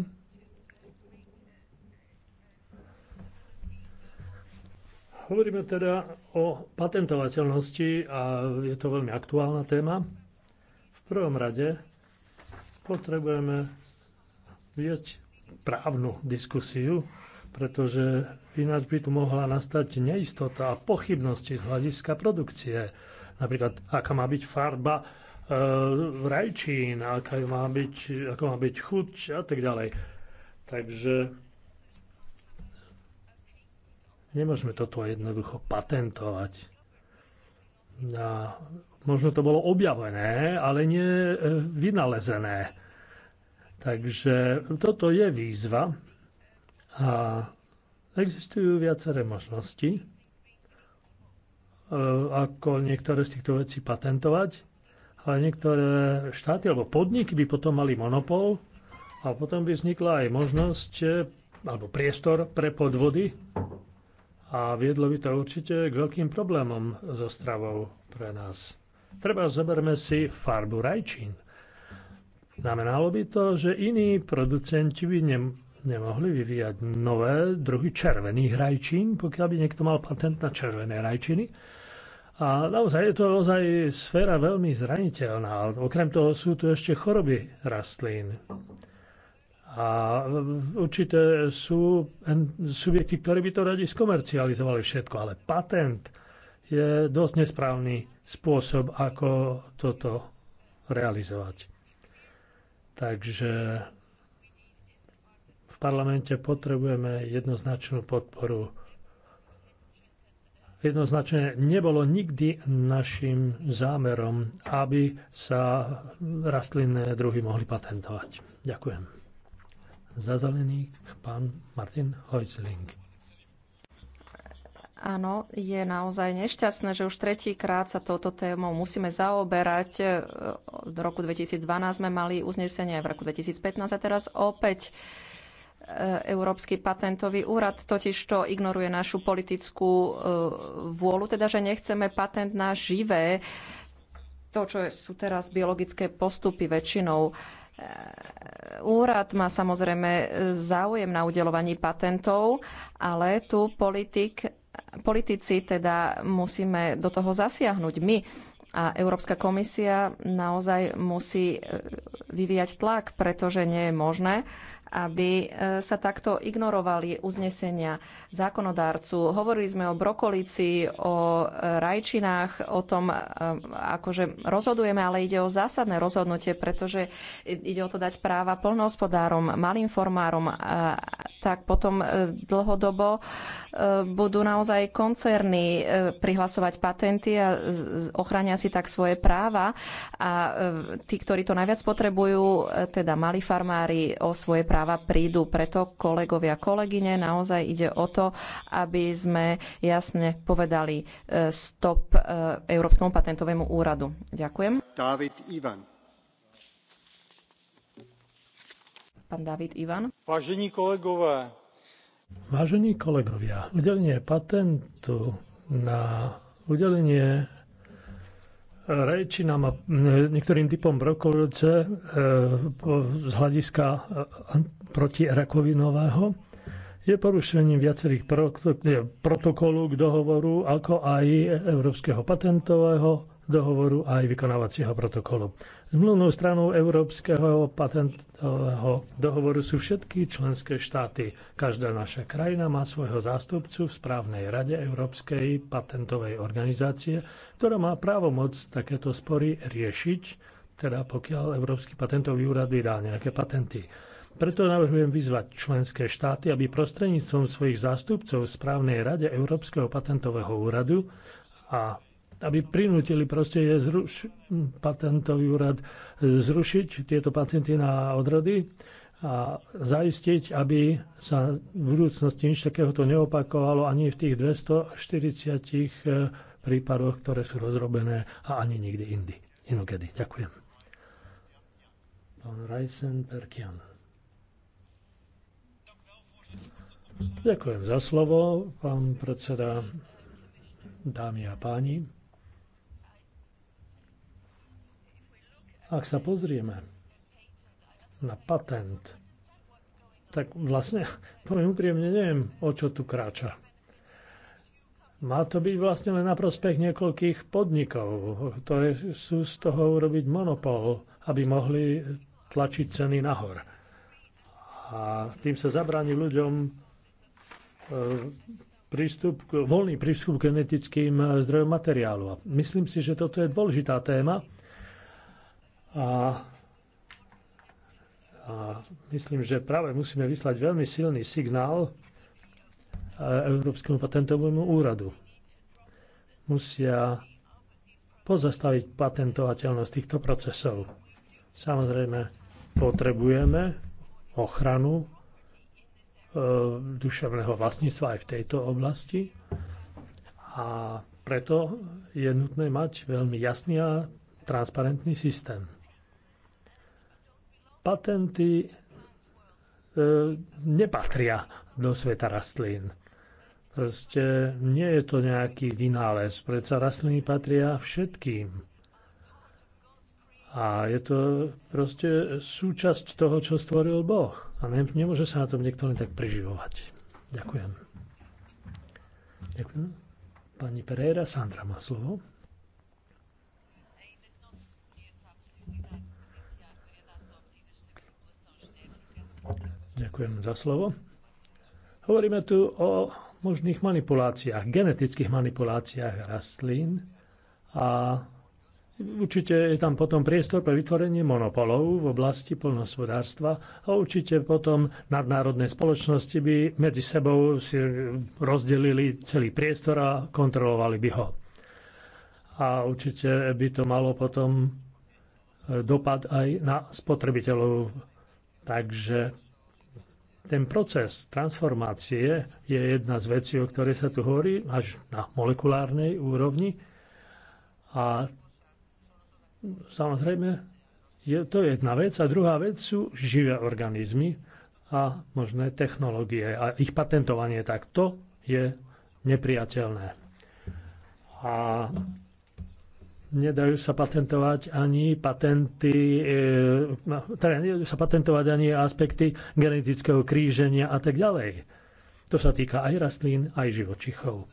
Hovoríme teda o patentovateľnosti a je to veľmi aktuálna téma. V prvom rade potrebujeme viesť právnu diskusiu pretože ináč by tu mohla nastať neistota a pochybnosti z hľadiska produkcie. Napríklad, aká má byť farba e, rajčín, aká má byť, ako má byť chuť a tak ďalej. Takže nemôžeme toto jednoducho patentovať. A možno to bolo objavené, ale nie e, vynalezené. Takže toto je výzva a existujú viaceré možnosti, e, ako niektoré z týchto vecí patentovať, ale niektoré štáty alebo podniky by potom mali monopol a potom by vznikla aj možnosť e, alebo priestor pre podvody a viedlo by to určite k veľkým problémom so stravou pre nás. Treba zoberme si farbu rajčín. Znamenalo by to, že iní producenti by ne, nemohli vyvíjať nové druhy červených rajčín, pokiaľ by niekto mal patent na červené rajčiny. A naozaj je to naozaj sféra veľmi zraniteľná. Okrem toho sú tu ešte choroby rastlín. A určite sú subjekty, ktorí by to radi skomercializovali všetko, ale patent je dosť nesprávny spôsob, ako toto realizovať. Takže parlamente potrebujeme jednoznačnú podporu. Jednoznačne nebolo nikdy našim zámerom, aby sa rastlinné druhy mohli patentovať. Ďakujem. Za zelený pán Martin Heusling. Áno, je naozaj nešťastné, že už tretíkrát sa touto témou musíme zaoberať. V roku 2012 sme mali uznesenie, v roku 2015 a teraz opäť E, Európsky patentový úrad totiž to ignoruje našu politickú e, vôľu, teda že nechceme patent na živé, to, čo sú teraz biologické postupy väčšinou. E, úrad má samozrejme záujem na udelovaní patentov, ale tu politik, politici teda musíme do toho zasiahnuť my. A Európska komisia naozaj musí vyvíjať tlak, pretože nie je možné, aby e, sa takto ignorovali uznesenia zákonodárcu. Hovorili sme o brokolici, o e, rajčinách, o tom, e, akože rozhodujeme, ale ide o zásadné rozhodnutie, pretože ide o to dať práva plnohospodárom, malým formárom, tak potom dlhodobo budú naozaj koncerny prihlasovať patenty a ochránia si tak svoje práva a tí, ktorí to najviac potrebujú, teda mali farmári o svoje práva práva prídu. Preto, kolegovia, kolegyne, naozaj ide o to, aby sme jasne povedali e, stop e, Európskemu patentovému úradu. Ďakujem. David Ivan. Pán David Ivan. Vážení kolegové. Vážení kolegovia, udelenie patentu na udelenie nám a niektorým typom brokolice e, z hľadiska e, protirakovinového je porušením viacerých protokolov k dohovoru, ako aj e, Európskeho patentového dohovoru a aj vykonávacieho protokolu. Zmluvnou stranou Európskeho patentového dohovoru sú všetky členské štáty. Každá naša krajina má svojho zástupcu v správnej rade Európskej patentovej organizácie, ktorá má právomoc takéto spory riešiť, teda pokiaľ Európsky patentový úrad vydá nejaké patenty. Preto navrhujem vyzvať členské štáty, aby prostredníctvom svojich zástupcov v správnej rade Európskeho patentového úradu a aby prinútili proste zruš, patentový úrad e, zrušiť tieto patenty na odrody a zaistiť, aby sa v budúcnosti nič takéhoto neopakovalo ani v tých 240 e, prípadoch, ktoré sú rozrobené a ani nikdy indy. Inokedy. Ďakujem. Pán Rajsen Perkian. Ďakujem za slovo, pán predseda, dámy a páni. Ak sa pozrieme na patent, tak vlastne, poviem úprimne, neviem, o čo tu kráča. Má to byť vlastne len na prospech niekoľkých podnikov, ktoré sú z toho urobiť monopol, aby mohli tlačiť ceny nahor. A tým sa zabráni ľuďom e, prístup, voľný prístup k genetickým e, zdrojom materiálu. A myslím si, že toto je dôležitá téma a, a myslím, že práve musíme vyslať veľmi silný signál e, Európskemu patentovému úradu. Musia pozastaviť patentovateľnosť týchto procesov. Samozrejme, potrebujeme ochranu e, duševného vlastníctva aj v tejto oblasti a preto je nutné mať veľmi jasný a transparentný systém patenty e, nepatria do sveta rastlín. Proste nie je to nejaký vynález, predsa rastliny patria všetkým. A je to proste súčasť toho, čo stvoril Boh. A ne, nemôže sa na tom niekto len tak priživovať. Ďakujem. Ďakujem. Pani Pereira, Sandra má slovo. Ďakujem za slovo. Hovoríme tu o možných manipuláciách, genetických manipuláciách rastlín a určite je tam potom priestor pre vytvorenie monopolov v oblasti polnohospodárstva a určite potom nadnárodné spoločnosti by medzi sebou si rozdelili celý priestor a kontrolovali by ho. A určite by to malo potom dopad aj na spotrebiteľov Takže ten proces transformácie je jedna z vecí, o ktorej sa tu hovorí až na molekulárnej úrovni. A samozrejme, je to jedna vec. A druhá vec sú živé organizmy a možné technológie a ich patentovanie. Tak to je nepriateľné. A Nedajú sa patentovať ani patenty, e, no, teda nedajú sa patentovať ani aspekty genetického kríženia a tak ďalej. To sa týka aj rastlín, aj živočichov.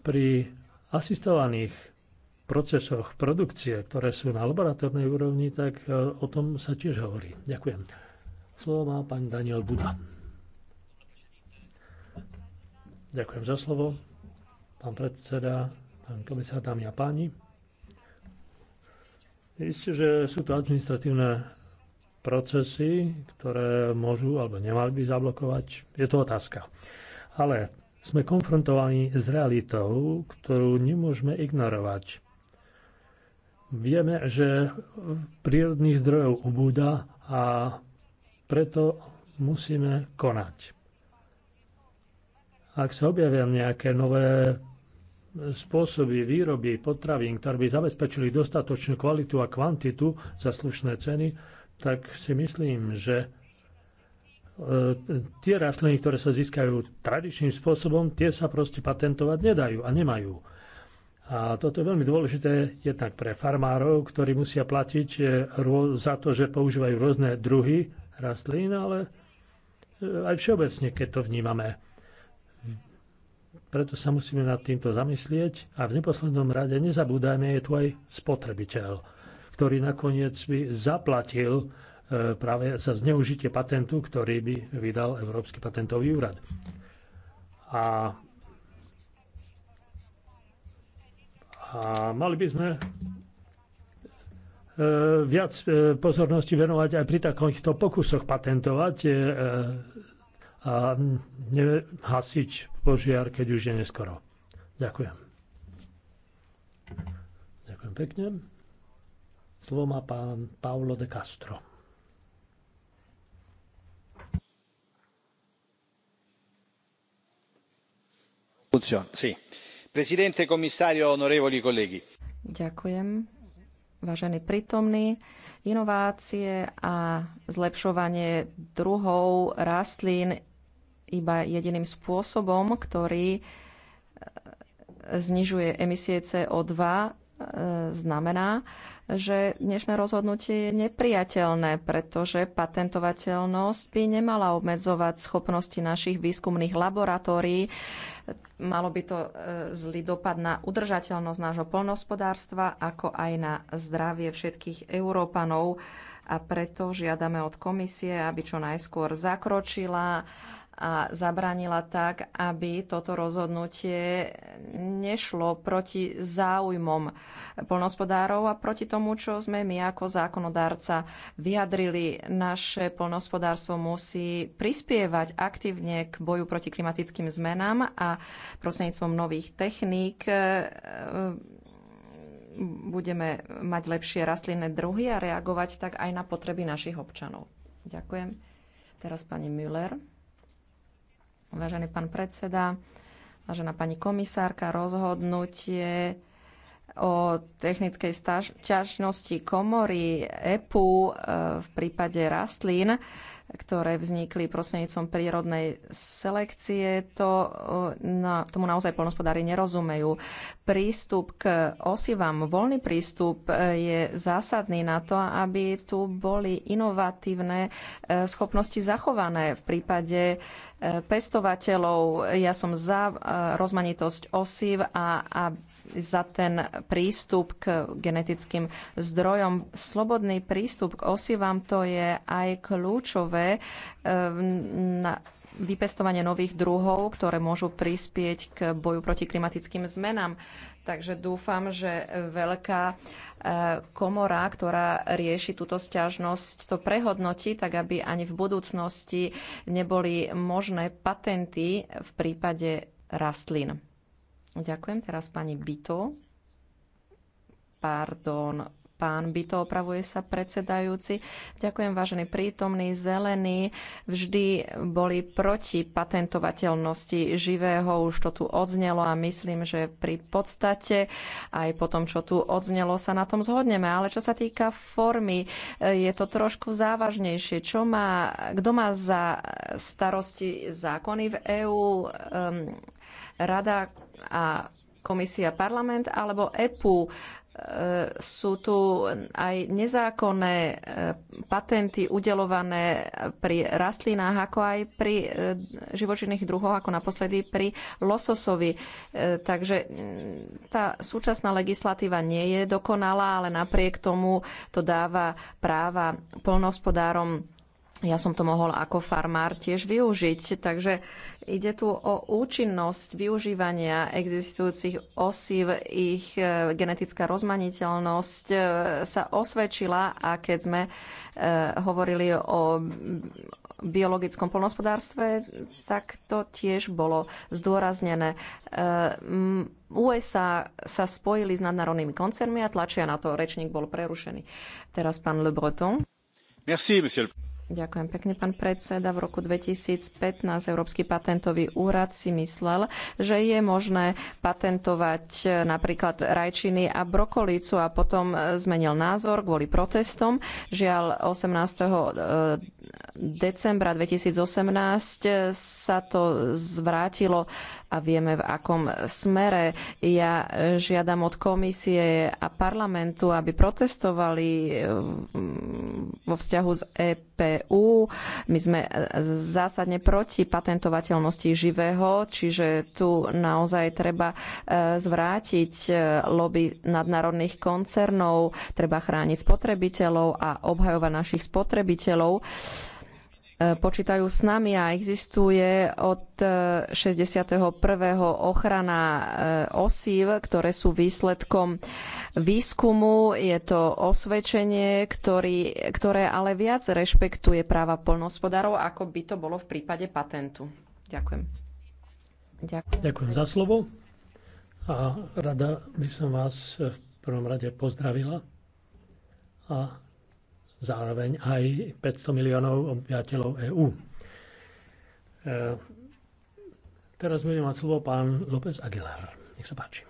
Pri asistovaných procesoch produkcie, ktoré sú na laboratórnej úrovni, tak e, o tom sa tiež hovorí. Ďakujem. Slovo má pán Daniel Buda. Ďakujem za slovo. Pán predseda, pán komisár, dámy a páni. Isté, že sú to administratívne procesy, ktoré môžu alebo nemali by zablokovať. Je to otázka. Ale sme konfrontovaní s realitou, ktorú nemôžeme ignorovať. Vieme, že prírodných zdrojov ubúda a preto musíme konať. Ak sa objavia nejaké nové spôsoby výroby potravín, ktoré by zabezpečili dostatočnú kvalitu a kvantitu za slušné ceny, tak si myslím, že e, tie rastliny, ktoré sa získajú tradičným spôsobom, tie sa proste patentovať nedajú a nemajú. A toto je veľmi dôležité jednak pre farmárov, ktorí musia platiť e, za to, že používajú rôzne druhy rastlín, ale e, aj všeobecne, keď to vnímame. Preto sa musíme nad týmto zamyslieť a v neposlednom rade nezabúdajme, je tu aj spotrebiteľ, ktorý nakoniec by zaplatil e, práve za zneužitie patentu, ktorý by vydal Európsky patentový úrad. A, a mali by sme e, viac e, pozornosti venovať aj pri takýchto pokusoch patentovať a hasiť požiar, keď už je neskoro. Ďakujem. Ďakujem pekne. Slovo má pán Paolo de Castro. Presidente, komisario, onorevoli colleghi. Ďakujem, vážení prítomní. Inovácie a zlepšovanie druhov rastlín iba jediným spôsobom, ktorý e, znižuje emisie CO2, e, znamená, že dnešné rozhodnutie je nepriateľné, pretože patentovateľnosť by nemala obmedzovať schopnosti našich výskumných laboratórií. Malo by to e, zlý dopad na udržateľnosť nášho polnohospodárstva, ako aj na zdravie všetkých Európanov. A preto žiadame od komisie, aby čo najskôr zakročila a zabránila tak, aby toto rozhodnutie nešlo proti záujmom polnospodárov a proti tomu, čo sme my ako zákonodárca vyjadrili. Naše polnospodárstvo musí prispievať aktívne k boju proti klimatickým zmenám a prostredníctvom nových techník e, budeme mať lepšie rastlinné druhy a reagovať tak aj na potreby našich občanov. Ďakujem. Teraz pani Müller. Vážený pán predseda, vážená pani komisárka, rozhodnutie o technickej ťažnosti komory EPU e, v prípade rastlín, ktoré vznikli prostrednícom prírodnej selekcie, to e, na, tomu naozaj polnospodári nerozumejú. Prístup k osivám, voľný prístup e, je zásadný na to, aby tu boli inovatívne schopnosti zachované v prípade pestovateľov. Ja som za rozmanitosť osiv a, a za ten prístup k genetickým zdrojom. Slobodný prístup k osivám to je aj kľúčové eh, na vypestovanie nových druhov, ktoré môžu prispieť k boju proti klimatickým zmenám. Takže dúfam, že veľká eh, komora, ktorá rieši túto stiažnosť, to prehodnotí, tak aby ani v budúcnosti neboli možné patenty v prípade rastlín. Ďakujem. Teraz pani Bito. Pardon, pán Bito, opravuje sa predsedajúci. Ďakujem, vážený prítomný. Zelení vždy boli proti patentovateľnosti živého, už to tu odznelo a myslím, že pri podstate aj po tom, čo tu odznelo, sa na tom zhodneme. Ale čo sa týka formy, je to trošku závažnejšie. Čo má, kto má za starosti zákony v EÚ? Um, ehm, rada, a komisia parlament alebo EPU. E, sú tu aj nezákonné e, patenty udelované pri rastlinách, ako aj pri e, živočinných druhoch, ako naposledy pri lososovi. Takže tá súčasná legislatíva nie je dokonalá, ale napriek tomu to dáva práva polnohospodárom ja som to mohol ako farmár tiež využiť. Takže ide tu o účinnosť využívania existujúcich osív, ich e, genetická rozmaniteľnosť e, sa osvedčila a keď sme e, hovorili o biologickom polnospodárstve, tak to tiež bolo zdôraznené. USA sa spojili s nadnárodnými koncernmi a tlačia na to. Rečník bol prerušený. Teraz pán Le Breton. Merci, monsieur. Ďakujem pekne, pán predseda. V roku 2015 Európsky patentový úrad si myslel, že je možné patentovať napríklad rajčiny a brokolicu a potom zmenil názor kvôli protestom. Žiaľ, 18. Eh, decembra 2018 sa to zvrátilo a vieme, v akom smere. Ja žiadam od komisie a parlamentu, aby protestovali mm, vo vzťahu s EPU. My sme e, zásadne proti patentovateľnosti živého, čiže tu naozaj treba e, zvrátiť e, lobby nadnárodných koncernov, treba chrániť spotrebiteľov a obhajovať našich spotrebiteľov počítajú s nami a existuje od 61. E, ochrana e, osív, ktoré sú výsledkom výskumu. Je to osvedčenie, ktorý, ktoré ale viac rešpektuje práva polnospodárov, ako by to bolo v prípade patentu. Ďakujem. Ďakujem. Ďakujem za slovo a rada by som vás v prvom rade pozdravila a zároveň aj 500 miliónov obyvateľov EÚ. E, teraz budem mať slovo pán López Aguilar. Nech sa páči.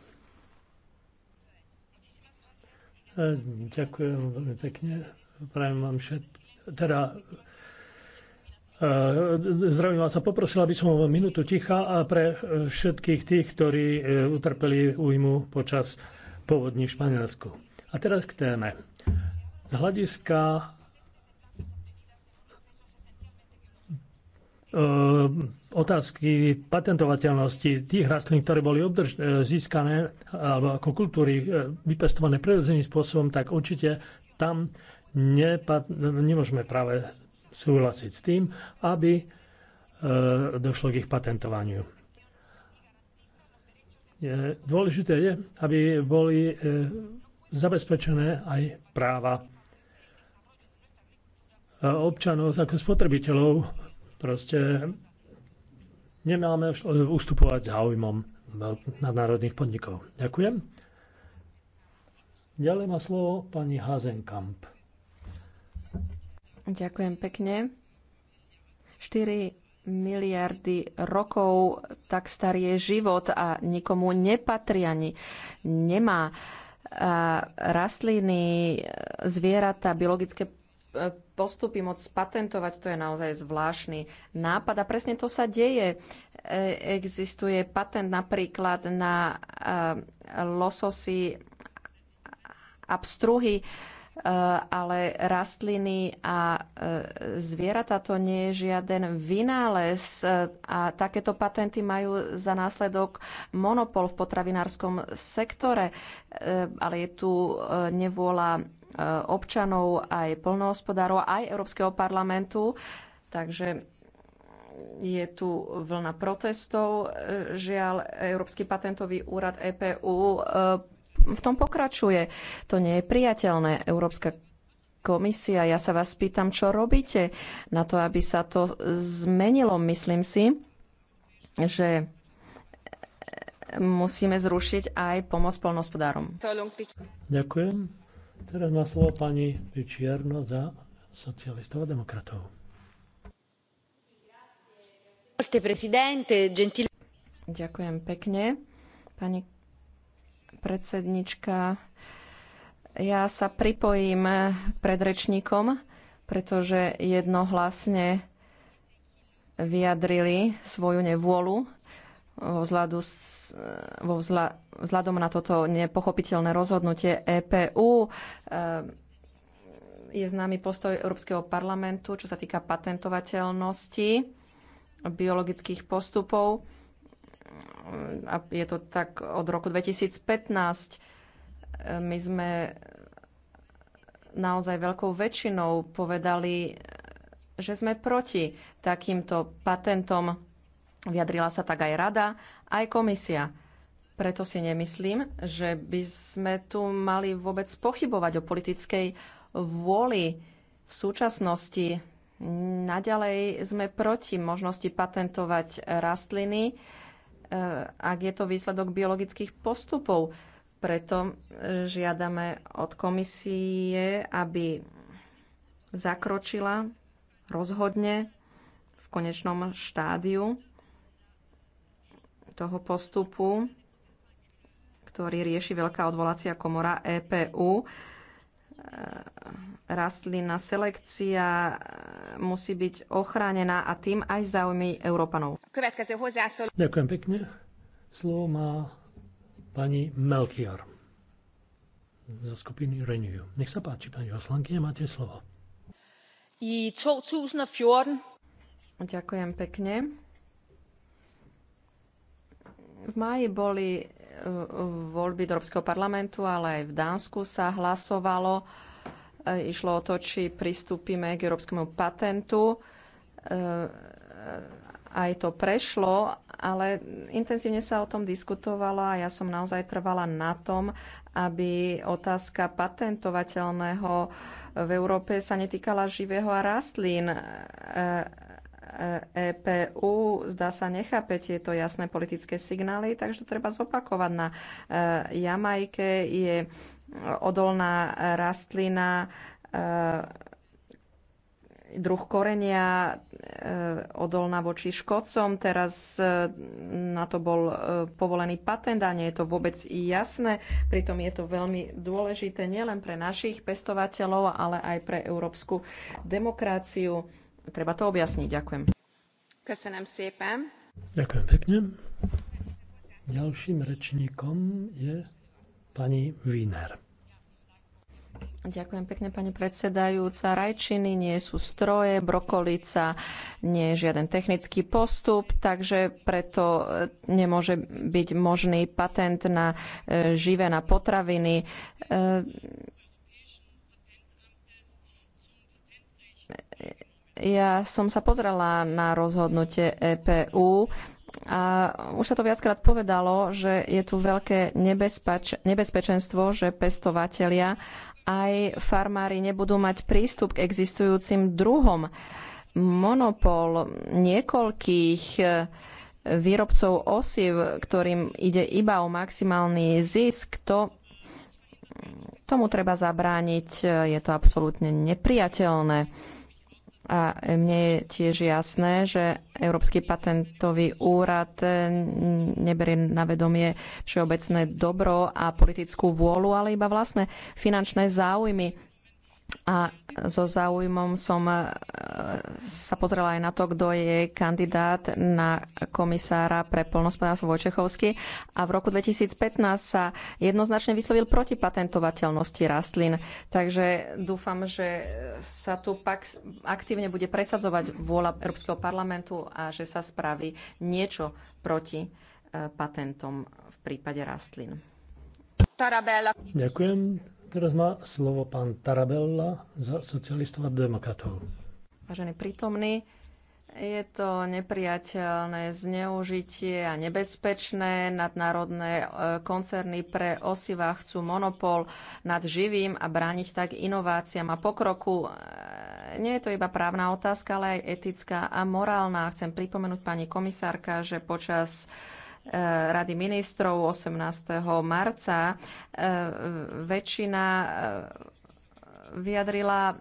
E, ďakujem veľmi pekne. Prajem vám všetko. Teda e, Zdravím vás a poprosila by som o minútu ticha pre všetkých tých, ktorí utrpeli újmu počas povodní v Španielsku. A teraz k téme. Z hľadiska e, otázky patentovateľnosti tých rastlín, ktoré boli obdrž- e, získané alebo ako kultúry e, vypestované prirodzeným spôsobom, tak určite tam nemôžeme práve súhlasiť s tým, aby došlo k ich patentovaniu. Dôležité je, aby boli zabezpečené aj práva občanov ako spotrebiteľov proste nemáme e, ustupovať záujmom nadnárodných podnikov. Ďakujem. Ďalej má slovo pani Hazenkamp. Ďakujem pekne. 4 miliardy rokov tak starý je život a nikomu nepatrí ani nemá. A rastliny, e, zvieratá, biologické e, postupy môcť patentovať, to je naozaj zvláštny nápad. A presne to sa deje. E, existuje patent napríklad na e, lososy abstruhy, e, ale rastliny a zvieratá to nie je žiaden vynález a takéto patenty majú za následok monopol v potravinárskom sektore, ale je tu nevôľa Eh, občanov, aj polnohospodárov, aj Európskeho parlamentu. Takže je tu vlna protestov. Eh, žiaľ, Európsky patentový úrad EPU eh, v tom pokračuje. To nie je priateľné. Európska komisia, ja sa vás pýtam, čo robíte na to, aby sa to zmenilo. Myslím si, že musíme zrušiť aj pomoc polnospodárom. Ďakujem. Teraz má slovo pani Čierno za socialistov a demokratov. Ďakujem pekne. Pani predsednička, ja sa pripojím pred predrečníkom, pretože jednohlasne vyjadrili svoju nevôľu vzhľadu s, e, vo vzla, vzhľadom na toto nepochopiteľné rozhodnutie EPU. E, je známy postoj Európskeho parlamentu, čo sa týka patentovateľnosti biologických postupov. A je to tak od roku 2015. My sme naozaj veľkou väčšinou povedali, že sme proti takýmto patentom Vyjadrila sa tak aj rada, aj komisia. Preto si nemyslím, že by sme tu mali vôbec pochybovať o politickej vôli v súčasnosti. Naďalej sme proti možnosti patentovať rastliny, e, ak je to výsledok biologických postupov. Preto e, žiadame od komisie, aby zakročila rozhodne v konečnom štádiu toho postupu, ktorý rieši Veľká odvolacia komora EPU. E, rastlina selekcia e, musí byť ochránená a tým aj záujmy Európanov. Ďakujem pekne. Slovo má pani Melchior zo skupiny Renew. Nech sa páči, pani poslankyňa, máte slovo. I 2014. Ďakujem pekne. V máji boli e, voľby do Európskeho parlamentu, ale aj v Dánsku sa hlasovalo. E, išlo o to, či pristúpime k európskemu patentu. E, aj to prešlo, ale intenzívne sa o tom diskutovalo a ja som naozaj trvala na tom, aby otázka patentovateľného v Európe sa netýkala živého a rastlín EPU zdá sa nechápe tieto jasné politické signály, takže to treba zopakovať. Na e, Jamajke je odolná rastlina, e, druh korenia, e, odolná voči škodcom. Teraz na to bol povolený patent a nie je to vôbec jasné. Pritom je to veľmi dôležité nielen pre našich pestovateľov, ale aj pre európsku demokraciu treba to objasniť. Ďakujem. Ďakujem pekne. Ďalším rečníkom je pani Wiener. Ďakujem pekne, pani predsedajúca. Rajčiny nie sú stroje, brokolica nie je žiaden technický postup, takže preto e, nemôže byť možný patent na e, živé na potraviny. E ja som sa pozrela na rozhodnutie EPU a už sa to viackrát povedalo, že je tu veľké nebezpeč- nebezpečenstvo, že pestovatelia aj farmári nebudú mať prístup k existujúcim druhom. Monopol niekoľkých e, výrobcov osiv, ktorým ide iba o maximálny zisk, to tomu treba zabrániť. E, je to absolútne nepriateľné. A mne je tiež jasné, že Európsky patentový úrad eh, neberie na vedomie všeobecné dobro a politickú vôľu, ale iba vlastné finančné záujmy. A so záujmom som e, sa pozrela aj na to, kto je kandidát na komisára pre polnospodárstvo Vojčechovský. A v roku 2015 sa jednoznačne vyslovil proti patentovateľnosti rastlín. Takže dúfam, že sa tu pak aktívne bude presadzovať vôľa Európskeho parlamentu a že sa spraví niečo proti e, patentom v prípade rastlín. Tarabella. Ďakujem. Teraz má slovo pán Tarabella za socialistov a demokratov. Vážený prítomný, je to nepriateľné zneužitie a nebezpečné. Nadnárodné e, koncerny pre osiva chcú monopol nad živým a brániť tak inováciám a pokroku e, nie je to iba právna otázka, ale aj etická a morálna. Chcem pripomenúť pani komisárka, že počas Eh, Rady ministrov 18. marca eh, väčšina eh, vyjadrila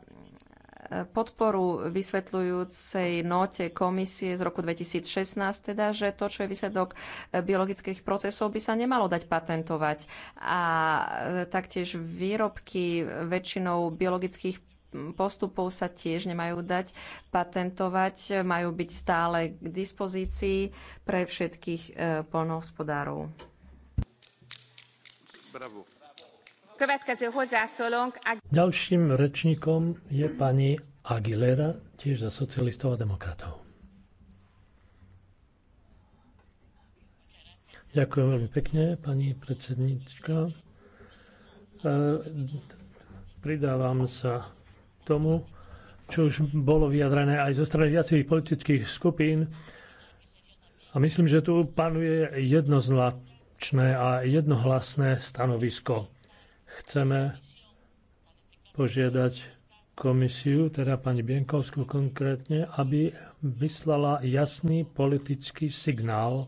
podporu vysvetľujúcej note komisie z roku 2016, teda, že to, čo je výsledok biologických procesov, by sa nemalo dať patentovať. A taktiež výrobky väčšinou biologických postupov sa tiež nemajú dať patentovať, majú byť stále k dispozícii pre všetkých e, polnohospodárov. Bravo. Ďalším rečníkom je pani Aguilera, tiež za socialistov a demokratov. Ďakujem veľmi pekne, pani predsednička. E, pridávam sa tomu, čo už bolo vyjadrené aj zo strany viacerých politických skupín. A myslím, že tu panuje jednoznačné a jednohlasné stanovisko. Chceme požiadať komisiu, teda pani Bienkovskú konkrétne, aby vyslala jasný politický signál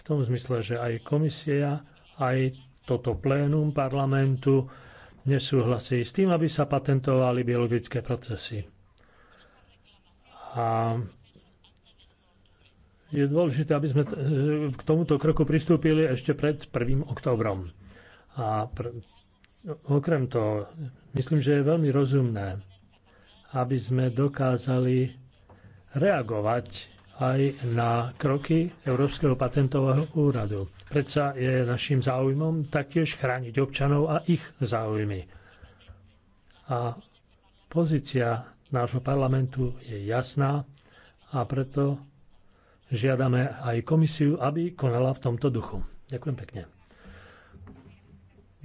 v tom zmysle, že aj komisia, aj toto plénum parlamentu nesúhlasí s tým, aby sa patentovali biologické procesy. A je dôležité, aby sme k tomuto kroku pristúpili ešte pred 1. oktobrom. A pr- okrem toho, myslím, že je veľmi rozumné, aby sme dokázali reagovať aj na kroky Európskeho patentového úradu. Predsa je našim záujmom taktiež chrániť občanov a ich záujmy. A pozícia nášho parlamentu je jasná a preto žiadame aj komisiu, aby konala v tomto duchu. Ďakujem pekne.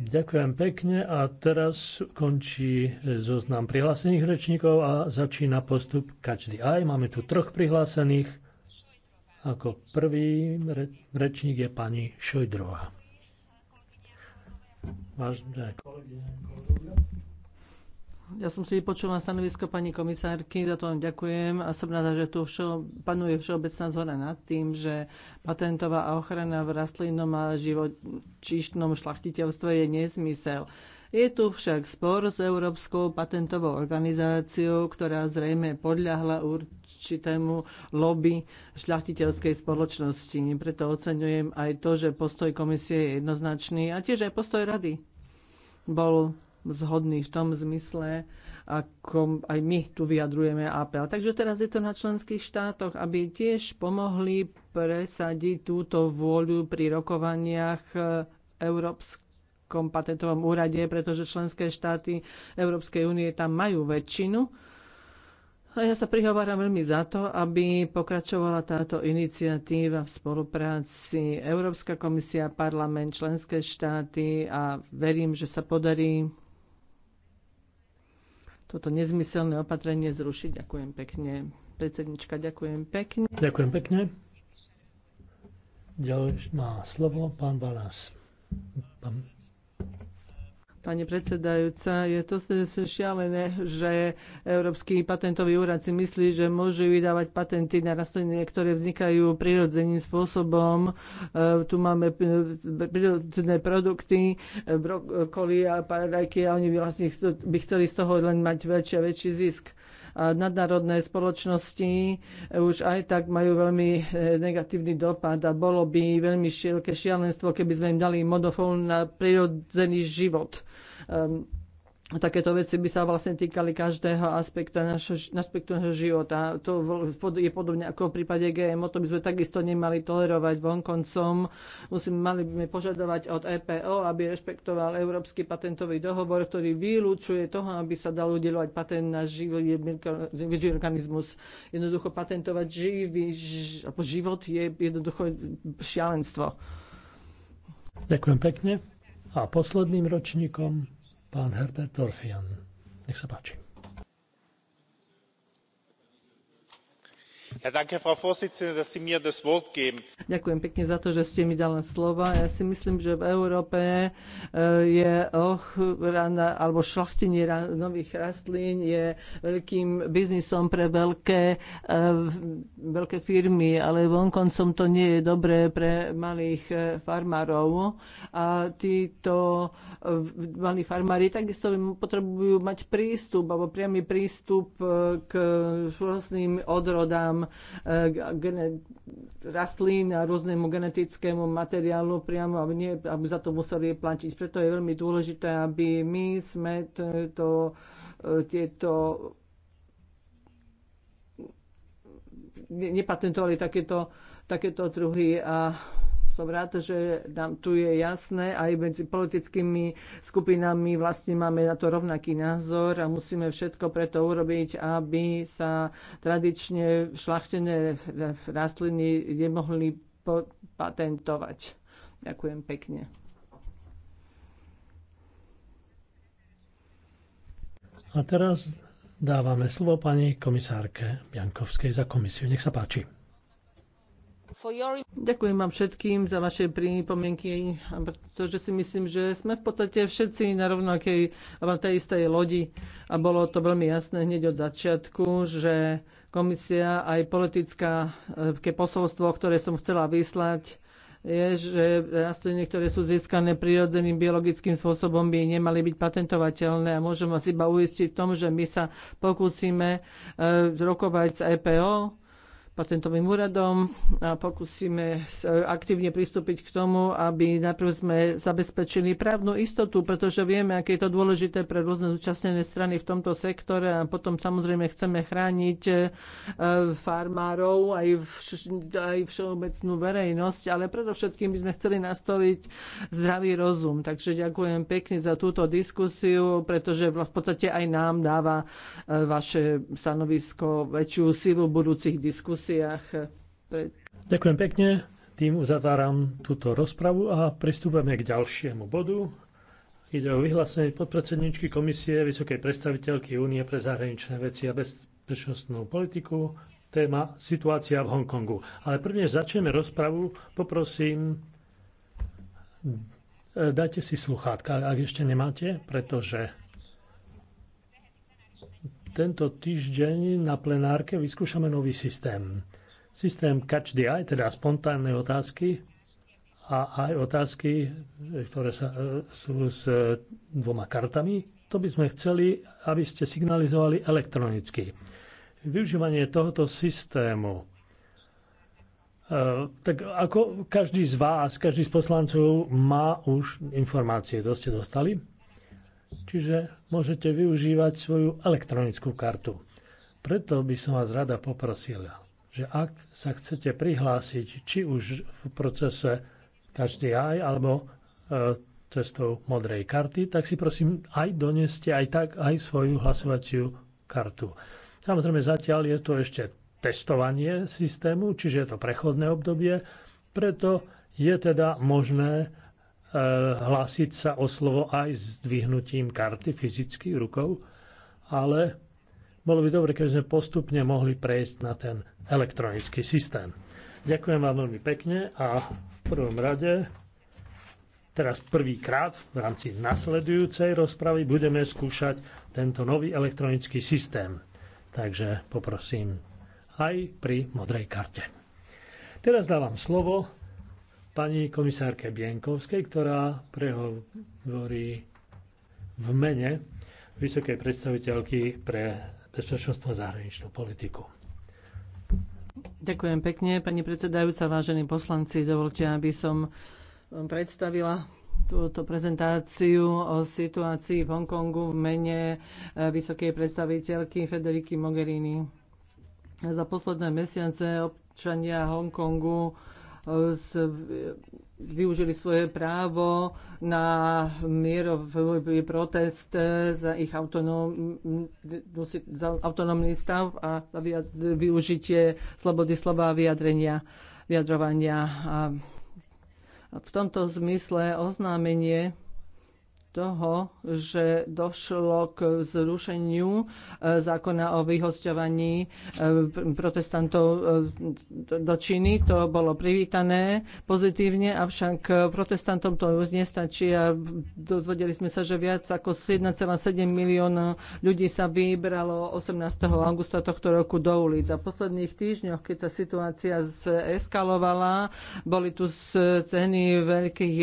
Ďakujem pekne a teraz končí zoznam prihlásených rečníkov a začína postup každý aj. Máme tu troch prihlásených. Ako prvý rečník je pani Šojdrová. ja som si vypočula stanovisko pani komisárky, za to vám ďakujem a som rada, že tu všeo, panuje všeobecná zhoda nad tým, že patentová ochrana v rastlinnom a živočíšnom šlachtiteľstve je nezmysel. Je tu však spor s Európskou patentovou organizáciou, ktorá zrejme podľahla určitému lobby šľachtiteľskej spoločnosti. Preto oceňujem aj to, že postoj komisie je jednoznačný a tiež aj postoj rady bol zhodný v tom zmysle, ako aj my tu vyjadrujeme apel. Takže teraz je to na členských štátoch, aby tiež pomohli presadiť túto vôľu pri rokovaniach Európskej Európskom patentovom úrade, pretože členské štáty Európskej únie tam majú väčšinu. A ja sa prihováram veľmi za to, aby pokračovala táto iniciatíva v spolupráci Európska komisia, parlament, členské štáty a verím, že sa podarí toto nezmyselné opatrenie zrušiť. Ďakujem pekne. Predsednička, ďakujem pekne. Ďakujem pekne. Ďalej má slovo pán Balas. Pán Pani predsedajúca, je to šialené, že Európsky patentový úrad si myslí, že môže vydávať patenty na rastliny, ktoré vznikajú prirodzeným spôsobom. E, tu máme e, prirodzené produkty, e, brokoli a paradajky a oni vlastne by chceli z toho len mať väčší a väčší zisk nadnárodné spoločnosti už aj tak majú veľmi eh, negatívny dopad a bolo by veľmi šielke šialenstvo, keby sme im dali modofón na prirodzený život. Um, a takéto veci by sa vlastne týkali každého aspekta našho, aspektu našho života. To je podobne ako v prípade GMO, to by sme takisto nemali tolerovať vonkoncom. Musíme, mali by sme požadovať od EPO, aby rešpektoval Európsky patentový dohovor, ktorý vylúčuje toho, aby sa dal udelovať patent na živý organizmus. Jednoducho patentovať živý život je jednoducho šialenstvo. Ďakujem pekne. A posledným ročníkom pán Herbert Dorfian. Nech sa páči. Ďakujem pekne za to, že ste mi dala slova. Ja si myslím, že v Európe e, je ochrana alebo šlachtenie nových rastlín je veľkým biznisom pre veľké, e, veľké firmy, ale vonkoncom to nie je dobré pre malých e, farmárov. A títo malí farmári takisto potrebujú mať prístup alebo priamy prístup k rôznym odrodám výskum rastlín a rôznemu genetickému materiálu priamo, aby, nie, aby za to museli platiť. Preto je veľmi dôležité, aby my sme to, tieto nepatentovali takéto, takéto druhy a som rád, že nám tu je jasné, aj medzi politickými skupinami vlastne máme na to rovnaký názor a musíme všetko preto urobiť, aby sa tradične šlachtené rastliny nemohli patentovať. Ďakujem pekne. A teraz dávame slovo pani komisárke Biankovskej za komisiu. Nech sa páči. Ďakujem vám všetkým za vaše pripomienky, pretože si myslím, že sme v podstate všetci na rovnakej, na tej istej lodi a bolo to veľmi jasné hneď od začiatku, že komisia aj politická eh, posolstvo, ktoré som chcela vyslať, je, že rastliny, ktoré sú získané prirodzeným biologickým spôsobom, by nemali byť patentovateľné a môžem vás iba uistiť v tom, že my sa pokúsime eh, rokovať s EPO, patentovým úradom a pokúsime aktívne pristúpiť k tomu, aby najprv sme zabezpečili právnu istotu, pretože vieme, aké je to dôležité pre rôzne zúčastnené strany v tomto sektore a potom samozrejme chceme chrániť e, farmárov aj, vš- aj všeobecnú verejnosť, ale predovšetkým by sme chceli nastoliť zdravý rozum. Takže ďakujem pekne za túto diskusiu, pretože v podstate aj nám dáva e, vaše stanovisko väčšiu silu budúcich diskusí diskusiách. Ďakujem pekne. Tým uzatváram túto rozpravu a pristúpame k ďalšiemu bodu. Ide o vyhlásenie podpredsedničky Komisie Vysokej predstaviteľky Únie pre zahraničné veci a bezpečnostnú politiku téma Situácia v Hongkongu. Ale prvne začneme rozpravu. Poprosím, dajte si sluchátka, ak ešte nemáte, pretože tento týždeň na plenárke vyskúšame nový systém. Systém catch the eye, teda spontánne otázky a aj otázky, ktoré sa, e, sú s dvoma kartami. To by sme chceli, aby ste signalizovali elektronicky. Využívanie tohoto systému e, tak ako každý z vás, každý z poslancov má už informácie, to ste dostali čiže môžete využívať svoju elektronickú kartu. Preto by som vás rada poprosila, že ak sa chcete prihlásiť, či už v procese každý aj, alebo e, cestou modrej karty, tak si prosím aj doneste aj tak aj svoju hlasovaciu kartu. Samozrejme zatiaľ je to ešte testovanie systému, čiže je to prechodné obdobie, preto je teda možné E, hlásiť sa o slovo aj s dvihnutím karty fyzicky rukou, ale bolo by dobre, keby sme postupne mohli prejsť na ten elektronický systém. Ďakujem vám veľmi pekne a v prvom rade teraz prvýkrát v rámci nasledujúcej rozpravy budeme skúšať tento nový elektronický systém. Takže poprosím aj pri modrej karte. Teraz dávam slovo pani komisárke Bienkovskej, ktorá prehovorí v mene vysokej predstaviteľky pre bezpečnostnú a zahraničnú politiku. Ďakujem pekne, pani predsedajúca, vážení poslanci. Dovolte, aby som predstavila túto prezentáciu o situácii v Hongkongu v mene eh, vysokej predstaviteľky Federiky Mogherini. Za posledné mesiace občania Hongkongu využili svoje právo na mierový protest za ich autonómny stav a za využitie slobody slova a vyjadrenia, vyjadrovania. A v tomto zmysle oznámenie toho, že došlo k zrušeniu e, zákona o vyhosťovaní e, protestantov e, do Číny. To bolo privítané pozitívne, avšak protestantom to už nestačí a dozvedeli sme sa, že viac ako 1,7 milióna ľudí sa vybralo 18. augusta tohto roku do ulic. A v posledných týždňoch, keď sa situácia eskalovala, boli tu ceny veľkých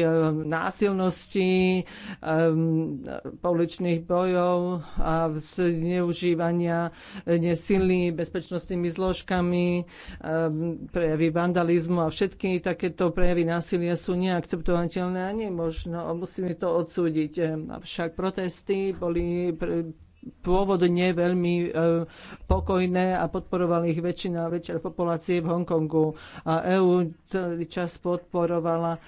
násilností, pouličných bojov a zneužívania nesilí bezpečnostnými zložkami, prejavy vandalizmu a všetky takéto prejavy násilia sú neakceptovateľné a nemožno. Musíme to odsúdiť. Avšak protesty boli pôvodne veľmi e, pokojné a podporovala ich väčšina väčšia populácie v Hongkongu. A EU celý čas podporovala e,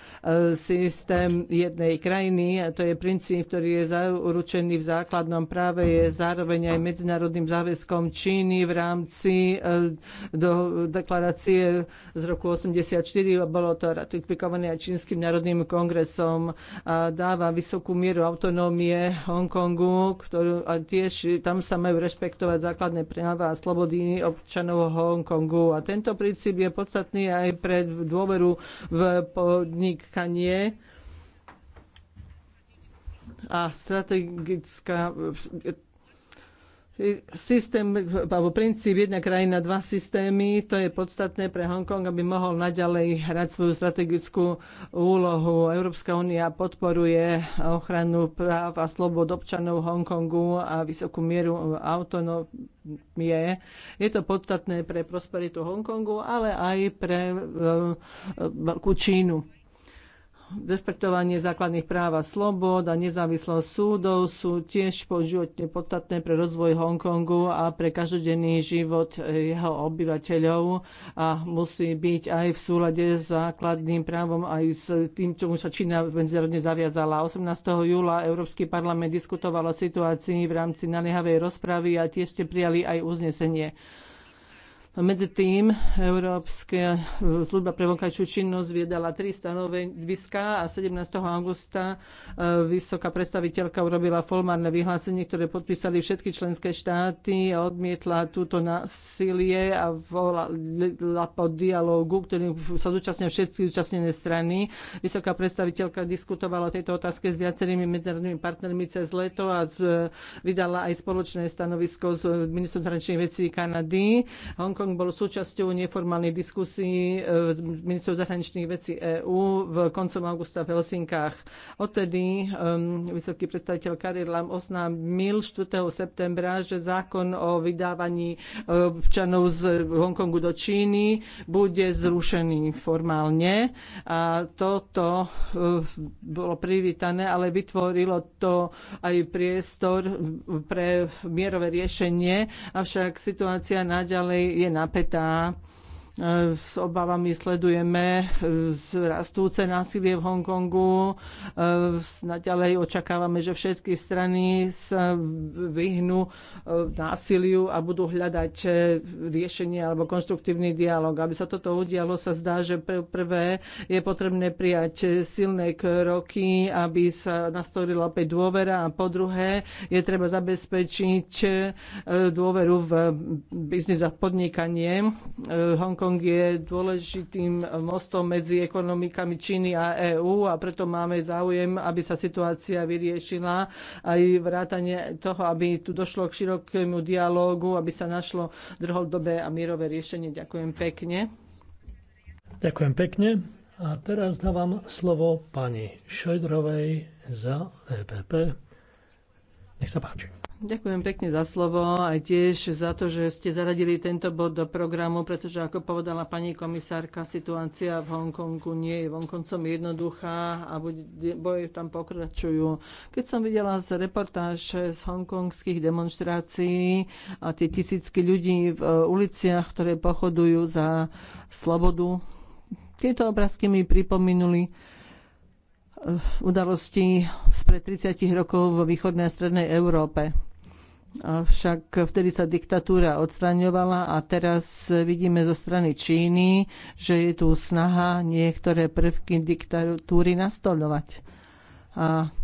systém jednej krajiny a to je princíp, ktorý je zaručený v základnom práve, je zároveň aj medzinárodným záväzkom Číny v rámci e, do deklarácie z roku 84 a bolo to ratifikované aj Čínskym národným kongresom a dáva vysokú mieru autonómie Hongkongu, ktorú a tie tiež tam sa majú rešpektovať základné práva a slobody občanov Hongkongu. A tento princíp je podstatný aj pre dôveru v podnikanie a strategická systém, alebo princíp jedna krajina, dva systémy, to je podstatné pre Hongkong, aby mohol naďalej hrať svoju strategickú úlohu. Európska únia podporuje ochranu práv a slobod občanov Hongkongu a vysokú mieru autonómie. Je to podstatné pre prosperitu Hongkongu, ale aj pre Veľkú e, Čínu respektovanie základných práv a slobod a nezávislosť súdov sú tiež poživotne podstatné pre rozvoj Hongkongu a pre každodenný život jeho obyvateľov a musí byť aj v súlade s základným právom aj s tým, čomu sa Čína medzinárodne zaviazala. 18. júla Európsky parlament diskutoval o situácii v rámci naliehavej rozpravy a tiež ste prijali aj uznesenie. Medzi tým Európska e, služba pre vonkajšiu činnosť viedala tri stanoviska a 17. augusta e, vysoká predstaviteľka urobila formálne vyhlásenie, ktoré podpísali všetky členské štáty a odmietla túto násilie a volala po dialógu, ktorým sa zúčastnia všetky zúčastnené strany. Vysoká predstaviteľka diskutovala o tejto otázke s viacerými medzinárodnými partnermi cez leto a e, vydala aj spoločné stanovisko s ministrom zahraničných vecí Kanady. Hongkong Hongkong bol súčasťou neformálnej diskusii e, ministrov zahraničných vecí EÚ v koncom augusta v Helsinkách. Odtedy um, vysoký predstaviteľ Karir Lam oznámil 4. septembra, že zákon o vydávaní e, občanov z Hongkongu do Číny bude zrušený formálne. A toto e, bolo privítané, ale vytvorilo to aj priestor pre mierové riešenie, avšak situácia naďalej je napätá E, s obavami sledujeme e, rastúce násilie v Hongkongu. E, naďalej očakávame, že všetky strany sa vyhnú násiliu a budú hľadať riešenie alebo konstruktívny dialog. Aby sa toto udialo, sa zdá, že prvé je potrebné prijať silné kroky, aby sa nastorila opäť dôvera a po druhé je treba zabezpečiť dôveru v biznis a podnikanie Hongkongu Hongkong je dôležitým mostom medzi ekonomikami Číny a EÚ a preto máme záujem, aby sa situácia vyriešila aj vrátanie toho, aby tu došlo k širokému dialógu, aby sa našlo dlhodobé a mierové riešenie. Ďakujem pekne. Ďakujem pekne. A teraz dávam slovo pani Šojdrovej za EPP. Nech sa páči. Ďakujem pekne za slovo a tiež za to, že ste zaradili tento bod do programu, pretože ako povedala pani komisárka, situácia v Hongkongu nie je vonkoncom jednoduchá a boje tam pokračujú. Keď som videla z reportáž z hongkongských demonstrácií a tie tisícky ľudí v e, uliciach, ktoré pochodujú za slobodu, tieto obrázky mi pripomenuli e, udalosti spred 30 rokov vo východnej a strednej Európe. Avšak vtedy sa diktatúra odstraňovala a teraz vidíme zo strany Číny, že je tu snaha niektoré prvky diktatúry nastolovať. A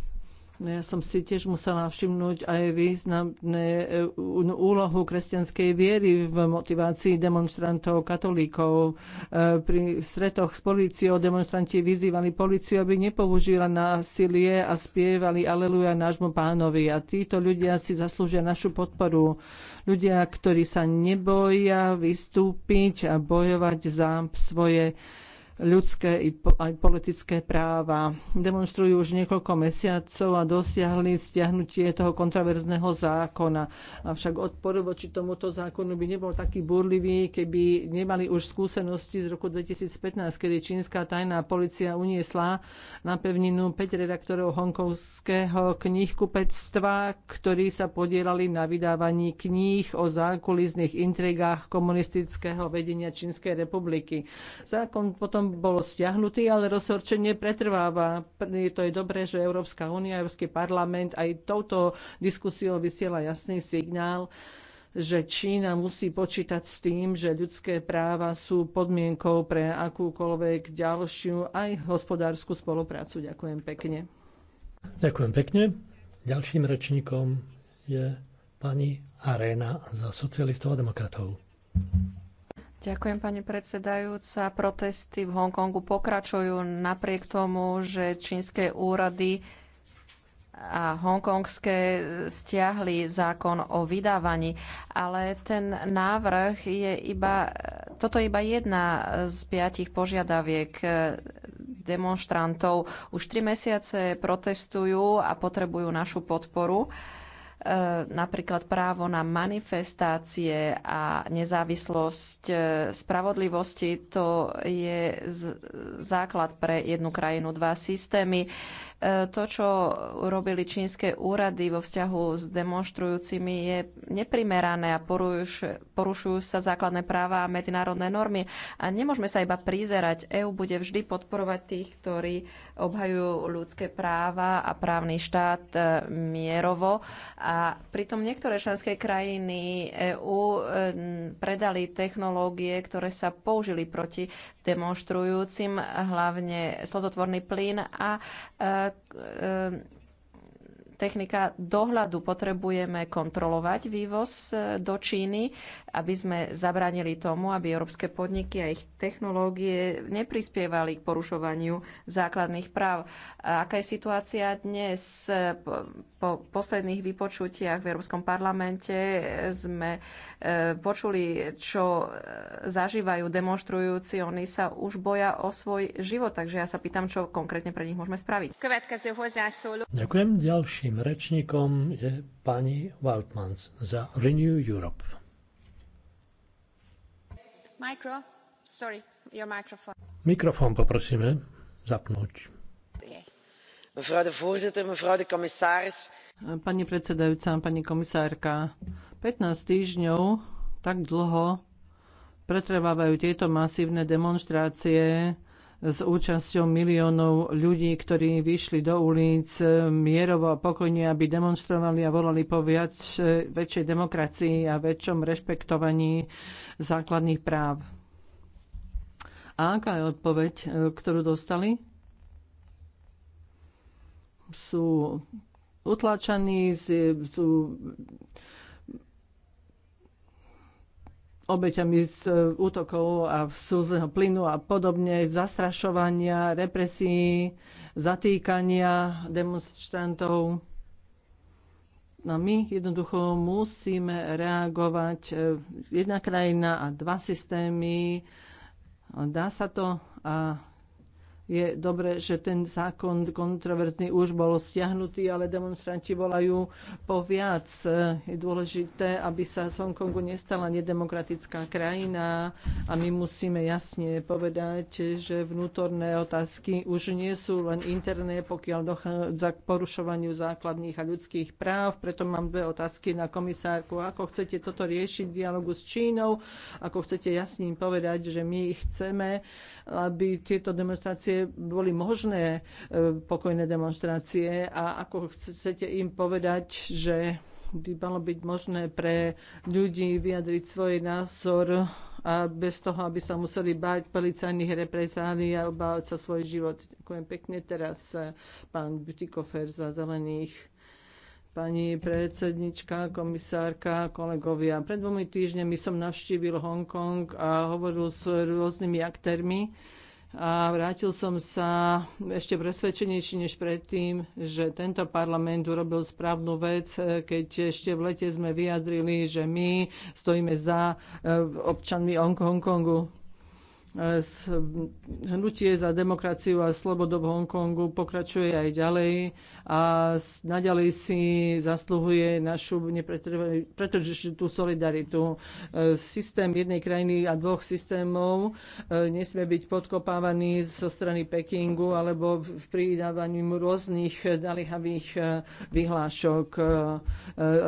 No ja som si tiež musela všimnúť aj významné e, úlohu kresťanskej viery v motivácii demonstrantov katolíkov. E, pri stretoch s políciou demonstranti vyzývali políciu, aby nepoužila násilie a spievali Aleluja nášmu pánovi. A títo ľudia si zaslúžia našu podporu. Ľudia, ktorí sa neboja vystúpiť a bojovať za svoje ľudské aj politické práva. Demonstrujú už niekoľko mesiacov a dosiahli stiahnutie toho kontroverzného zákona. Avšak odpor voči tomuto zákonu by nebol taký burlivý, keby nemali už skúsenosti z roku 2015, kedy čínska tajná policia uniesla na pevninu 5 redaktorov hongkongského knihkupectva, ktorí sa podielali na vydávaní kníh o zákulisných intrigách komunistického vedenia Čínskej republiky. Zákon potom bol stiahnutý, ale rozhorčenie pretrváva. To je dobré, že Európska únia, Európsky parlament aj touto diskusiou vysiela jasný signál, že Čína musí počítať s tým, že ľudské práva sú podmienkou pre akúkoľvek ďalšiu aj hospodárskú spoluprácu. Ďakujem pekne. Ďakujem pekne. Ďalším rečníkom je pani Arena za socialistov a demokratov. Ďakujem, pani predsedajúca. Protesty v Hongkongu pokračujú napriek tomu, že čínske úrady a hongkongské stiahli zákon o vydávaní. Ale ten návrh je iba, toto je iba jedna z piatich požiadaviek demonstrantov. Už tri mesiace protestujú a potrebujú našu podporu. E, napríklad právo na manifestácie a nezávislosť e, spravodlivosti, to je základ pre jednu krajinu, dva systémy to, čo robili čínske úrady vo vzťahu s demonstrujúcimi, je neprimerané a poruš, porušujú sa základné práva a medzinárodné normy. A nemôžeme sa iba prizerať. EÚ bude vždy podporovať tých, ktorí obhajujú ľudské práva a právny štát e, mierovo. A pritom niektoré členské krajiny EÚ e, predali technológie, ktoré sa použili proti demonstrujúcim, hlavne slzotvorný plyn a e, Eh, technika dohľadu. Potrebujeme kontrolovať vývoz eh, do Číny aby sme zabránili tomu, aby európske podniky a ich technológie neprispievali k porušovaniu základných práv. Aká je situácia dnes? Po posledných vypočutiach v Európskom parlamente sme e, počuli, čo e, zažívajú demonstrujúci. Oni sa už boja o svoj život, takže ja sa pýtam, čo konkrétne pre nich môžeme spraviť. Ďakujem. Ďalším rečníkom je pani Waltmans za Renew Europe. Micro? Mikrofón poprosíme zapnúť. Pani predsedajúca, pani komisárka, Pätnásť týždňov tak dlho pretrvávajú tieto masívne demonstrácie s účasťou miliónov ľudí, ktorí vyšli do ulic eh, mierovo a pokojne, aby demonstrovali a volali po viac, eh, väčšej demokracii a väčšom rešpektovaní základných práv. A aká je odpoveď, eh, ktorú dostali? Sú utláčaní, sú obeťami z e, útokov a slzného plynu a podobne, zastrašovania, represí, zatýkania demonstrantov. No my jednoducho musíme reagovať e, jedna krajina a dva systémy. Dá sa to a je dobré, že ten zákon kontroverzný už bol stiahnutý, ale demonstranti volajú po viac. Je dôležité, aby sa z Hongkongu nestala nedemokratická krajina a my musíme jasne povedať, že vnútorné otázky už nie sú len interné, pokiaľ dochádza k porušovaniu základných a ľudských práv. Preto mám dve otázky na komisárku. Ako chcete toto riešiť v dialogu s Čínou? Ako chcete jasne im povedať, že my ich chceme aby tieto demonstrácie boli možné, e, pokojné demonstrácie a ako chcete im povedať, že by malo byť možné pre ľudí vyjadriť svoj názor a bez toho, aby sa museli báť policajných represálií a obávať sa svoj život. Ďakujem pekne teraz e, pán Butikofer za zelených pani predsednička, komisárka, kolegovia. Pred dvomi týždňami som navštívil Hongkong a hovoril s rôznymi aktérmi a vrátil som sa ešte presvedčenejší než predtým, že tento parlament urobil správnu vec, keď ešte v lete sme vyjadrili, že my stojíme za e, občanmi Hongkongu. E, hnutie za demokraciu a slobodu v Hongkongu pokračuje aj ďalej a naďalej si zasluhuje našu pretože tú solidaritu. E, systém jednej krajiny a dvoch systémov e, nesmie byť podkopávaný zo strany Pekingu alebo v pridávaní rôznych naliehavých e, vyhlášok.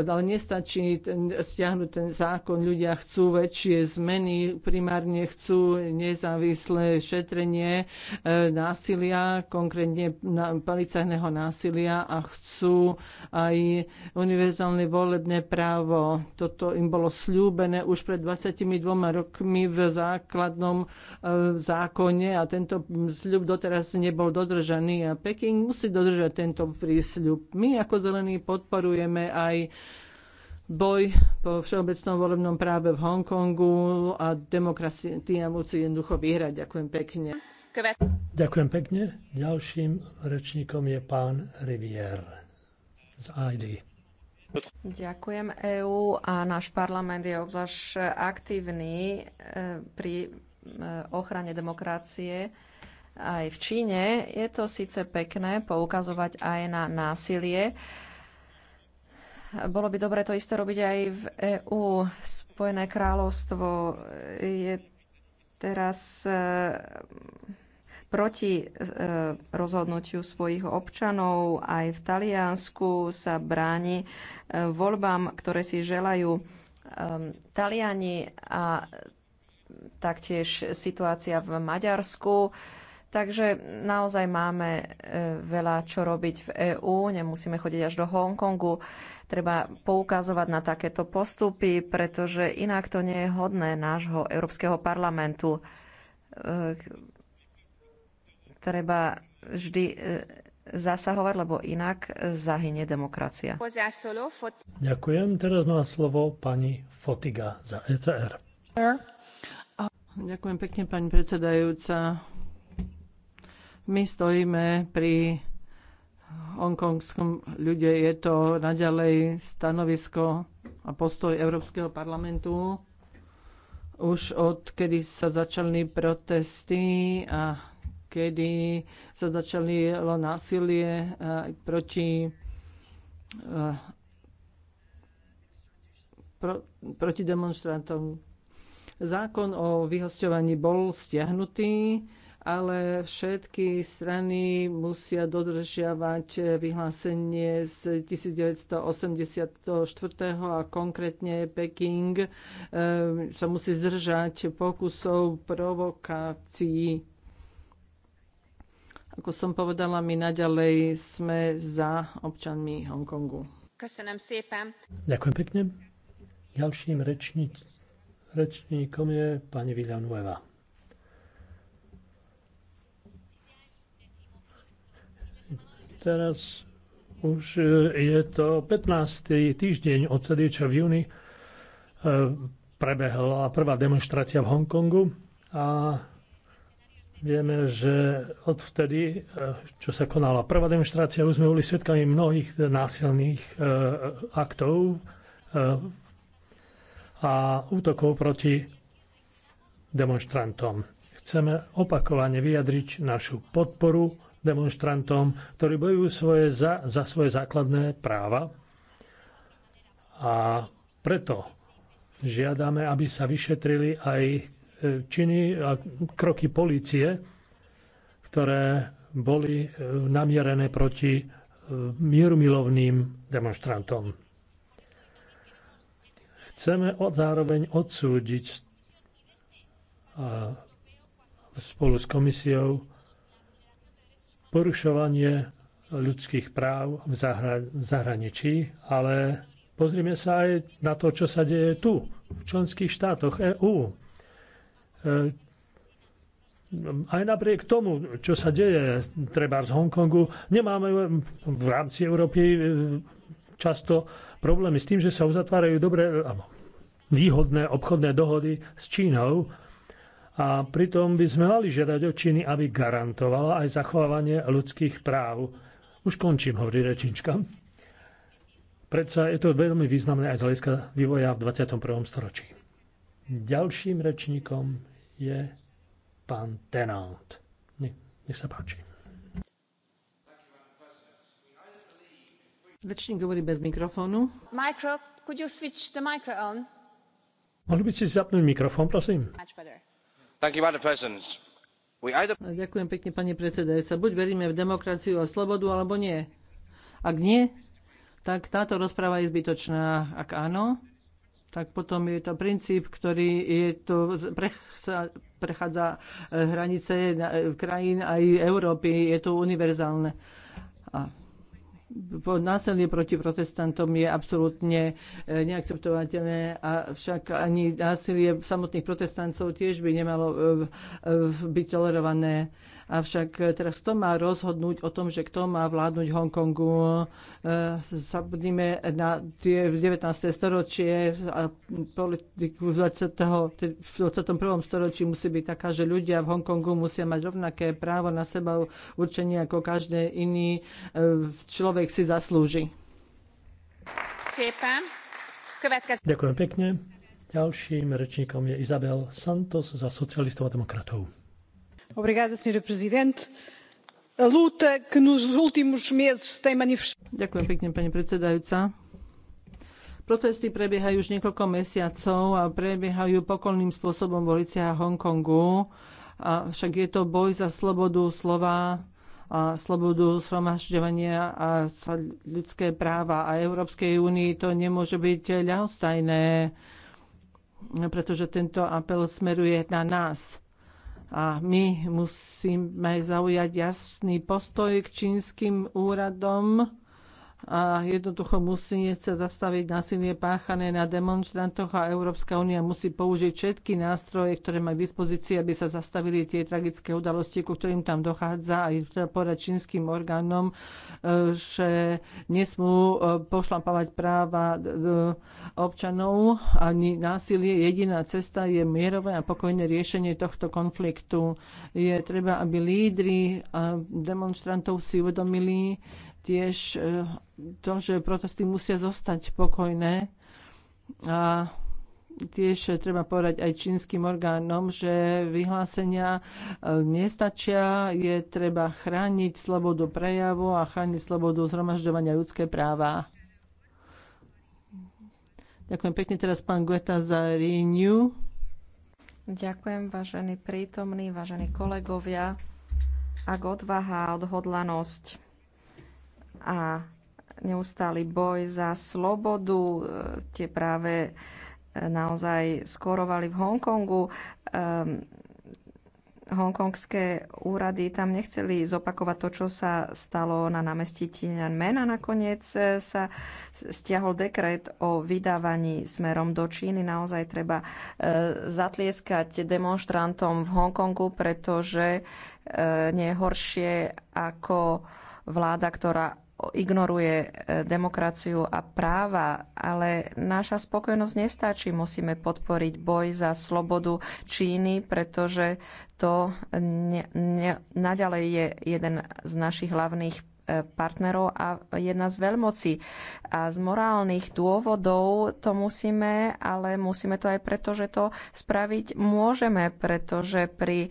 Ale nestačí stiahnuť ten zákon. Ľudia chcú väčšie zmeny, primárne chcú nezávislé šetrenie násilia, konkrétne na násilia a chcú aj univerzálne volebné právo. Toto im bolo slúbené už pred 22 rokmi v základnom e, zákone a tento sľub doteraz nebol dodržaný a Peking musí dodržať tento prísľub. My ako zelení podporujeme aj boj po všeobecnom volebnom práve v Hongkongu a demokracia musí jednoducho vyhrať. Ďakujem pekne. Ďakujem pekne. Ďalším rečníkom je pán Rivier z ID. Ďakujem EÚ a náš parlament je obzvlášť aktívny e, pri e, ochrane demokracie aj v Číne. Je to síce pekné poukazovať aj na násilie. Bolo by dobre to isté robiť aj v EÚ. Spojené kráľovstvo je teraz e, proti e, rozhodnutiu svojich občanov. Aj v Taliansku sa bráni e, voľbám, ktoré si želajú e, Taliani a taktiež situácia v Maďarsku. Takže naozaj máme veľa čo robiť v EÚ, nemusíme chodiť až do Hongkongu. Treba poukazovať na takéto postupy, pretože inak to nie je hodné nášho Európskeho parlamentu treba vždy e, zasahovať, lebo inak zahynie demokracia. Ďakujem. Teraz má slovo pani Fotiga za ECR. Ďakujem pekne, pani predsedajúca. My stojíme pri hongkongskom ľude. Je to naďalej stanovisko a postoj Európskeho parlamentu už od kedy sa začali protesty a kedy sa začalo násilie eh, proti eh, pro, proti demonstrantom. Zákon o vyhosťovaní bol stiahnutý, ale všetky strany musia dodržiavať vyhlásenie z 1984. a konkrétne Peking eh, sa musí zdržať pokusov provokácií ako som povedala, my naďalej sme za občanmi Hongkongu. Ďakujem pekne. Ďalším rečník, rečníkom je pani Villanueva. Teraz už e, je to 15. týždeň od čo v júni e, prebehla prvá demonstrácia v Hongkongu a Vieme, že odvtedy, e, čo sa konala prvá demonstrácia, už sme boli svetkami mnohých násilných e, aktov e, a útokov proti demonstrantom. Chceme opakovane vyjadriť našu podporu demonstrantom, ktorí bojujú svoje za, za svoje základné práva. A preto žiadame, aby sa vyšetrili aj činy a kroky policie, ktoré boli e, namierené proti e, mierumilovným demonstrantom. Chceme zároveň odsúdiť e, spolu s komisiou porušovanie ľudských práv v, v zahraničí, ale pozrime sa aj na to, čo sa deje tu, v členských štátoch EÚ aj napriek tomu, čo sa deje treba z Hongkongu, nemáme v rámci Európy e, často problémy s tým, že sa uzatvárajú dobré výhodné obchodné dohody s Čínou a pritom by sme mali žiadať od Číny, aby garantovala aj zachovávanie ľudských práv. Už končím, hovorí rečnička. Predsa je to veľmi významné aj z hľadiska vývoja v 21. storočí. Ďalším rečníkom je pán Tenant. Nech, sa páči. Rečník hovorí bez mikrofónu. Micro, could you switch the micro on? Mohli by si zapnúť mikrofón, prosím? Thank you, Madam President. We either... Ďakujem pekne, pani predsedajúca. Buď veríme v demokraciu a slobodu, alebo nie. Ak nie, tak táto rozpráva je zbytočná. Ak áno, tak potom je to princíp, ktorý je to, prechádza, e, hranice e, krajín aj Európy. Je to univerzálne. A násilie proti protestantom je absolútne e, neakceptovateľné a však ani násilie samotných protestancov tiež by nemalo byť tolerované. Avšak eh, teraz kto má rozhodnúť o tom, že kto má vládnuť Hongkongu? Eh, zabudnime na tie 19. storočie a politiku v v 21. storočí musí byť taká, že ľudia v Hongkongu musia mať rovnaké právo na seba určenie ako každý iný eh, človek si zaslúži. Ďakujem pekne. Ďalším rečníkom je Izabel Santos za socialistov a demokratov que últimos meses se manifestado. Ďakujem pekne, pani predsedajúca. Protesty prebiehajú už niekoľko mesiacov a prebiehajú pokolným spôsobom v uliciach Hongkongu. avšak však je to boj za slobodu slova, a slobodu shromažďovania a ľudské práva. A Európskej únii to nemôže byť ľahostajné, pretože tento apel smeruje na nás a my musíme zaujať jasný postoj k čínskym úradom a jednoducho musí sa zastaviť násilie páchané na demonstrantoch a Európska únia musí použiť všetky nástroje, ktoré má k dispozícii, aby sa zastavili tie tragické udalosti, ku ktorým tam dochádza aj teda porad čínskym orgánom, e, že nesmú e, pošlapávať práva e, občanov ani násilie. Jediná cesta je mierové a pokojné riešenie tohto konfliktu. Je treba, aby lídry demonstrantov si uvedomili, tiež e, to, že protesty musia zostať pokojné a tiež treba povedať aj čínskym orgánom, že vyhlásenia e, nestačia, je treba chrániť slobodu prejavu a chrániť slobodu zhromažďovania ľudské práva. Ďakujem pekne teraz pán Gueta za Renew. Ďakujem, vážení prítomní, vážení kolegovia. Ak odvaha a odhodlanosť a neustály boj za slobodu. Tie práve e, naozaj skorovali v Hongkongu. Ehm, hongkongské úrady tam nechceli zopakovať to, čo sa stalo na námestí Tiananmen a nakoniec e, sa stiahol dekret o vydávaní smerom do Číny. Naozaj treba e, zatlieskať demonstrantom v Hongkongu, pretože nie je horšie ako vláda, ktorá ignoruje e, demokraciu a práva, ale naša spokojnosť nestačí. Musíme podporiť boj za slobodu Číny, pretože to ne, ne, naďalej je jeden z našich hlavných partnerov a jedna z veľmocí. A z morálnych dôvodov to musíme, ale musíme to aj preto, že to spraviť môžeme, pretože pri e,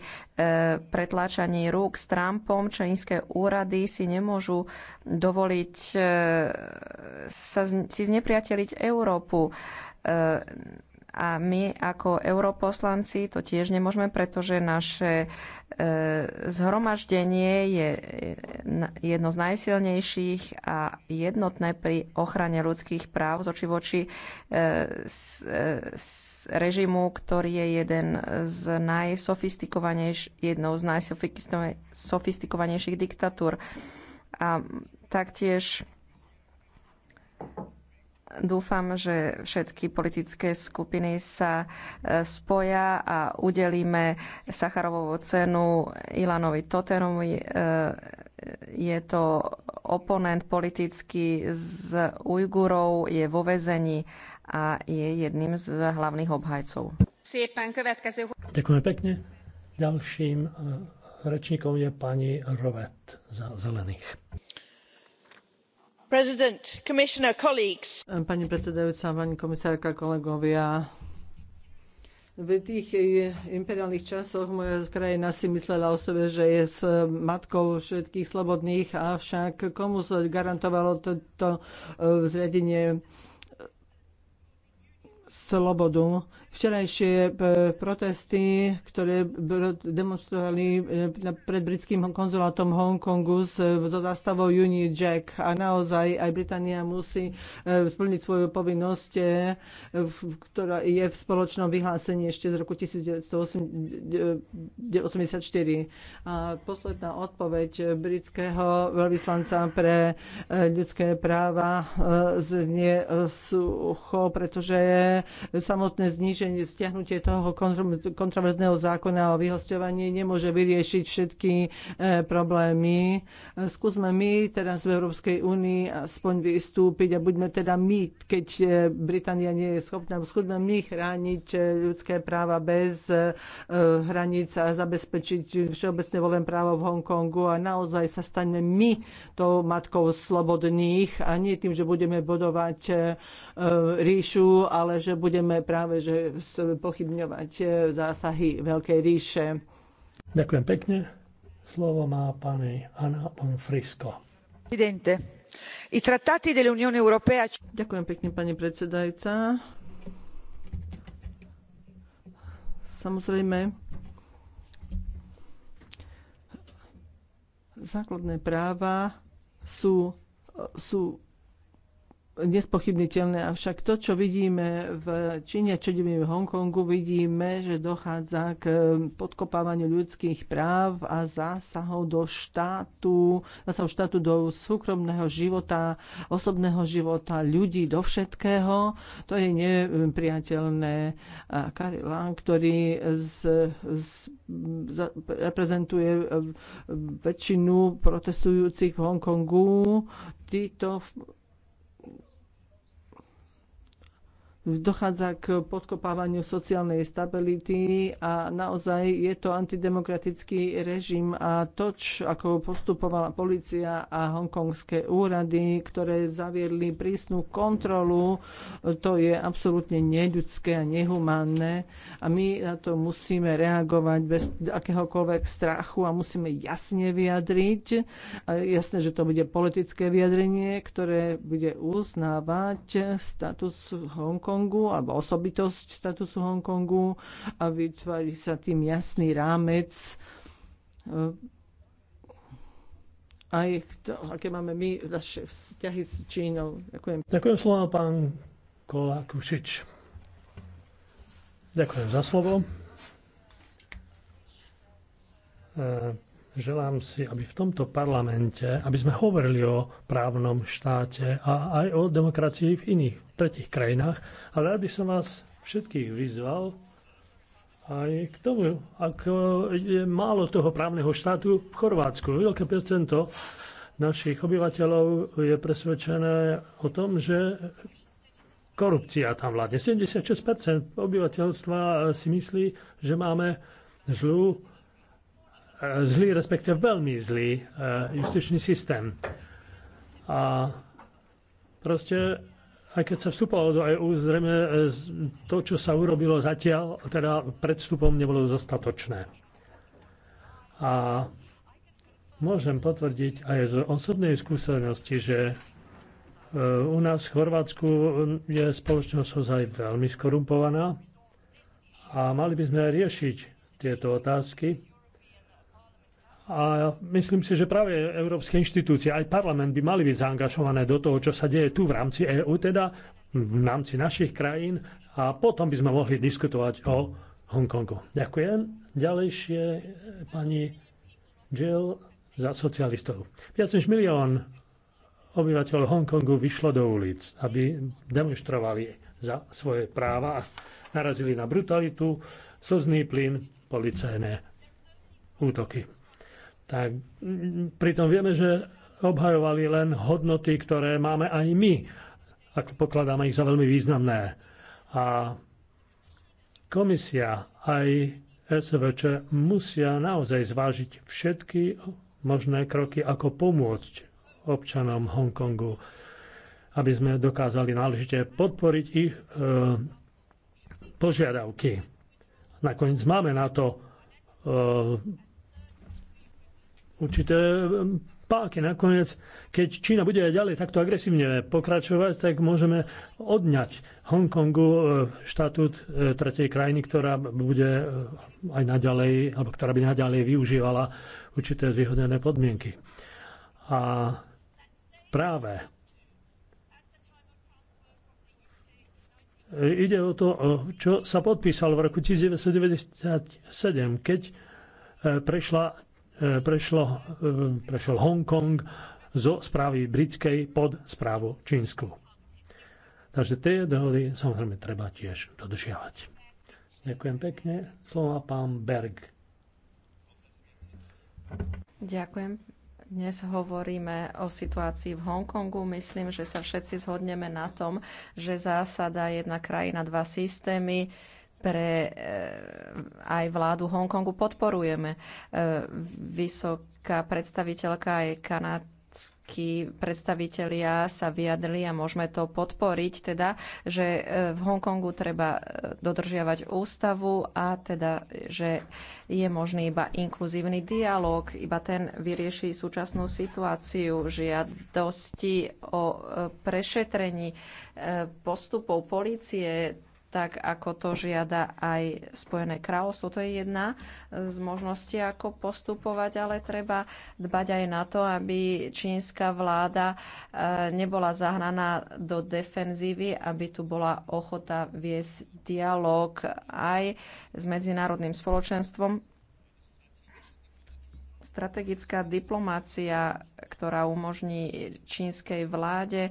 pretláčaní rúk s Trumpom čínske úrady si nemôžu dovoliť e, sa, si znepriateliť Európu. E, a my ako europoslanci to tiež nemôžeme, pretože naše e, zhromaždenie je jedno z najsilnejších a jednotné pri ochrane ľudských práv oči voči e, e, režimu, ktorý je jeden z najsofistikovanejších, jednou z najsofistikovanejších diktatúr. A taktiež Dúfam, že všetky politické skupiny sa e, spoja a udelíme Sacharovovú cenu Ilanovi Totenovi. E, je to oponent politický z Ujgurov, je vo vezení a je jedným z hlavných obhajcov. Ďakujem pekne. Ďalším e, rečníkom je pani Rovet za zelených pani predsedajúca pani komisárka kolegovia v tých eh, imperiálnych časoch moja krajina si myslela o sebe, že je eh, matkou všetkých slobodných, avšak komu sa garantovalo toto eh, zriadenie slobodu? včerajšie e, protesty, ktoré demonstrovali e, pred britským konzulátom Hongkongu s e, zastavou Union Jack. A naozaj aj Británia musí splniť svoju povinnosť, ktorá je v spoločnom vyhlásení ešte z roku 1984. A posledná odpoveď britského veľvyslanca pre ľudské práva znie sucho, pretože samotné zniženie že stiahnutie toho kontroverzného zákona o vyhostovaní nemôže vyriešiť všetky e, problémy. E, skúsme my teraz v Európskej únii aspoň vystúpiť a buďme teda my, keď e, Británia nie je schopná, skúsme my chrániť ľudské práva bez hraníc a zabezpečiť všeobecné volen právo v Hongkongu a naozaj sa staňme my tou matkou slobodných a nie tým, že budeme budovať ríšu, ale že budeme práve že pochybňovať eh, zásahy Veľkej ríše. Ďakujem pekne. Slovo má pani Anna Bonfrisco. Presidente, i trattati dell'Unione Europea... Ďakujem pekne, pani predsedajúca. Samozrejme, základné práva sú, sú nespochybniteľné. Avšak to, čo vidíme v Číne, čo vidíme v Hongkongu, vidíme, že dochádza k eh, podkopávaniu ľudských práv a zásahov do štátu, zásahov štátu do súkromného života, osobného života ľudí, do všetkého. To je nepriateľné. Karel Lang, ktorý z, z, za, reprezentuje eh, väčšinu protestujúcich v Hongkongu, títo dochádza k podkopávaniu sociálnej stability a naozaj je to antidemokratický režim a to, ako postupovala policia a hongkongské úrady, ktoré zaviedli prísnu kontrolu, to je absolútne neľudské a nehumánne a my na to musíme reagovať bez akéhokoľvek strachu a musíme jasne vyjadriť. A jasne, že to bude politické vyjadrenie, ktoré bude uznávať status Hongkongu Hongkongu alebo osobitosť statusu Hongkongu a vytvorí sa tým jasný rámec eh, aj to, aké máme my naše vzťahy s Čínou. Ďakujem. Ďakujem slovo, pán Kolákušič. Ďakujem za slovo. Eh, želám si, aby v tomto parlamente, aby sme hovorili o právnom štáte a aj o demokracii v iných tretich krajinách, ale aby som vás všetkých vyzval aj k tomu, ako e, je málo toho právneho štátu v Chorvátsku. Veľké percento našich obyvateľov je presvedčené o tom, že korupcia tam vládne. 76% obyvateľstva si myslí, že máme zlú, e, zlý, respektive veľmi zlý e, justičný systém. A proste aj keď sa vstupovalo do EÚ, zrejme e, to, čo sa urobilo zatiaľ, teda pred vstupom nebolo dostatočné. A môžem potvrdiť aj z osobnej skúsenosti, že e, u nás v Chorvátsku e, je spoločnosť ozaj veľmi skorumpovaná a mali by sme riešiť tieto otázky a myslím si, že práve európske inštitúcie, aj parlament by mali byť zaangažované do toho, čo sa deje tu v rámci EÚ, teda v rámci našich krajín a potom by sme mohli diskutovať o Hongkongu. Ďakujem. Ďalejšie pani Jill za socialistov. Viac než milión obyvateľov Hongkongu vyšlo do ulic, aby demonstrovali za svoje práva a narazili na brutalitu, slzný plyn, policajné útoky. Tak mm, pritom vieme, že obhajovali len hodnoty, ktoré máme aj my, ako pokladáme ich za veľmi významné. A komisia aj SVČ musia naozaj zvážiť všetky možné kroky, ako pomôcť občanom Hongkongu, aby sme dokázali náležite podporiť ich e, požiadavky. Nakoniec máme na to e, určité um, páky. Nakoniec, keď Čína bude aj ďalej takto agresívne pokračovať, tak môžeme odňať Hongkongu uh, štatút uh, tretej krajiny, ktorá bude uh, aj naďalej, alebo ktorá by naďalej využívala určité zvýhodnené podmienky. A práve ide o to, čo sa podpísal v roku 1997, keď prešla prešlo, eh, prešiel Hongkong zo správy britskej pod správu čínsku. Takže tie dohody samozrejme treba tiež dodržiavať. Ďakujem pekne. Slova pán Berg. Ďakujem. Dnes hovoríme o situácii v Hongkongu. Myslím, že sa všetci zhodneme na tom, že zásada jedna krajina, dva systémy pre e, aj vládu Hongkongu podporujeme. E, vysoká predstaviteľka aj Kanad predstavitelia sa vyjadrili a môžeme to podporiť, teda, že e, v Hongkongu treba dodržiavať ústavu a teda, že je možný iba inkluzívny dialog, iba ten vyrieši súčasnú situáciu žiadosti o prešetrení postupov policie, tak ako to žiada aj Spojené kráľovstvo. To je jedna z možností, ako postupovať, ale treba dbať aj na to, aby čínska vláda e, nebola zahnaná do defenzívy, aby tu bola ochota viesť dialog aj s medzinárodným spoločenstvom strategická diplomácia, ktorá umožní čínskej vláde e,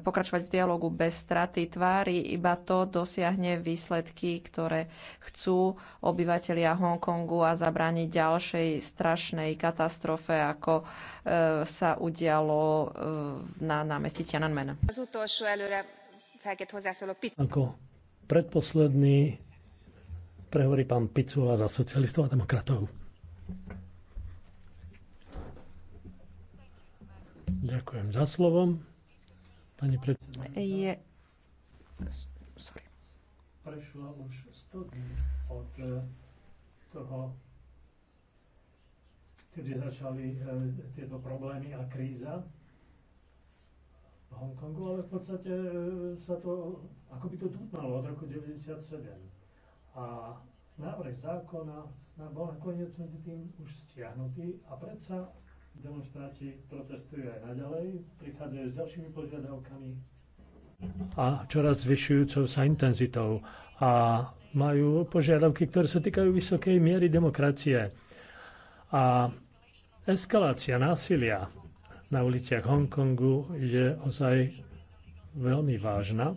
pokračovať v dialogu bez straty tvári, iba to dosiahne výsledky, ktoré chcú obyvateľia Hongkongu a zabrániť ďalšej strašnej katastrofe, ako e, sa udialo e, na námestí Tiananmen. Ako predposledný prehovorí pán Picula za socialistov a demokratov. Ďakujem za slovo. Pani predsedajúca. Je... Sorry. Prešlo už 100 dní od eh, toho, kedy začali eh, tieto problémy a kríza v Hongkongu, ale v podstate eh, sa to ako by to dúpnalo od roku 97. A návrh zákona bol nakoniec medzi tým už stiahnutý a predsa Demonstráti protestujú aj naďalej, prichádzajú s ďalšími požiadavkami a čoraz zvyšujúcou sa intenzitou a majú požiadavky, ktoré sa týkajú vysokej miery demokracie. A eskalácia násilia na uliciach Hongkongu je ozaj veľmi vážna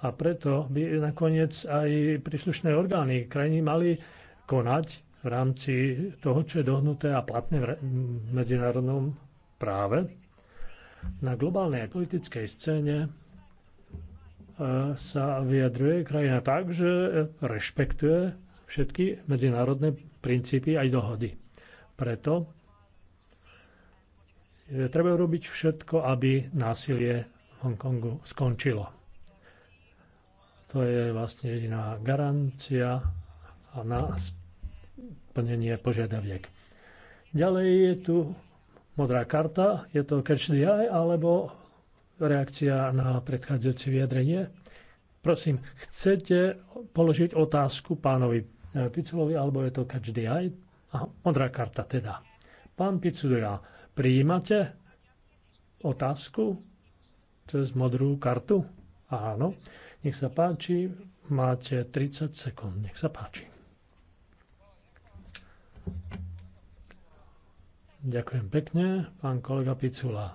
a preto by nakoniec aj príslušné orgány krajiny mali konať v rámci toho, čo je dohnuté a platné v medzinárodnom práve. Na globálnej politickej scéne e, sa vyjadruje krajina tak, že rešpektuje všetky medzinárodné princípy aj dohody. Preto je treba robiť všetko, aby násilie v Hongkongu skončilo. To je vlastne jediná garancia a nás plnenie požiadaviek. Ďalej je tu modrá karta, je to catch the eye alebo reakcia na predchádzajúce vyjadrenie. Prosím, chcete položiť otázku pánovi eh, Piculovi, alebo je to catch the eye? Aha, modrá karta teda. Pán Picudera, prijímate otázku cez modrú kartu? Áno. Nech sa páči, máte 30 sekúnd. Nech sa páči. Ďakujem pekne, pán kolega Picula. E,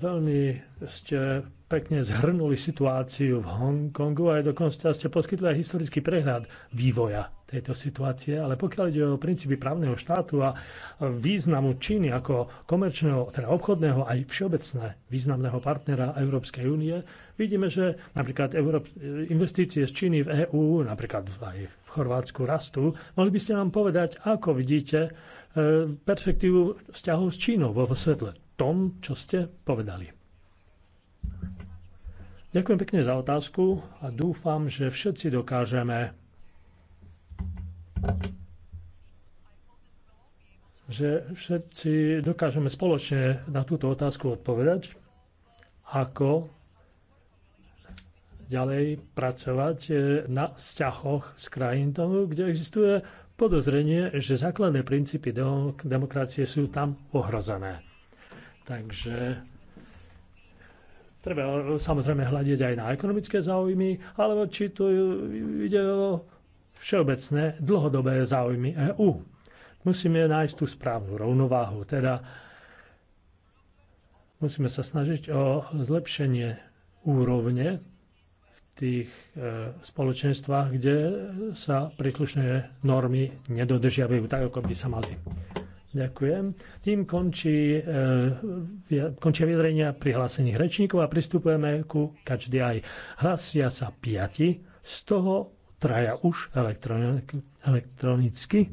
veľmi ste pekne zhrnuli situáciu v Hongkongu a aj dokonca ste poskytli aj historický prehľad vývoja tejto situácie, ale pokiaľ ide o princípy právneho štátu a významu Číny ako komerčného, teda obchodného aj všeobecné významného partnera Európskej únie, vidíme, že napríklad investície z Číny v EÚ, napríklad aj v Chorvátsku rastú. Mohli by ste nám povedať, ako vidíte e, perspektívu vzťahov s Čínou vo svetle tom, čo ste povedali. Ďakujem pekne za otázku a dúfam, že všetci dokážeme že všetci dokážeme spoločne na túto otázku odpovedať, ako ďalej pracovať e, na vzťahoch s krajinou, kde existuje podozrenie, že základné princípy demokracie sú tam ohrozené. Takže treba samozrejme hľadiť aj na ekonomické záujmy, alebo či tu ide o všeobecné dlhodobé záujmy EÚ. Musíme nájsť tú správnu rovnováhu, teda musíme sa snažiť o zlepšenie úrovne v tých e, spoločenstvách, kde sa príslušné normy nedodržiavajú tak, ako by sa mali. Ďakujem. Tým končí, e, končia vyjadrenia prihlásených rečníkov a pristupujeme ku každý aj. Hlasia sa piati, z toho traja už elektronicky.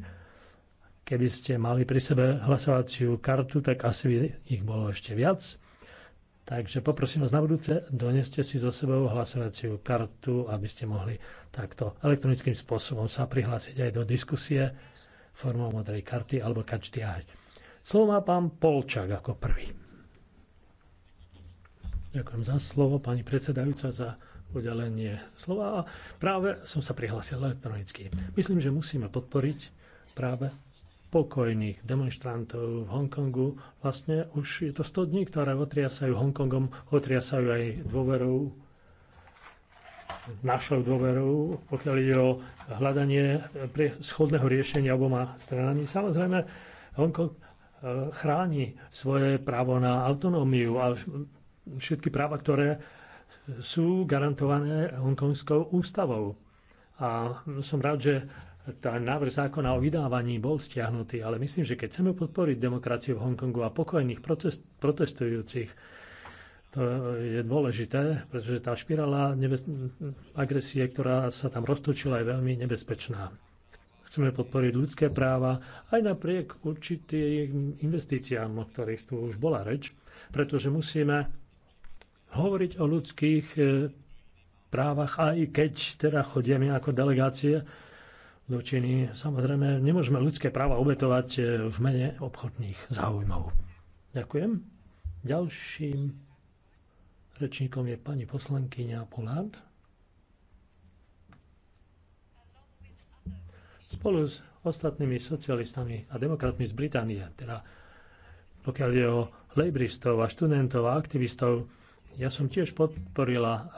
Keby ste mali pri sebe hlasovaciu kartu, tak asi by ich bolo ešte viac. Takže poprosím vás na budúce, doneste si so sebou hlasovaciu kartu, aby ste mohli takto elektronickým spôsobom sa prihlásiť aj do diskusie formou modrej karty alebo kačtiahať. Slovo má pán Polčák ako prvý. Ďakujem za slovo, pani predsedajúca, za udelenie slova a práve som sa prihlásil elektronicky. Myslím, že musíme podporiť práve pokojných demonstrantov v Hongkongu. Vlastne už je to 100 dní, ktoré otriasajú Hongkongom, otriasajú aj dôverou našou dôverou, pokiaľ ide o hľadanie schodného riešenia oboma stranami. Samozrejme, Hongkong e, chráni svoje právo na autonómiu a všetky práva, ktoré sú garantované hongkongskou ústavou. A som rád, že tá návrh zákona o vydávaní bol stiahnutý, ale myslím, že keď chceme podporiť demokraciu v Hongkongu a pokojných protestujúcich, to je dôležité, pretože tá špirála nebez... agresie, ktorá sa tam roztočila, je veľmi nebezpečná. Chceme podporiť ľudské práva aj napriek určitým investíciám, o ktorých tu už bola reč, pretože musíme hovoriť o ľudských e, právach, aj keď teda chodíme ako delegácie do Číny. Samozrejme, nemôžeme ľudské práva obetovať e, v mene obchodných záujmov. Ďakujem. Ďalším rečníkom je pani poslankyňa Polárd. Spolu s ostatnými socialistami a demokratmi z Británie, teda pokiaľ je o lejbristov a študentov a aktivistov, ja som tiež podporila,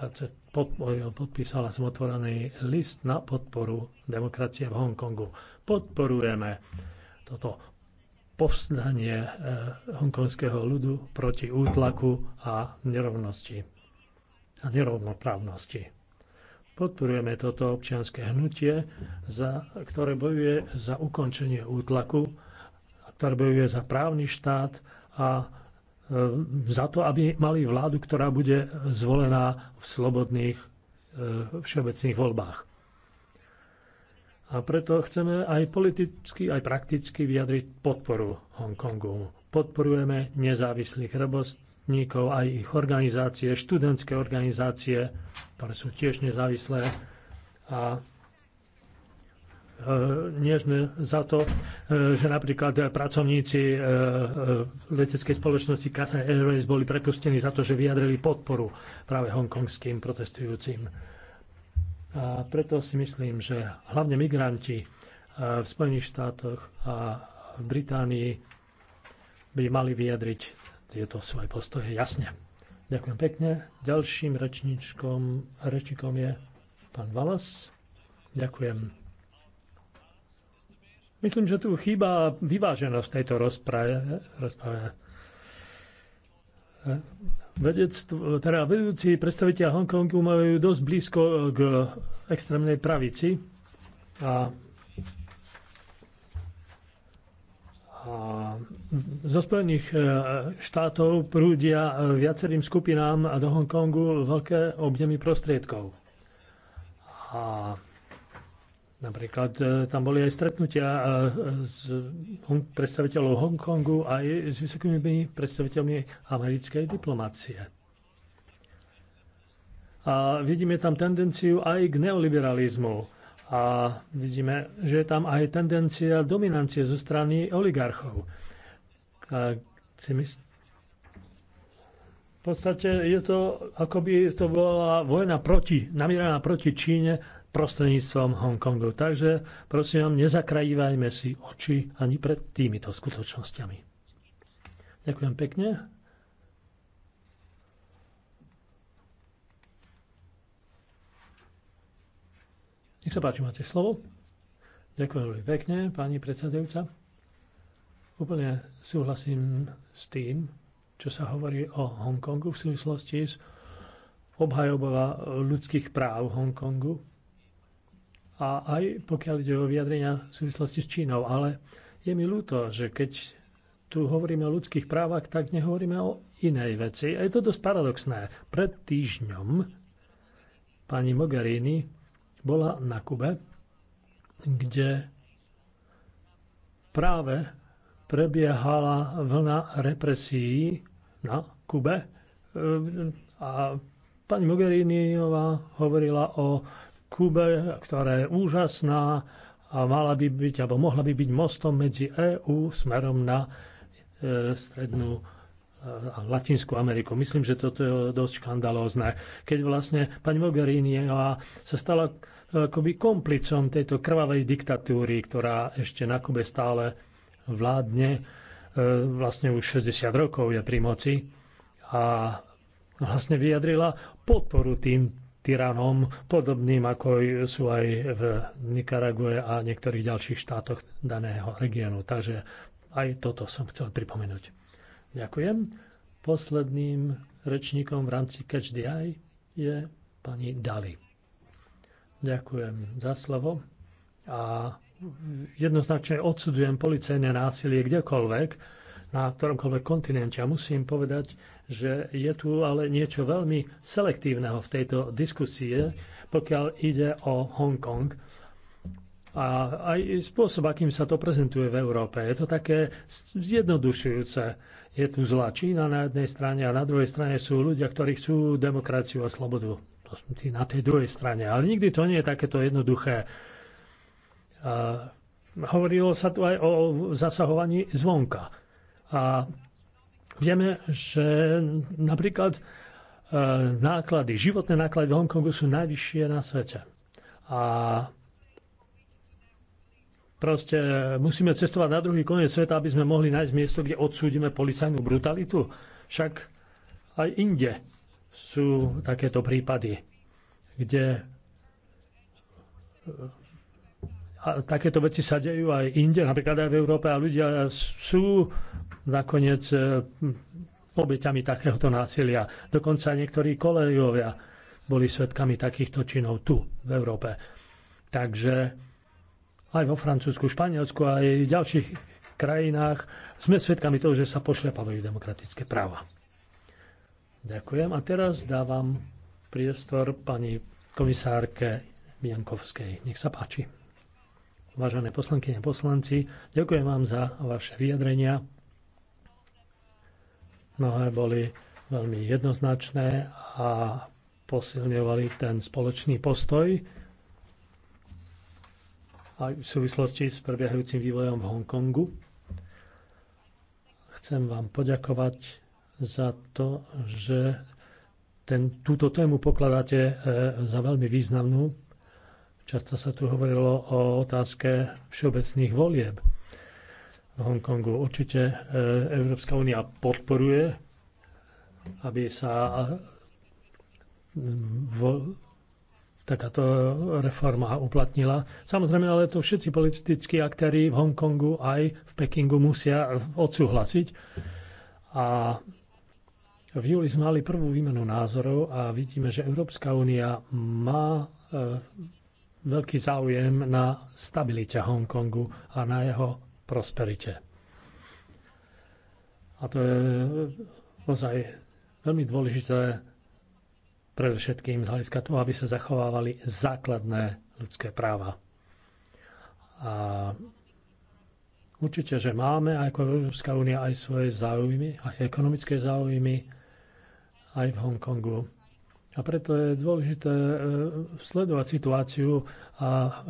podpísala som otvorený list na podporu demokracie v Hongkongu. Podporujeme toto povstanie e, hongkonského ľudu proti útlaku a nerovnosti a nerovnoprávnosti. Podporujeme toto občianské hnutie, za, ktoré bojuje za ukončenie útlaku, ktoré bojuje za právny štát a Ehm, za to, aby mali vládu, ktorá bude zvolená v slobodných ehm, všeobecných voľbách. A preto chceme aj politicky, aj prakticky vyjadriť podporu Hongkongu. Podporujeme nezávislých robotníkov, aj ich organizácie, študentské organizácie, ktoré sú tiež nezávislé. A E, nie sme za to, e, že napríklad pracovníci e, leteckej spoločnosti Qatar Airways boli prepustení za to, že vyjadrili podporu práve hongkongským protestujúcim. A preto si myslím, že hlavne migranti v Spojených štátoch a v Británii by mali vyjadriť tieto svoje postoje jasne. Ďakujem pekne. Ďalším rečníčkom, rečníkom je pán Valas. Ďakujem Myslím, že tu chýba vyváženosť tejto rozprave. rozprave. Vedectvo, teda vedúci predstaviteľ Hongkongu majú dosť blízko k extrémnej pravici a, a zo Spojených e, štátov prúdia viacerým skupinám a do Hongkongu veľké objemy prostriedkov. A Napríklad e, tam boli aj stretnutia e, s predstaviteľov Hongkongu aj s vysokými predstaviteľmi americkej diplomácie. A vidíme tam tendenciu aj k neoliberalizmu. A vidíme, že je tam aj tendencia dominancie zo strany oligarchov. A v podstate je to, ako by to bola vojna proti, namierená proti Číne prostredníctvom Hongkongu. Takže prosím vám, nezakrajívajme si oči ani pred týmito skutočnosťami. Ďakujem pekne. Nech sa páči, máte slovo. Ďakujem veľmi pekne, pani predsedajúca. Úplne súhlasím s tým, čo sa hovorí o Hongkongu v súvislosti s obhajobova ľudských práv Hongkongu a aj pokiaľ ide o vyjadrenia v súvislosti s Čínou. Ale je mi ľúto, že keď tu hovoríme o ľudských právach, tak nehovoríme o inej veci. A je to dosť paradoxné. Pred týždňom pani Mogherini bola na Kube, kde práve prebiehala vlna represií na Kube ehm, a pani Mogheriniová hovorila o Kube, ktorá je úžasná a mala by byť, alebo mohla by byť mostom medzi EÚ smerom na e, strednú e, a Latinskú Ameriku. Myslím, že toto je dosť škandalózne. Keď vlastne pani Mogherini sa stala e, akoby komplicom tejto krvavej diktatúry, ktorá ešte na Kube stále vládne, e, vlastne už 60 rokov je pri moci a vlastne vyjadrila podporu tým tyranom, podobným ako sú aj v Nikarague a niektorých ďalších štátoch daného regiónu. Takže aj toto som chcel pripomenúť. Ďakujem. Posledným rečníkom v rámci Catch the Eye je pani Dali. Ďakujem za slovo a jednoznačne odsudujem policajné násilie kdekoľvek, na ktoromkoľvek kontinente. A musím povedať, že je tu ale niečo veľmi selektívneho v tejto diskusie, pokiaľ ide o Hongkong. A aj spôsob, akým sa to prezentuje v Európe, je to také zjednodušujúce. Je tu zlá Čína na jednej strane a na druhej strane sú ľudia, ktorí chcú demokraciu a slobodu. To sú tí na tej druhej strane. Ale nikdy to nie je takéto jednoduché. A hovorilo sa tu aj o zasahovaní zvonka. A Vieme, že napríklad e, náklady, životné náklady v Hongkongu sú najvyššie na svete. A proste musíme cestovať na druhý koniec sveta, aby sme mohli nájsť miesto, kde odsúdime policajnú brutalitu. Však aj inde sú takéto prípady, kde e, a takéto veci sa dejú aj inde, napríklad aj v Európe a ľudia sú nakoniec e, obeťami takéhoto násilia. Dokonca niektorí kolegovia boli svetkami takýchto činov tu, v Európe. Takže aj vo Francúzsku, Španielsku a aj v ďalších krajinách sme svetkami toho, že sa pošľapávajú demokratické práva. Ďakujem. A teraz dávam priestor pani komisárke Biankovskej. Nech sa páči. Vážené poslanky a poslanci, ďakujem vám za vaše vyjadrenia. Mnohé boli veľmi jednoznačné a posilňovali ten spoločný postoj aj v súvislosti s prebiehajúcim vývojom v Hongkongu. Chcem vám poďakovať za to, že ten, túto tému pokladáte e, za veľmi významnú. Často sa tu hovorilo o otázke všeobecných volieb. Hongkongu. Určite e, Európska únia podporuje, aby sa e, vo, takáto reforma uplatnila. Samozrejme, ale to všetci politickí aktéry v Hongkongu aj v Pekingu musia odsúhlasiť. A v júli sme mali prvú výmenu názorov a vidíme, že Európska únia má e, veľký záujem na stabilite Hongkongu a na jeho prosperite. A to je ozaj veľmi dôležité všetkým z hľadiska toho, aby sa zachovávali základné ľudské práva. A určite, že máme ako Európska únia aj svoje záujmy, aj ekonomické záujmy, aj v Hongkongu. A preto je dôležité e, sledovať situáciu a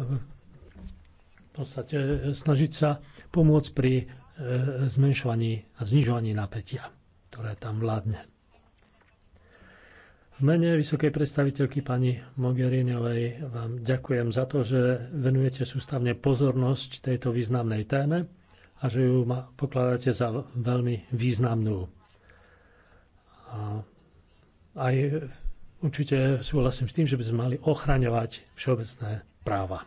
podstate e, snažiť sa pomôcť pri e, zmenšovaní a znižovaní napätia, ktoré tam vládne. V mene vysokej predstaviteľky pani Mogherinovej vám ďakujem za to, že venujete sústavne pozornosť tejto významnej téme a že ju pokladáte za veľmi významnú. A aj určite súhlasím s tým, že by sme mali ochraňovať všeobecné práva.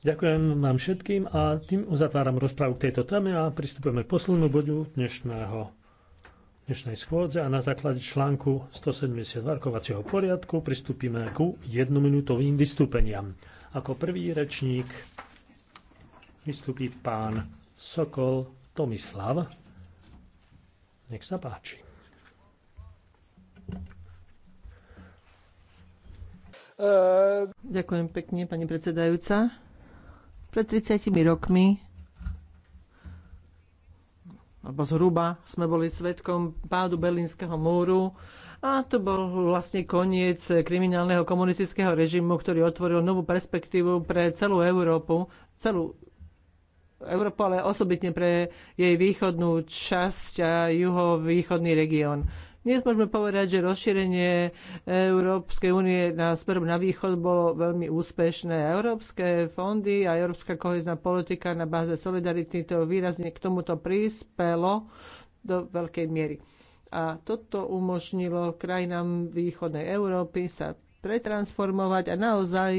Ďakujem vám všetkým a tým uzatváram rozprávu k tejto téme a pristupujeme k poslednému bodu dnešného, dnešnej schôdze a na základe článku 170 varkovacieho poriadku pristúpime ku jednominútovým vystúpeniam. Ako prvý rečník vystúpi pán Sokol Tomislav. Nech sa páči. Ďakujem pekne, pani predsedajúca. Pred 30 rokmi alebo zhruba sme boli svetkom pádu Berlínskeho múru a to bol vlastne koniec kriminálneho komunistického režimu, ktorý otvoril novú perspektívu pre celú Európu, celú Európu, ale osobitne pre jej východnú časť a juhovýchodný región. Dnes môžeme povedať, že rozšírenie Európskej únie na smerom na východ bolo veľmi úspešné. Európske fondy a európska kohezná politika na báze solidarity to výrazne k tomuto prispelo do veľkej miery. A toto umožnilo krajinám východnej Európy sa pretransformovať a naozaj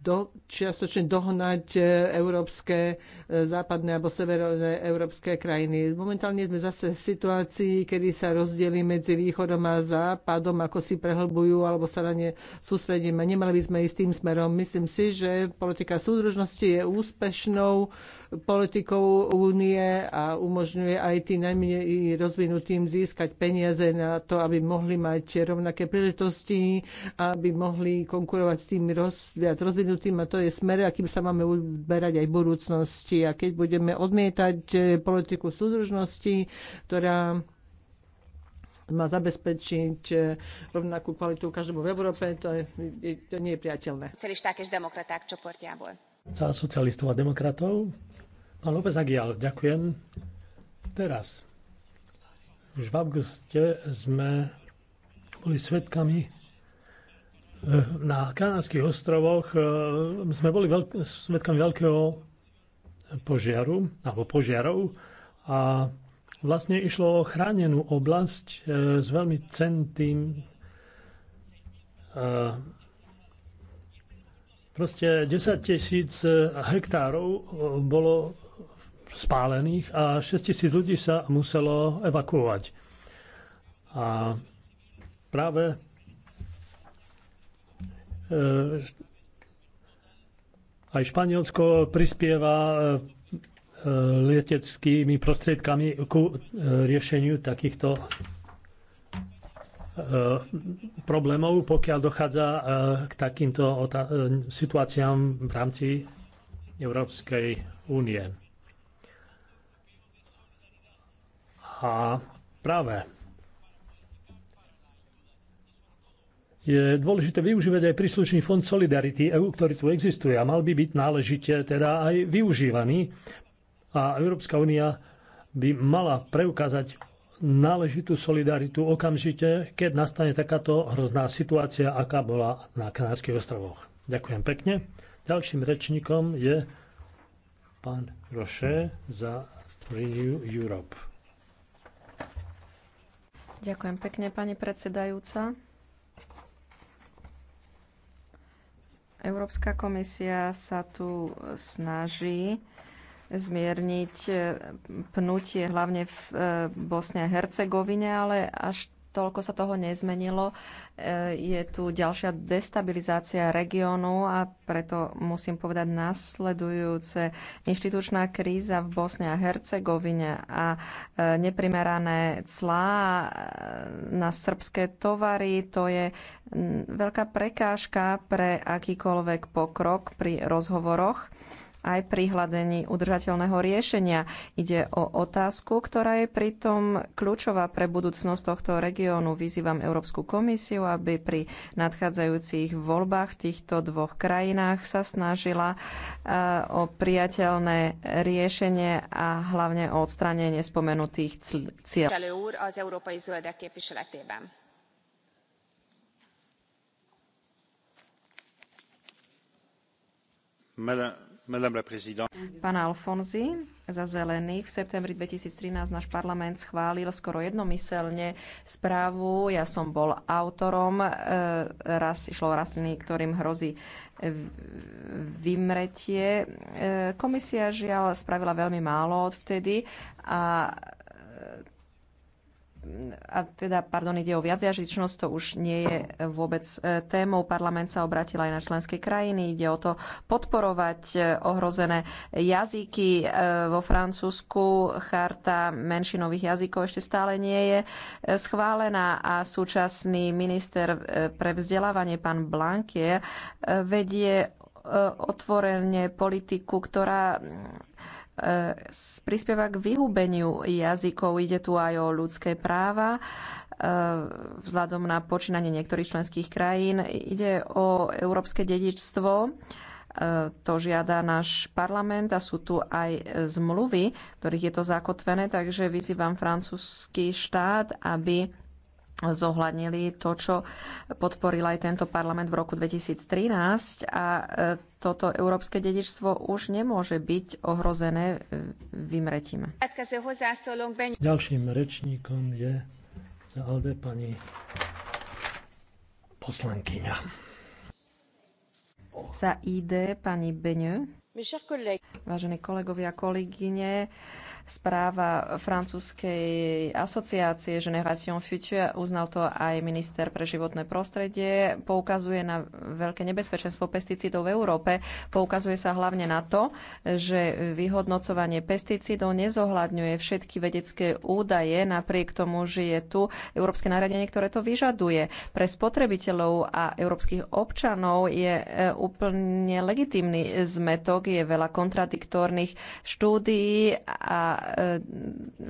do, čiastočne dohnať e, európske, e, západné alebo severné európske krajiny. Momentálne sme zase v situácii, kedy sa rozdiely medzi východom a západom, ako si prehlbujú alebo sa na ne sústredíme. Nemali by sme ísť tým smerom. Myslím si, že politika súdržnosti je úspešnou politikou únie a umožňuje aj tým najmenej rozvinutým získať peniaze na to, aby mohli mať rovnaké príležitosti, aby mohli konkurovať s tým roz, viac rozvinutým a to je smer, akým sa máme uberať aj v budúcnosti. A keď budeme odmietať eh, politiku súdržnosti, ktorá má zabezpečiť eh, rovnakú kvalitu každému v Európe, to, je, to nie je priateľné. Socialisták čo demokraták csoportjából. Za socialistov a demokratov Pán López Agial, ďakujem. Teraz, už v auguste sme boli svetkami e, na Kanárských ostrovoch e, sme boli veľk- svetkami veľkého požiaru, alebo požiarov a vlastne išlo o chránenú oblasť e, s veľmi centým proste 10 tisíc hektárov bolo spálených a tisíc ľudí sa muselo evakuovať. A práve e, aj Španielsko prispieva e, leteckými prostriedkami ku e, riešeniu takýchto problémov, pokiaľ dochádza k takýmto situáciám v rámci Európskej únie. A práve je dôležité využívať aj príslušný fond Solidarity EU, ktorý tu existuje a mal by byť náležite teda aj využívaný. A Európska únia by mala preukázať náležitú solidaritu okamžite, keď nastane takáto hrozná situácia, aká bola na Kanárskych ostrovoch. Ďakujem pekne. Ďalším rečníkom je pán Roše za Renew Europe. Ďakujem pekne, pani predsedajúca. Európska komisia sa tu snaží zmierniť pnutie hlavne v e, Bosne a Hercegovine, ale až toľko sa toho nezmenilo. E, je tu ďalšia destabilizácia regiónu a preto musím povedať nasledujúce Inštitučná kríza v Bosne a Hercegovine a e, neprimerané clá e, na srbské tovary, to je veľká prekážka pre akýkoľvek pokrok pri rozhovoroch aj pri hľadení udržateľného riešenia. Ide o otázku, ktorá je pritom kľúčová pre budúcnosť tohto regiónu. Vyzývam Európsku komisiu, aby pri nadchádzajúcich voľbách v týchto dvoch krajinách sa snažila e, o priateľné riešenie a hlavne o odstranenie spomenutých cieľ. Madame, Pán Alfonzi, za zelených. V septembri 2013 náš parlament schválil skoro jednomyselne správu. Ja som bol autorom. E, Raz išlo o rastliny, ktorým hrozí vymretie. E, komisia žiaľ spravila veľmi málo odvtedy a a teda, pardon, ide o viacjažičnosť, to už nie je e, vôbec e, témou. Parlament sa obratil aj na členské krajiny. Ide o to podporovať e, ohrozené jazyky vo Francúzsku. Charta menšinových jazykov ešte stále nie je schválená a súčasný minister pre vzdelávanie, pán Blanke, vedie otvorene politiku, ktorá prispieva k vyhubeniu jazykov. Ide tu aj o ľudské práva e, vzhľadom na počínanie niektorých členských krajín. Ide o európske dedičstvo. E, to žiada náš parlament a sú tu aj zmluvy, v ktorých je to zakotvené, takže vyzývam francúzsky štát, aby zohľadnili to, čo podporil aj tento parlament v roku 2013 a e, toto európske dedičstvo už nemôže byť ohrozené e, vymretím. Ďalším rečníkom je za LD pani poslankyňa. Za ID pani Beňu. Vážení kolegovia kolegyne, správa francúzskej asociácie Generation Future, uznal to aj minister pre životné prostredie, poukazuje na veľké nebezpečenstvo pesticídov v Európe. Poukazuje sa hlavne na to, že vyhodnocovanie pesticídov nezohľadňuje všetky vedecké údaje, napriek tomu, že je tu Európske nariadenie, ktoré to vyžaduje. Pre spotrebiteľov a európskych občanov je e, úplne legitímny zmetok, je veľa kontradiktórnych štúdií a E,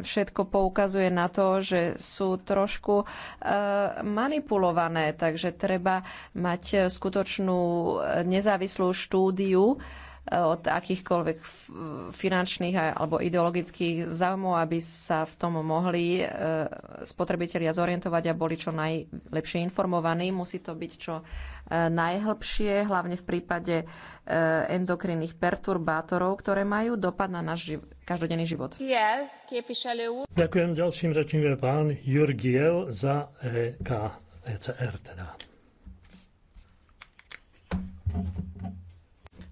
všetko poukazuje na to, že sú trošku e, manipulované, takže treba mať skutočnú nezávislú štúdiu, od akýchkoľvek finančných alebo ideologických záujmov, aby sa v tom mohli e, spotrebitelia zorientovať a boli čo najlepšie informovaní. Musí to byť čo e, najhlbšie, hlavne v prípade e, endokrinných perturbátorov, ktoré majú dopad na náš živ- každodenný život. Ďakujem ďalším rečným pán Jurgiel za EK, ECR teda.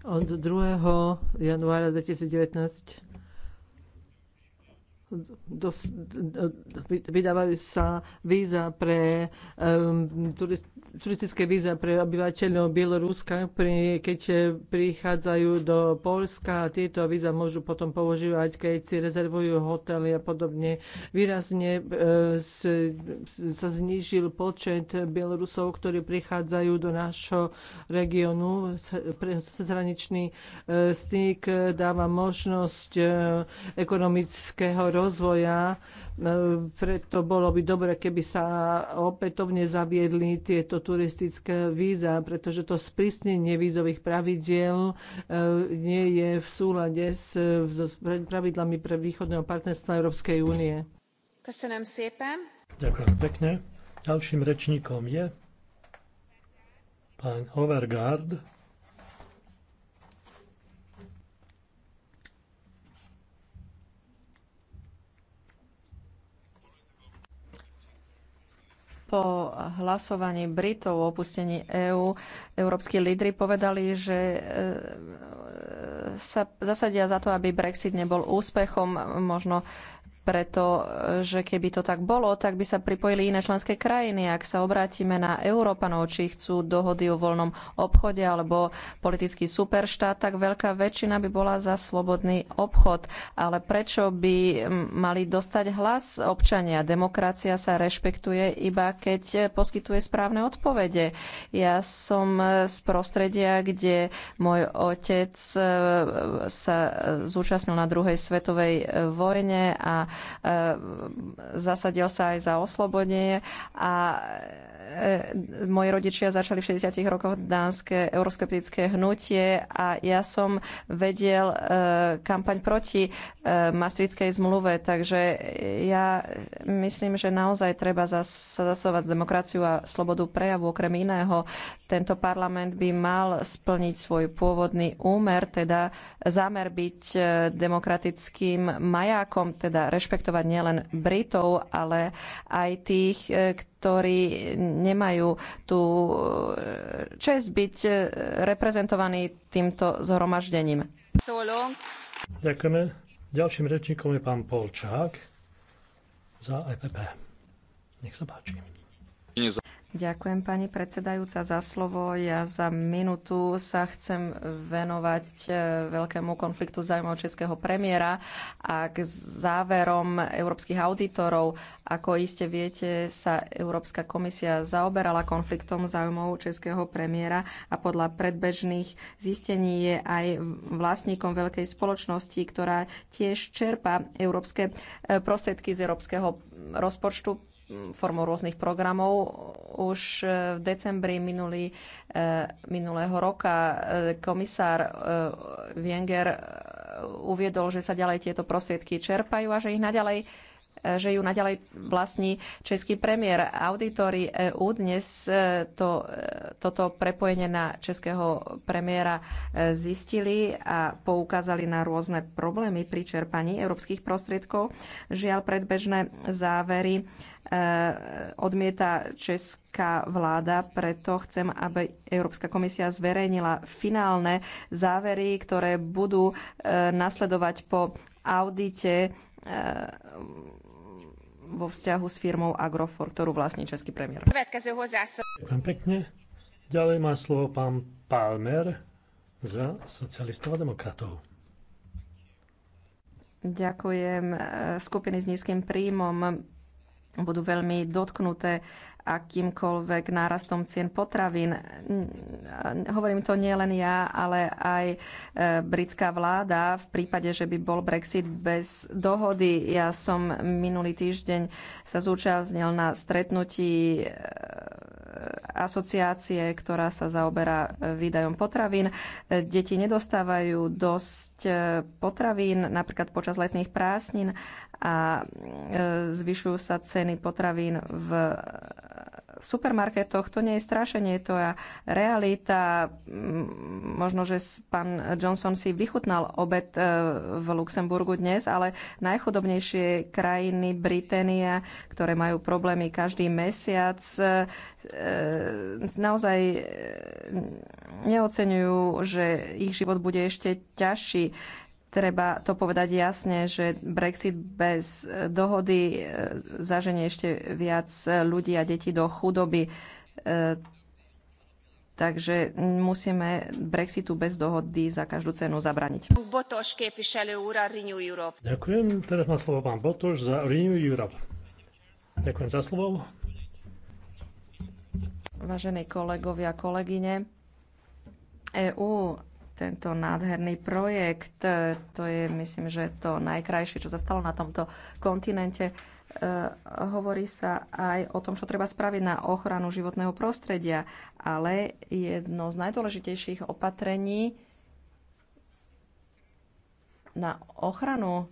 od 2. januára 2019 dos, vydávajú sa víza pre um, turist, turistické víza pre obyvateľov Bieloruska, pri, keď eh, prichádzajú do Polska a tieto víza môžu potom používať, keď si rezervujú hotely a podobne. Výrazne uh, s, sa znížil počet Bielorusov, ktorí prichádzajú do nášho regiónu. Sezraničný uh, eh, styk dáva možnosť uh, ekonomického rozvoja. E, preto bolo by dobre, keby sa opätovne zaviedli tieto turistické víza, pretože to sprísnenie vízových pravidiel e, nie je v súlade s pravidlami pre východného partnerstva Európskej únie. Ďakujem pekne. Ďalším rečníkom je pán Overgard po hlasovaní Britov o opustení EÚ európsky lídry povedali, že e, sa zasadia za to, aby Brexit nebol úspechom. Možno preto, e, že keby to tak bolo, tak by sa pripojili iné členské krajiny. Ak sa obrátime na Európanov, či chcú dohody o voľnom obchode alebo politický superštát, tak veľká väčšina by bola za slobodný obchod. Ale prečo by mali dostať hlas občania? Demokracia sa rešpektuje iba keď poskytuje správne odpovede. Ja som z prostredia, kde môj otec e, sa zúčastnil na druhej svetovej e, vojne a E, zasadil sa aj za oslobodenie a E, moji rodičia začali v 60. rokoch dánske euroskeptické hnutie a ja som vedel e, kampaň proti e, Maastrichtskej zmluve, takže ja myslím, že naozaj treba zasovať demokraciu a slobodu prejavu. Okrem iného, tento parlament by mal splniť svoj pôvodný úmer, teda zámer byť demokratickým majákom, teda rešpektovať nielen Britov, ale aj tých, ktorí ktorí nemajú tú eh, čest byť eh, reprezentovaní týmto zhromaždením. Ďakujeme. Ďalším rečníkom je pán Polčák za EPP. Nech sa páči. Ďakujem pani predsedajúca za slovo. Ja za minútu sa chcem venovať e, veľkému konfliktu zájmov českého premiéra a k záverom európskych auditorov. Ako iste viete, sa Európska komisia zaoberala konfliktom zájmov českého premiéra a podľa predbežných zistení je aj vlastníkom veľkej spoločnosti, ktorá tiež čerpa európske e, prostriedky z európskeho rozpočtu formou rôznych programov. Už e, v decembri minulý, e, minulého roka e, komisár Wenger uviedol, že sa ďalej tieto prostriedky čerpajú a že ich naďalej E, že ju naďalej vlastní český premiér. Auditory EU dnes e, to, e, toto prepojenie na českého premiéra zistili a poukázali na rôzne problémy pri čerpaní európskych prostriedkov. Žiaľ, predbežné závery odmieta česká vláda, preto chcem, aby Európska komisia zverejnila finálne závery, ktoré budú nasledovať po audite vo vzťahu s firmou Agrofor, ktorú vlastní český premiér. Ďakujem pekne. Ďalej má slovo pán Palmer za socialistov a demokratov. Ďakujem. E, skupiny s nízkym príjmom budú veľmi dotknuté akýmkoľvek nárastom cien potravín. Mm, hovorím to nie len ja, ale aj e, britská vláda v prípade, že by bol Brexit bez dohody. Ja som minulý týždeň sa zúčastnil na stretnutí e, asociácie, ktorá sa zaoberá výdajom potravín. Deti nedostávajú dosť e, potravín, napríklad počas letných prázdnin a e, zvyšujú sa ceny potravín v supermarketoch. To nie je strašenie, to je realita. Mm, možno, že pán Johnson si vychutnal obed e, v Luxemburgu dnes, ale najchudobnejšie krajiny Británia, ktoré majú problémy každý mesiac, e, e, naozaj neocenujú, že ich život bude ešte ťažší. Treba to povedať jasne, že Brexit bez e, dohody e, zaženie ešte viac e, ľudí a detí do chudoby. Takže musíme Brexitu bez dohody za každú cenu zabraniť. Botoš, úra, Renew Europe. Ďakujem. Teraz má slovo pán Botoš za Renew Europe. Ďakujem za slovo. Vážení kolegovia, kolegyne, EU tento nádherný projekt. To je, myslím, že to najkrajšie, čo sa stalo na tomto kontinente. E, hovorí sa aj o tom, čo treba spraviť na ochranu životného prostredia, ale jedno z najdôležitejších opatrení na ochranu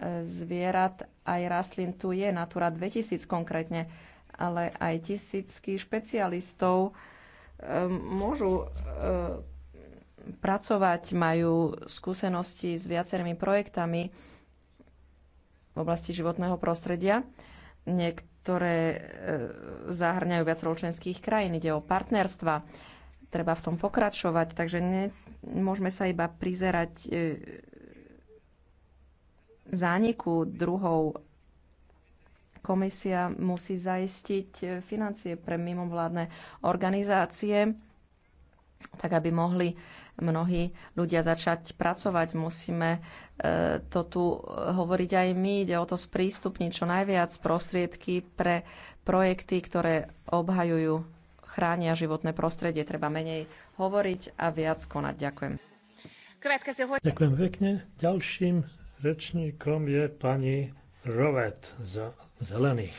e, zvierat aj rastlín tu je, Natura 2000 konkrétne, ale aj tisícky špecialistov e, môžu e, pracovať, majú skúsenosti s viacerými projektami v oblasti životného prostredia. Niektoré e, zahrňajú viacero členských krajín, ide o partnerstva. Treba v tom pokračovať, takže ne, môžeme sa iba prizerať e, zániku druhov. Komisia musí zaistiť e, financie pre mimovládne organizácie, tak aby mohli mnohí ľudia začať pracovať. Musíme e, to tu hovoriť aj my. Ide o to sprístupniť čo najviac prostriedky pre projekty, ktoré obhajujú, chránia životné prostredie. Treba menej hovoriť a viac konať. Ďakujem. Ďakujem pekne. Ďalším rečníkom je pani Rovet za zelených.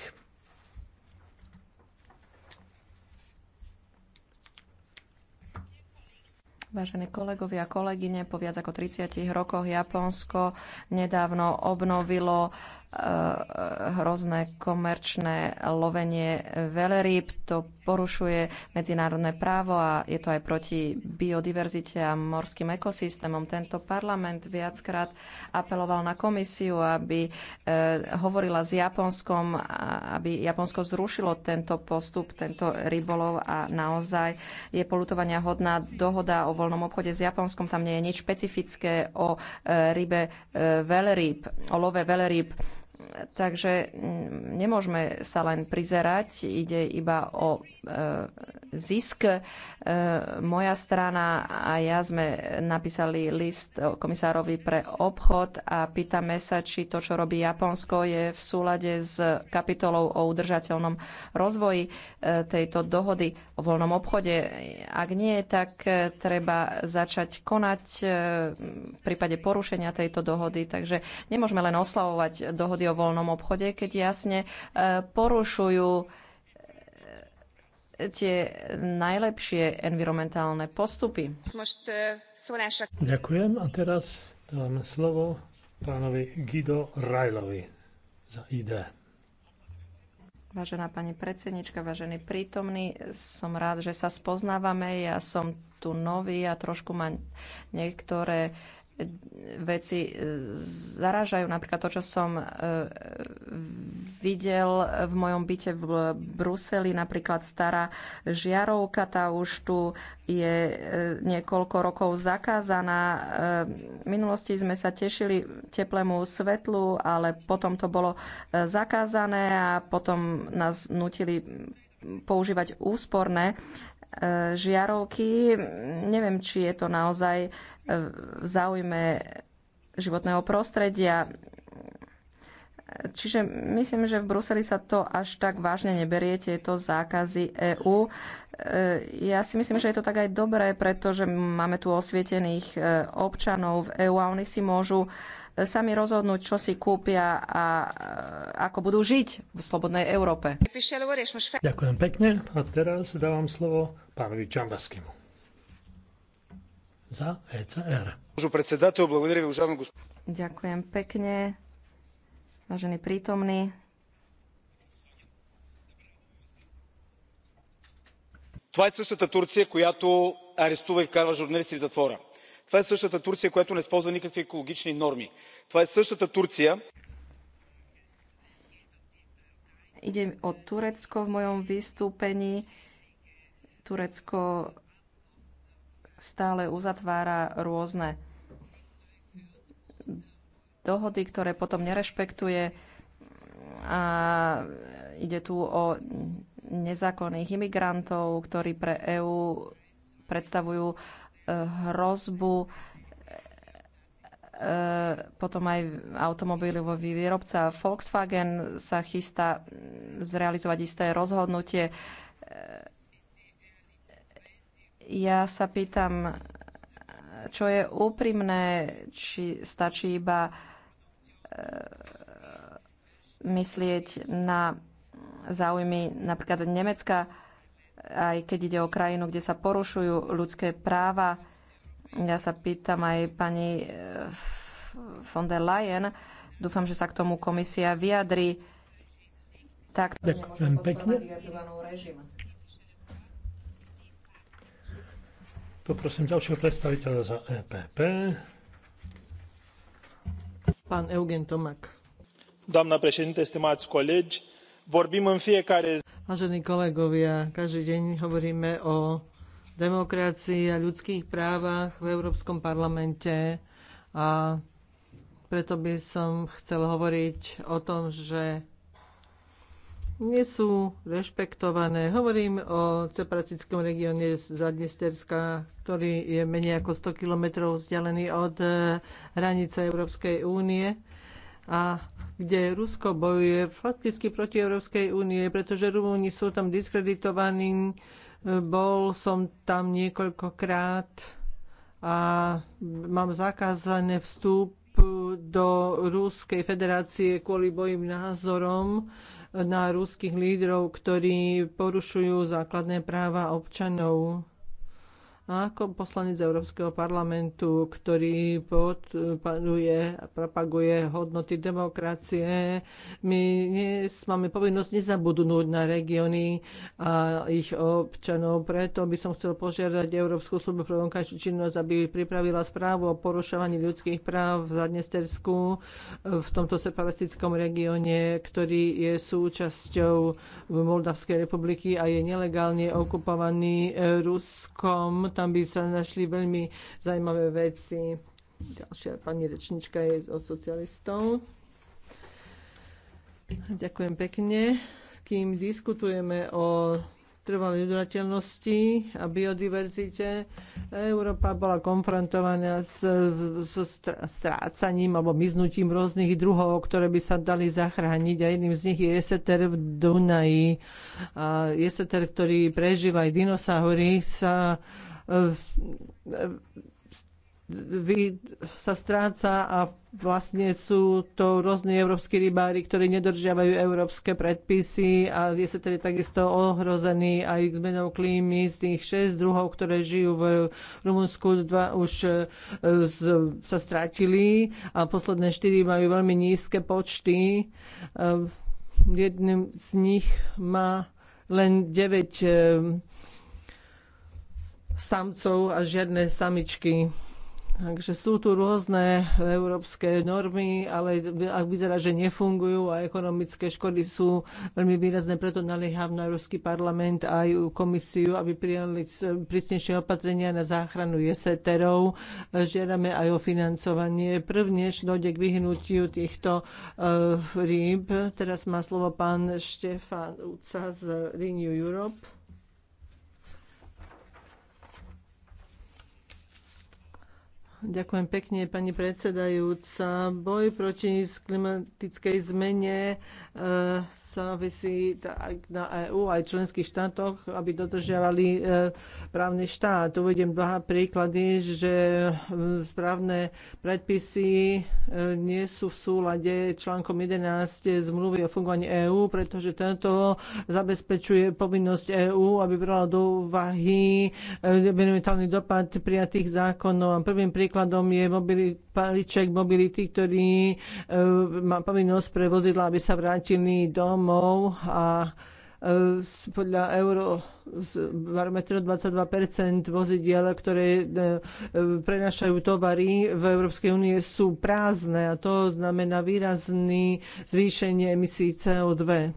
Vážení kolegovia a kolegyne, po viac ako 30 rokoch Japonsko nedávno obnovilo Eh, hrozné komerčné lovenie veleryb. To porušuje medzinárodné právo a je to aj proti biodiverzite a morským ekosystémom. Tento parlament viackrát apeloval na komisiu, aby eh, hovorila s Japonskom, aby Japonsko zrušilo tento postup, tento rybolov a naozaj je polutovania hodná dohoda o voľnom obchode s Japonskom. Tam nie je nič špecifické o eh, rybe veleryb, o love veleryb Takže mm, nemôžeme sa len prizerať, ide iba o e, zisk. E, moja strana a ja sme napísali list komisárovi pre obchod a pýtame sa, či to, čo robí Japonsko, je v súlade s kapitolou o udržateľnom rozvoji e, tejto dohody o voľnom obchode. Ak nie, tak e, treba začať konať e, v prípade porušenia tejto dohody. Takže nemôžeme len oslavovať dohody dohody o voľnom obchode, keď jasne e, porušujú e, tie najlepšie environmentálne postupy. Ďakujem a teraz dám slovo pánovi Guido Rajlovi za ID. Vážená pani predsednička, vážený prítomný, som rád, že sa spoznávame. Ja som tu nový a trošku ma niektoré veci e, zaražajú. Napríklad to, čo som e, videl v mojom byte v Bruseli, napríklad stará žiarovka, tá už tu je e, niekoľko rokov zakázaná. V minulosti sme sa tešili teplému svetlu, ale potom to bolo zakázané a potom nás nutili používať úsporné E, žiarovky. Neviem, či je to naozaj e, v záujme životného prostredia. Čiže myslím, že v Bruseli sa to až tak vážne neberie, tieto zákazy EÚ. E, ja si myslím, že je to tak aj dobré, pretože máme tu osvietených občanov v EÚ a oni si môžu uh, E, sami rozhodnúť, čo si kúpia a e, ako budú žiť v slobodnej Európe. Ďakujem pekne a teraz dávam slovo pánovi Čambaskému. Za ECR. Ďakujem pekne, vážení prítomní. Това е същата Турция, която арестува и вкарва журналисти в затвора това е същата турция която не използва никакви екологични норми. това е същата турция Идем от Турецко в моем виступени. Турецко стале узатвара rôzne dohody, ktoré potom nerešpektuje a ide tu o nezákonných imigrantov, ktorí pre EÚ predstavujú hrozbu e, potom aj automobilový výrobca Volkswagen sa chystá zrealizovať isté rozhodnutie. Ja sa pýtam, čo je úprimné, či stačí iba e, myslieť na záujmy napríklad Nemecka, aj keď ide o krajinu, kde sa porušujú ľudské práva. Ja sa pýtam aj pani eh, von der Leyen, dúfam, že sa k tomu komisia vyjadri. Tak to Ďakujem pekne. Poprosím ďalšieho predstaviteľa za EPP. Pán Eugen Tomak. Doamna președinte, stimați colegi, vorbim în fiecare Vážení kolegovia, každý deň hovoríme o demokracii a ľudských právach v Európskom parlamente a preto by som chcel hovoriť o tom, že nie sú rešpektované. Hovorím o separatistickom regióne Zadnesterska, ktorý je menej ako 100 kilometrov vzdialený od eh, hranice Európskej únie a kde Rusko bojuje fakticky proti Európskej únie, pretože Rumúni sú tam diskreditovaní. Bol som tam niekoľkokrát a mám zakázané vstup do Ruskej federácie kvôli bojím názorom na ruských lídrov, ktorí porušujú základné práva občanov ako poslanec Európskeho parlamentu, ktorý podpaduje a propaguje hodnoty demokracie, my dnes máme povinnosť nezabudnúť na regióny a ich občanov. Preto by som chcel požiadať Európsku službu pre vonkajšiu činnosť, aby pripravila správu o porušovaní ľudských práv v Zadnestersku, v tomto separatistickom regióne, ktorý je súčasťou Moldavskej republiky a je nelegálne okupovaný Ruskom tam by sa našli veľmi zaujímavé veci. Ďalšia pani rečnička je od socialistov. Ďakujem pekne. Kým diskutujeme o trvalej udrateľnosti a biodiverzite, Európa bola konfrontovaná s, s strácaním alebo miznutím rôznych druhov, ktoré by sa dali zachrániť. A jedným z nich je eseter v Dunaji. A eseter, ktorý prežíva aj dinosaury, sa vy, sa stráca a vlastne sú to rôzni európsky rybári, ktorí nedržiavajú európske predpisy a je sa tedy takisto ohrozený aj zmenou klímy z tých 6 druhov, ktoré žijú v Rumunsku, dva už e, z, sa stratili a posledné 4 majú veľmi nízke počty. E, jedným z nich má len 9 samcov a žiadne samičky. Takže sú tu rôzne európske normy, ale ak vyzerá, že nefungujú a ekonomické škody sú veľmi výrazné, preto nalieham na Európsky parlament aj komisiu, aby prijali prísnejšie opatrenia na záchranu jeseterov. Žiadame aj o financovanie. Prvnež dojde k vyhnutiu týchto uh, rýb. Teraz má slovo pán Štefan Uca z Renew Europe. Ďakujem pekne, pani predsedajúca. Boj proti klimatickej zmene E, závisí na EÚ aj členských štátoch, aby dodržiavali e, právny štát. Uvediem dva príklady, že e, správne predpisy nie sú v súlade článkom 11 zmluvy o fungovaní EÚ, pretože tento zabezpečuje povinnosť EÚ, aby brala do úvahy environmentálny dopad prijatých zákonov. prvým príkladom je mobili, mobility, ktorý má povinnosť pre vozidla, aby sa vrátil vrátili domov a e, podľa euro z barometru 22% vozidiel, ktoré e, e, prenašajú tovary v Európskej únie sú prázdne a to znamená výrazný zvýšenie emisí CO2.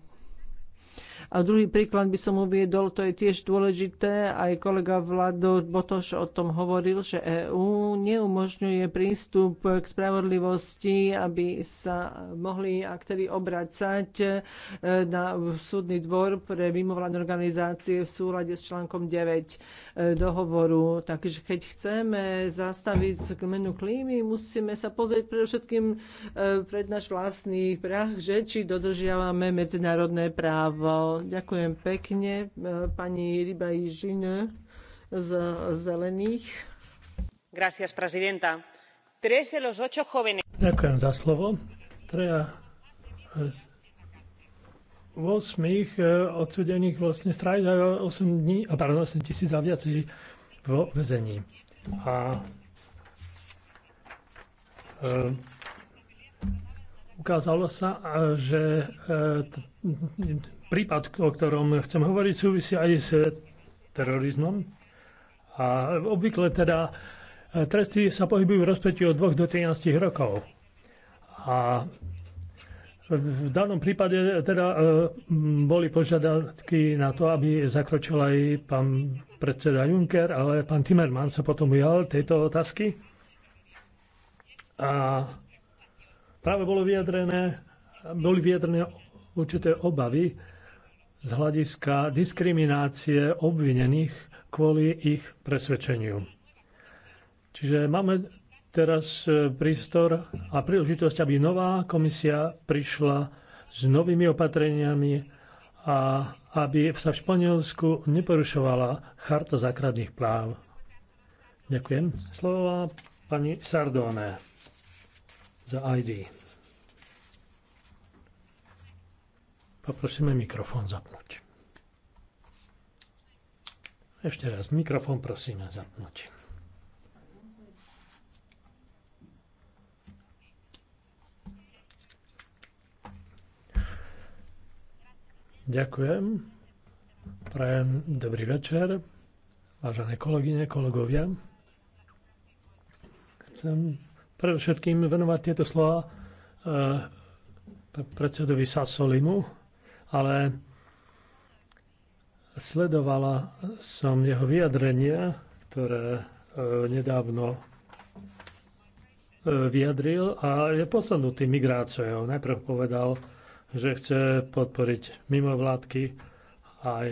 A druhý príklad by som uviedol, to je tiež dôležité, aj kolega Vlado Botoš o tom hovoril, že EÚ neumožňuje prístup k spravodlivosti, aby sa mohli aktéry obracať e, na súdny dvor pre mimovládne organizácie v súlade s článkom 9 e, dohovoru. Takže keď chceme zastaviť zmenu klímy, musíme sa pozrieť predovšetkým e, pred náš vlastný prach, že či dodržiavame medzinárodné právo Ďakujem pekne e, pani Rybaj Žine z Zelených. Gracias, presidenta. Tres de los ocho jóvenes... Ďakujem za slovo. Treja z 8 e, odsudených vlastne strajdajú 8 e, dní, a pardon, 8 tisíc a viacej vo vezení. A ukázalo sa, že Prípad, o ktorom chcem hovoriť, súvisí aj s terorizmom. A obvykle teda e, tresty sa pohybujú v rozpetí od 2 do 13 rokov. A v danom prípade teda e, boli požiadavky na to, aby zakročil aj pán predseda Juncker, ale pán Timerman sa potom ujal tejto otázky. A práve bolo vyjadrené, boli vyjadrené určité obavy, z hľadiska diskriminácie obvinených kvôli ich presvedčeniu. Čiže máme teraz e, prístor a príležitosť, aby nová komisia prišla s novými opatreniami a aby sa v Španielsku neporušovala charta základných práv. Ďakujem. Slovo pani Sardone za ID. Poprosíme mikrofón zapnúť. Ešte raz, mikrofón prosíme zapnúť. Ďakujem. Prajem dobrý večer, vážené kolegyne, kolegovia. Chcem predovšetkým venovať tieto slova eh, predsedovi Sasolimu, ale sledovala som jeho vyjadrenia, ktoré e, nedávno e, vyjadril a je posadnutý migráciou. Najprv povedal, že chce podporiť mimovládky, aj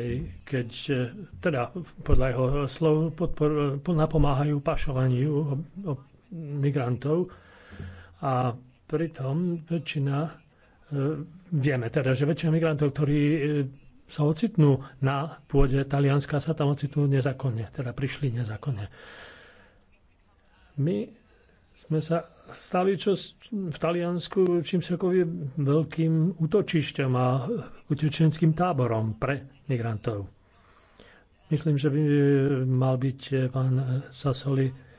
keď, e, teda podľa jeho slov, podpor, napomáhajú pašovaniu migrantov a pritom väčšina E, vieme teda, že väčšina migrantov, ktorí e, sa ocitnú na pôde Talianska, sa tam ocitnú nezákonne, teda prišli nezákonne. My sme sa stali čo v Taliansku čím Čímsekovi veľkým útočišťom a utečenským táborom pre migrantov. Myslím, že by e, mal byť pán Sasoli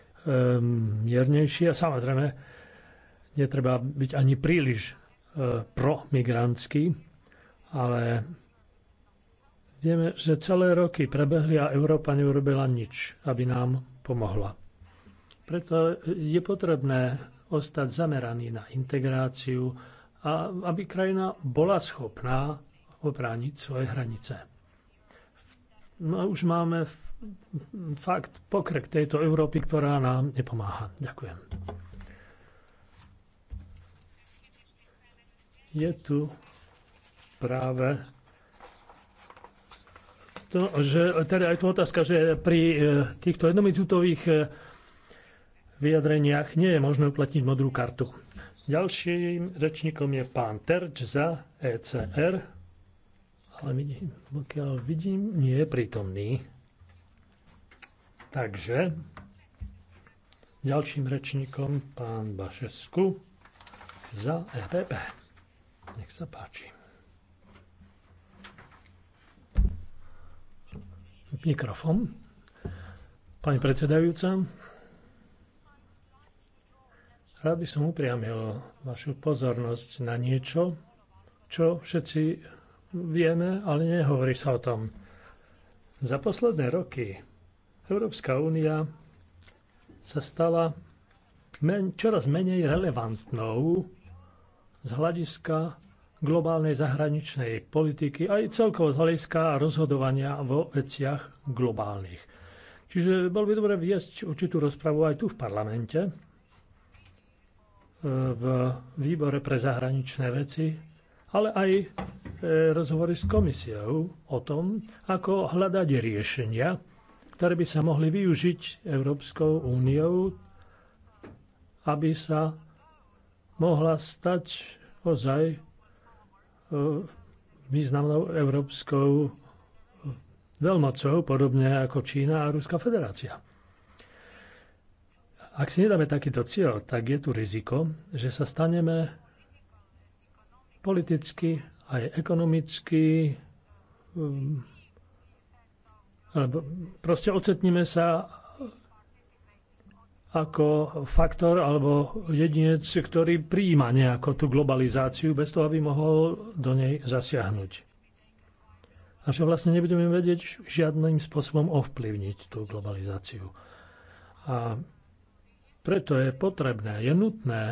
miernejší a samozrejme netreba byť ani príliš promigrantský, ale vieme, že celé roky prebehli a Európa neurobila nič, aby nám pomohla. Preto je potrebné ostať zameraný na integráciu a aby krajina bola schopná obrániť svoje hranice. No už máme fakt pokrek tejto Európy, ktorá nám nepomáha. Ďakujem. je tu práve to, že teda je tu otázka, že pri e, týchto jednominútových e, vyjadreniach nie je možné uplatniť modrú kartu. Ďalším rečníkom je pán Terč za ECR, ale vidím, pokiaľ vidím, nie je prítomný. Takže ďalším rečníkom pán Bašesku za EPP. Nech sa páči. Mikrofón. Pani predsedajúca, rád by som upriamil vašu pozornosť na niečo, čo všetci vieme, ale nehovorí sa o tom. Za posledné roky Európska únia sa stala men, čoraz menej relevantnou z hľadiska globálnej zahraničnej politiky, aj celkovo z hľadiska rozhodovania vo veciach globálnych. Čiže bolo by dobre viesť určitú rozpravu aj tu v parlamente, e, v výbore pre zahraničné veci, ale aj e, rozhovory s komisiou o tom, ako hľadať riešenia, ktoré by sa mohli využiť Európskou úniou, aby sa mohla stať ozaj e, významnou európskou veľmocou, podobne ako Čína a Ruská federácia. Ak si nedáme takýto cieľ, tak je tu riziko, že sa staneme politicky aj ekonomicky, e, alebo proste ocetníme sa ako faktor alebo jedinec, ktorý prijíma nejako tú globalizáciu bez toho, aby mohol do nej zasiahnuť. A že vlastne nebudeme vedieť žiadnym spôsobom ovplyvniť tú globalizáciu. A preto je potrebné, je nutné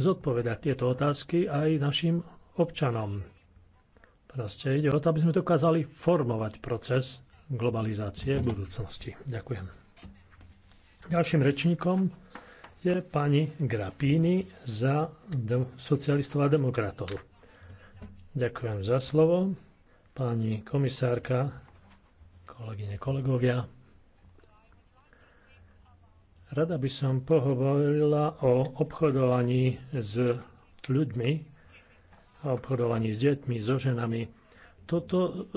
zodpovedať tieto otázky aj našim občanom. Proste ide o to, aby sme dokázali formovať proces globalizácie v budúcnosti. Ďakujem. Ďalším rečníkom je pani Grapíny za socialistov a demokratov. Ďakujem za slovo. Pani komisárka, kolegyne, kolegovia. Rada by som pohovorila o obchodovaní s ľuďmi, obchodovaní s deťmi, so ženami. Toto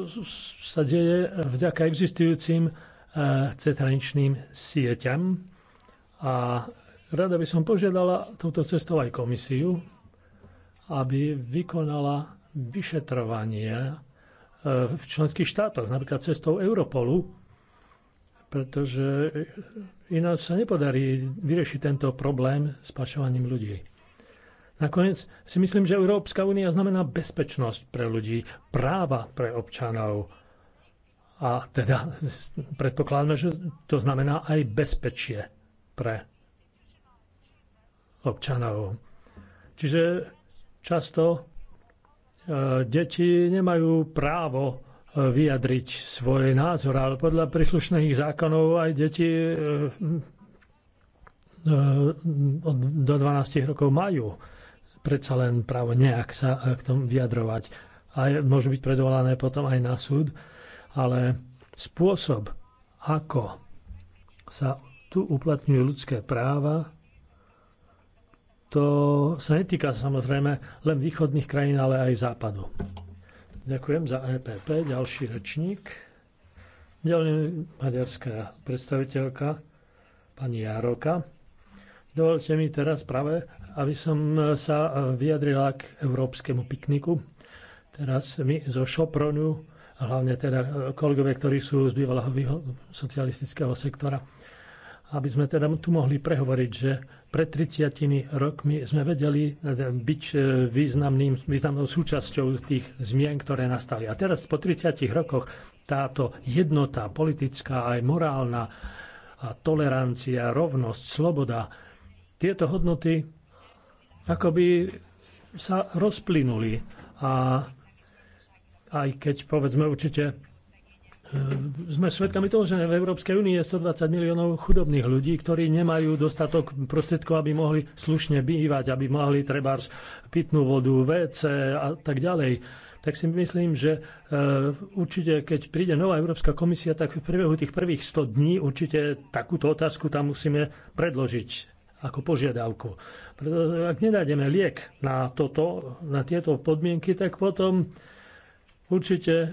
sa deje vďaka existujúcim E, cetraničným sieťam. A rada by som požiadala túto cestou aj komisiu, aby vykonala vyšetrovanie e, v členských štátoch, napríklad cestou Europolu, pretože ináč sa nepodarí vyriešiť tento problém s pašovaním ľudí. Nakoniec si myslím, že Európska únia znamená bezpečnosť pre ľudí, práva pre občanov a teda predpokladáme, že to znamená aj bezpečie pre občanov. Čiže často e, deti nemajú právo e, vyjadriť svoj názor, ale podľa príslušných zákonov aj deti e, do 12 rokov majú predsa len právo nejak sa k tomu vyjadrovať. A môžu byť predvolané potom aj na súd ale spôsob, ako sa tu uplatňujú ľudské práva, to sa netýka samozrejme len východných krajín, ale aj západu. Ďakujem za EPP. Ďalší rečník. Ďalej maďarská predstaviteľka, pani Jároka. Dovolte mi teraz práve, aby som sa vyjadrila k európskemu pikniku. Teraz mi zo Šopronu hlavne teda e, kolegovia, ktorí sú z bývalého socialistického sektora, aby sme teda tu mohli prehovoriť, že pred 30 rokmi sme vedeli e, e, byť významným, významnou súčasťou tých zmien, ktoré nastali. A teraz po 30 rokoch táto jednota politická, aj morálna, a tolerancia, rovnosť, sloboda, tieto hodnoty akoby sa rozplynuli a aj keď povedzme určite e, sme svedkami toho, že v Európskej únii je 120 miliónov chudobných ľudí, ktorí nemajú dostatok prostriedkov, aby mohli slušne bývať, aby mohli treba pitnú vodu, WC a tak ďalej. Tak si myslím, že e, určite, keď príde nová Európska komisia, tak v priebehu tých prvých 100 dní určite takúto otázku tam musíme predložiť ako požiadavku. Pretože ak nedájdeme liek na, toto, na tieto podmienky, tak potom Určite eh,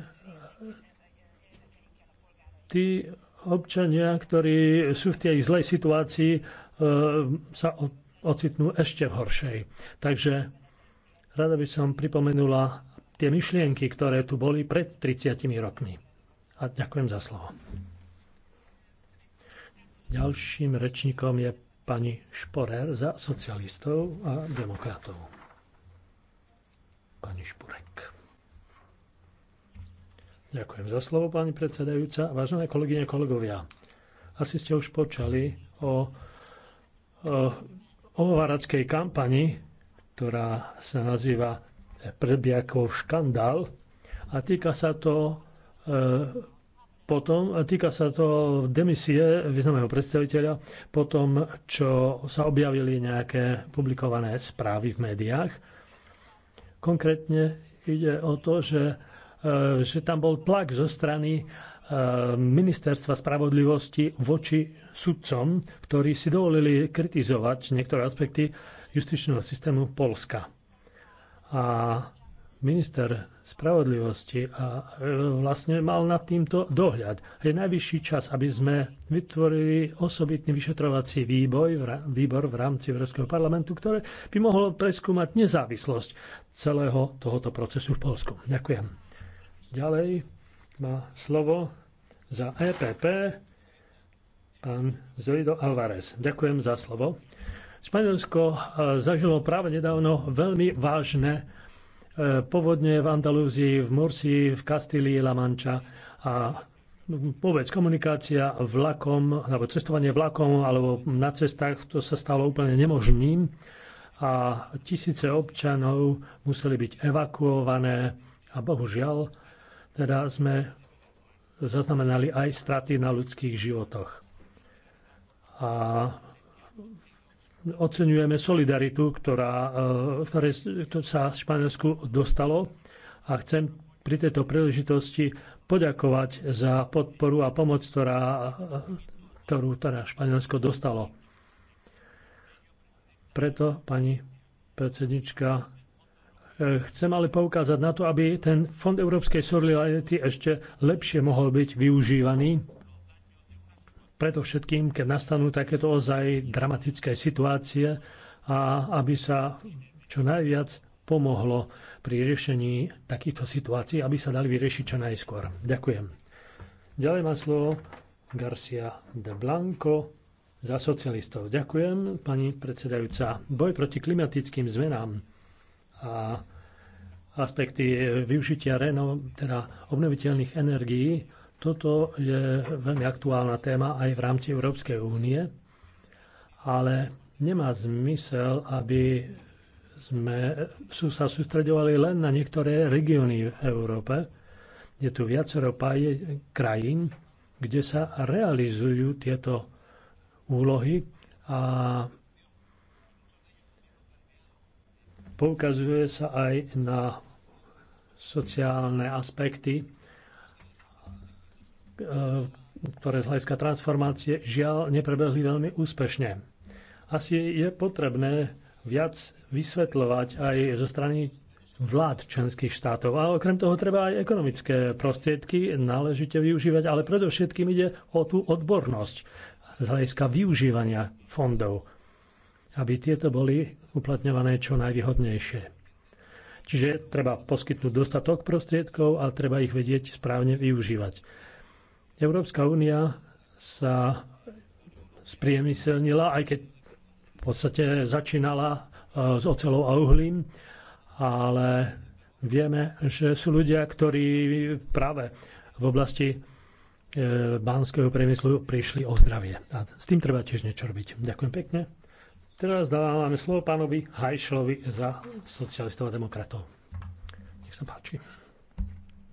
tí občania, ktorí sú v tej zlej situácii, eh, sa ocitnú ešte v horšej. Takže rada by som pripomenula tie myšlienky, ktoré tu boli pred 30 rokmi. A ďakujem za slovo. Ďalším rečníkom je pani Šporer za socialistov a demokratov. Pani šporek. Ďakujem za slovo, pani predsedajúca. Vážené kolegyne, kolegovia, asi ste už počali o, o kampani, ktorá sa nazýva Prebiakov škandál a týka sa to e, potom, e, týka sa to demisie významného predstaviteľa po tom, čo sa objavili nejaké publikované správy v médiách. Konkrétne ide o to, že E, že tam bol tlak zo strany e, ministerstva spravodlivosti voči sudcom, ktorí si dovolili kritizovať niektoré aspekty justičného systému Polska. A minister spravodlivosti a e, vlastne mal nad týmto dohľad. Je najvyšší čas, aby sme vytvorili osobitný vyšetrovací výboj, výbor v rámci Európskeho parlamentu, ktoré by mohol preskúmať nezávislosť celého tohoto procesu v Polsku. Ďakujem. Ďalej má slovo za EPP pán Zoido Alvarez. Ďakujem za slovo. Španielsko e, zažilo práve nedávno veľmi vážne e, povodne v Andalúzii, v Mursii, v Kastílii, La Mancha a vôbec komunikácia vlakom, alebo cestovanie vlakom, alebo na cestách, to sa stalo úplne nemožným a tisíce občanov museli byť evakuované a bohužiaľ teda sme zaznamenali aj straty na ľudských životoch. A oceňujeme solidaritu, ktorá, e, ktoré sa Španielsku dostalo a chcem pri tejto príležitosti poďakovať za podporu a pomoc, ktorá, e, ktorú teda Španielsko dostalo. Preto, pani predsednička, Chcem ale poukázať na to, aby ten Fond Európskej solidarity ešte lepšie mohol byť využívaný. Preto všetkým, keď nastanú takéto ozaj dramatické situácie a aby sa čo najviac pomohlo pri riešení takýchto situácií, aby sa dali vyriešiť čo najskôr. Ďakujem. Ďalej má slovo Garcia de Blanco za socialistov. Ďakujem, pani predsedajúca. Boj proti klimatickým zmenám a aspekty využitia reno, teda obnoviteľných energií. Toto je veľmi aktuálna téma aj v rámci Európskej únie, ale nemá zmysel, aby sme sa sústredovali len na niektoré regióny v Európe. Je tu viacero krajín, kde sa realizujú tieto úlohy a Poukazuje sa aj na sociálne aspekty, e, ktoré z hľadiska transformácie žiaľ neprebehli veľmi úspešne. Asi je potrebné viac vysvetľovať aj zo strany vlád členských štátov. A okrem toho treba aj ekonomické prostriedky náležite využívať, ale predovšetkým ide o tú odbornosť z hľadiska využívania fondov aby tieto boli uplatňované čo najvýhodnejšie. Čiže treba poskytnúť dostatok prostriedkov a treba ich vedieť správne využívať. Európska únia sa spriemyselnila, aj keď v podstate začínala e, s ocelou a uhlím, ale vieme, že sú ľudia, ktorí práve v oblasti e, banského priemyslu prišli o zdravie. A s tým treba tiež niečo robiť. Ďakujem pekne. Teraz dávame slovo pánovi Hajšlovi za socialistov a demokratov. Nech sa páči.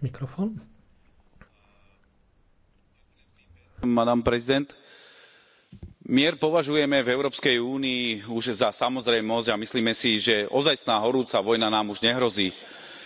Mikrofón. Madam prezident, mier považujeme v európskej únii už za samozrejmosť a myslíme si že ozajstná horúca vojna nám už nehrozí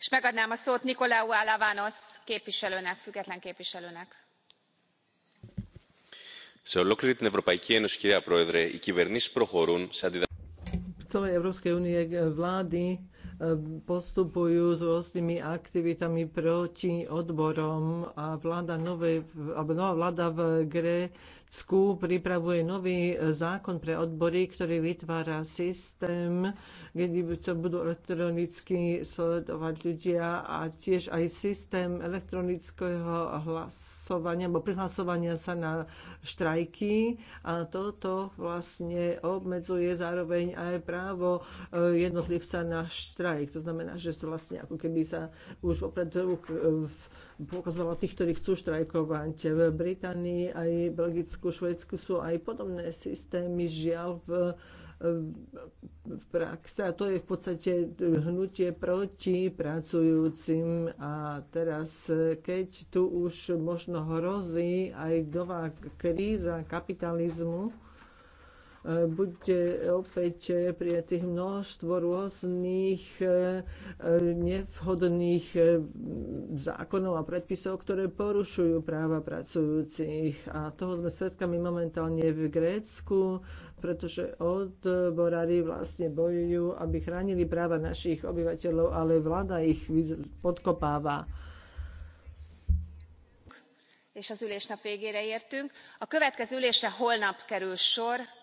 és megadnám a szót nicolou alavanos képviselőnek független képviselőnek. v celej európskej únie vlády postupujú s rôznymi aktivitami proti odborom a vláda, nové, alebo nová vláda v Grécku pripravuje nový zákon pre odbory, ktorý vytvára systém, kde sa budú elektronicky sledovať ľudia a tiež aj systém elektronického hlasu hlasovania alebo prihlasovania sa na štrajky a toto vlastne obmedzuje zároveň aj právo eh, jednotlivca na štrajk. To znamená, že sa vlastne ako keby sa už opred eh, pokazovalo tých, ktorí chcú štrajkovať. V Británii aj Belgicku, Švedsku sú aj podobné systémy, žiaľ v praxe a to je v podstate hnutie proti pracujúcim a teraz keď tu už možno hrozí aj nová kríza kapitalizmu, e, bude opäť prijatých množstvo rôznych e, nevhodných e, zákonov a predpisov, ktoré porušujú práva pracujúcich. A toho sme svedkami momentálne v Grécku, pretože odborári vlastne bojujú, aby chránili práva našich obyvateľov, ale vláda ich podkopáva. és az ülésnap végére értünk. A következő ülésre holnap kerül sor.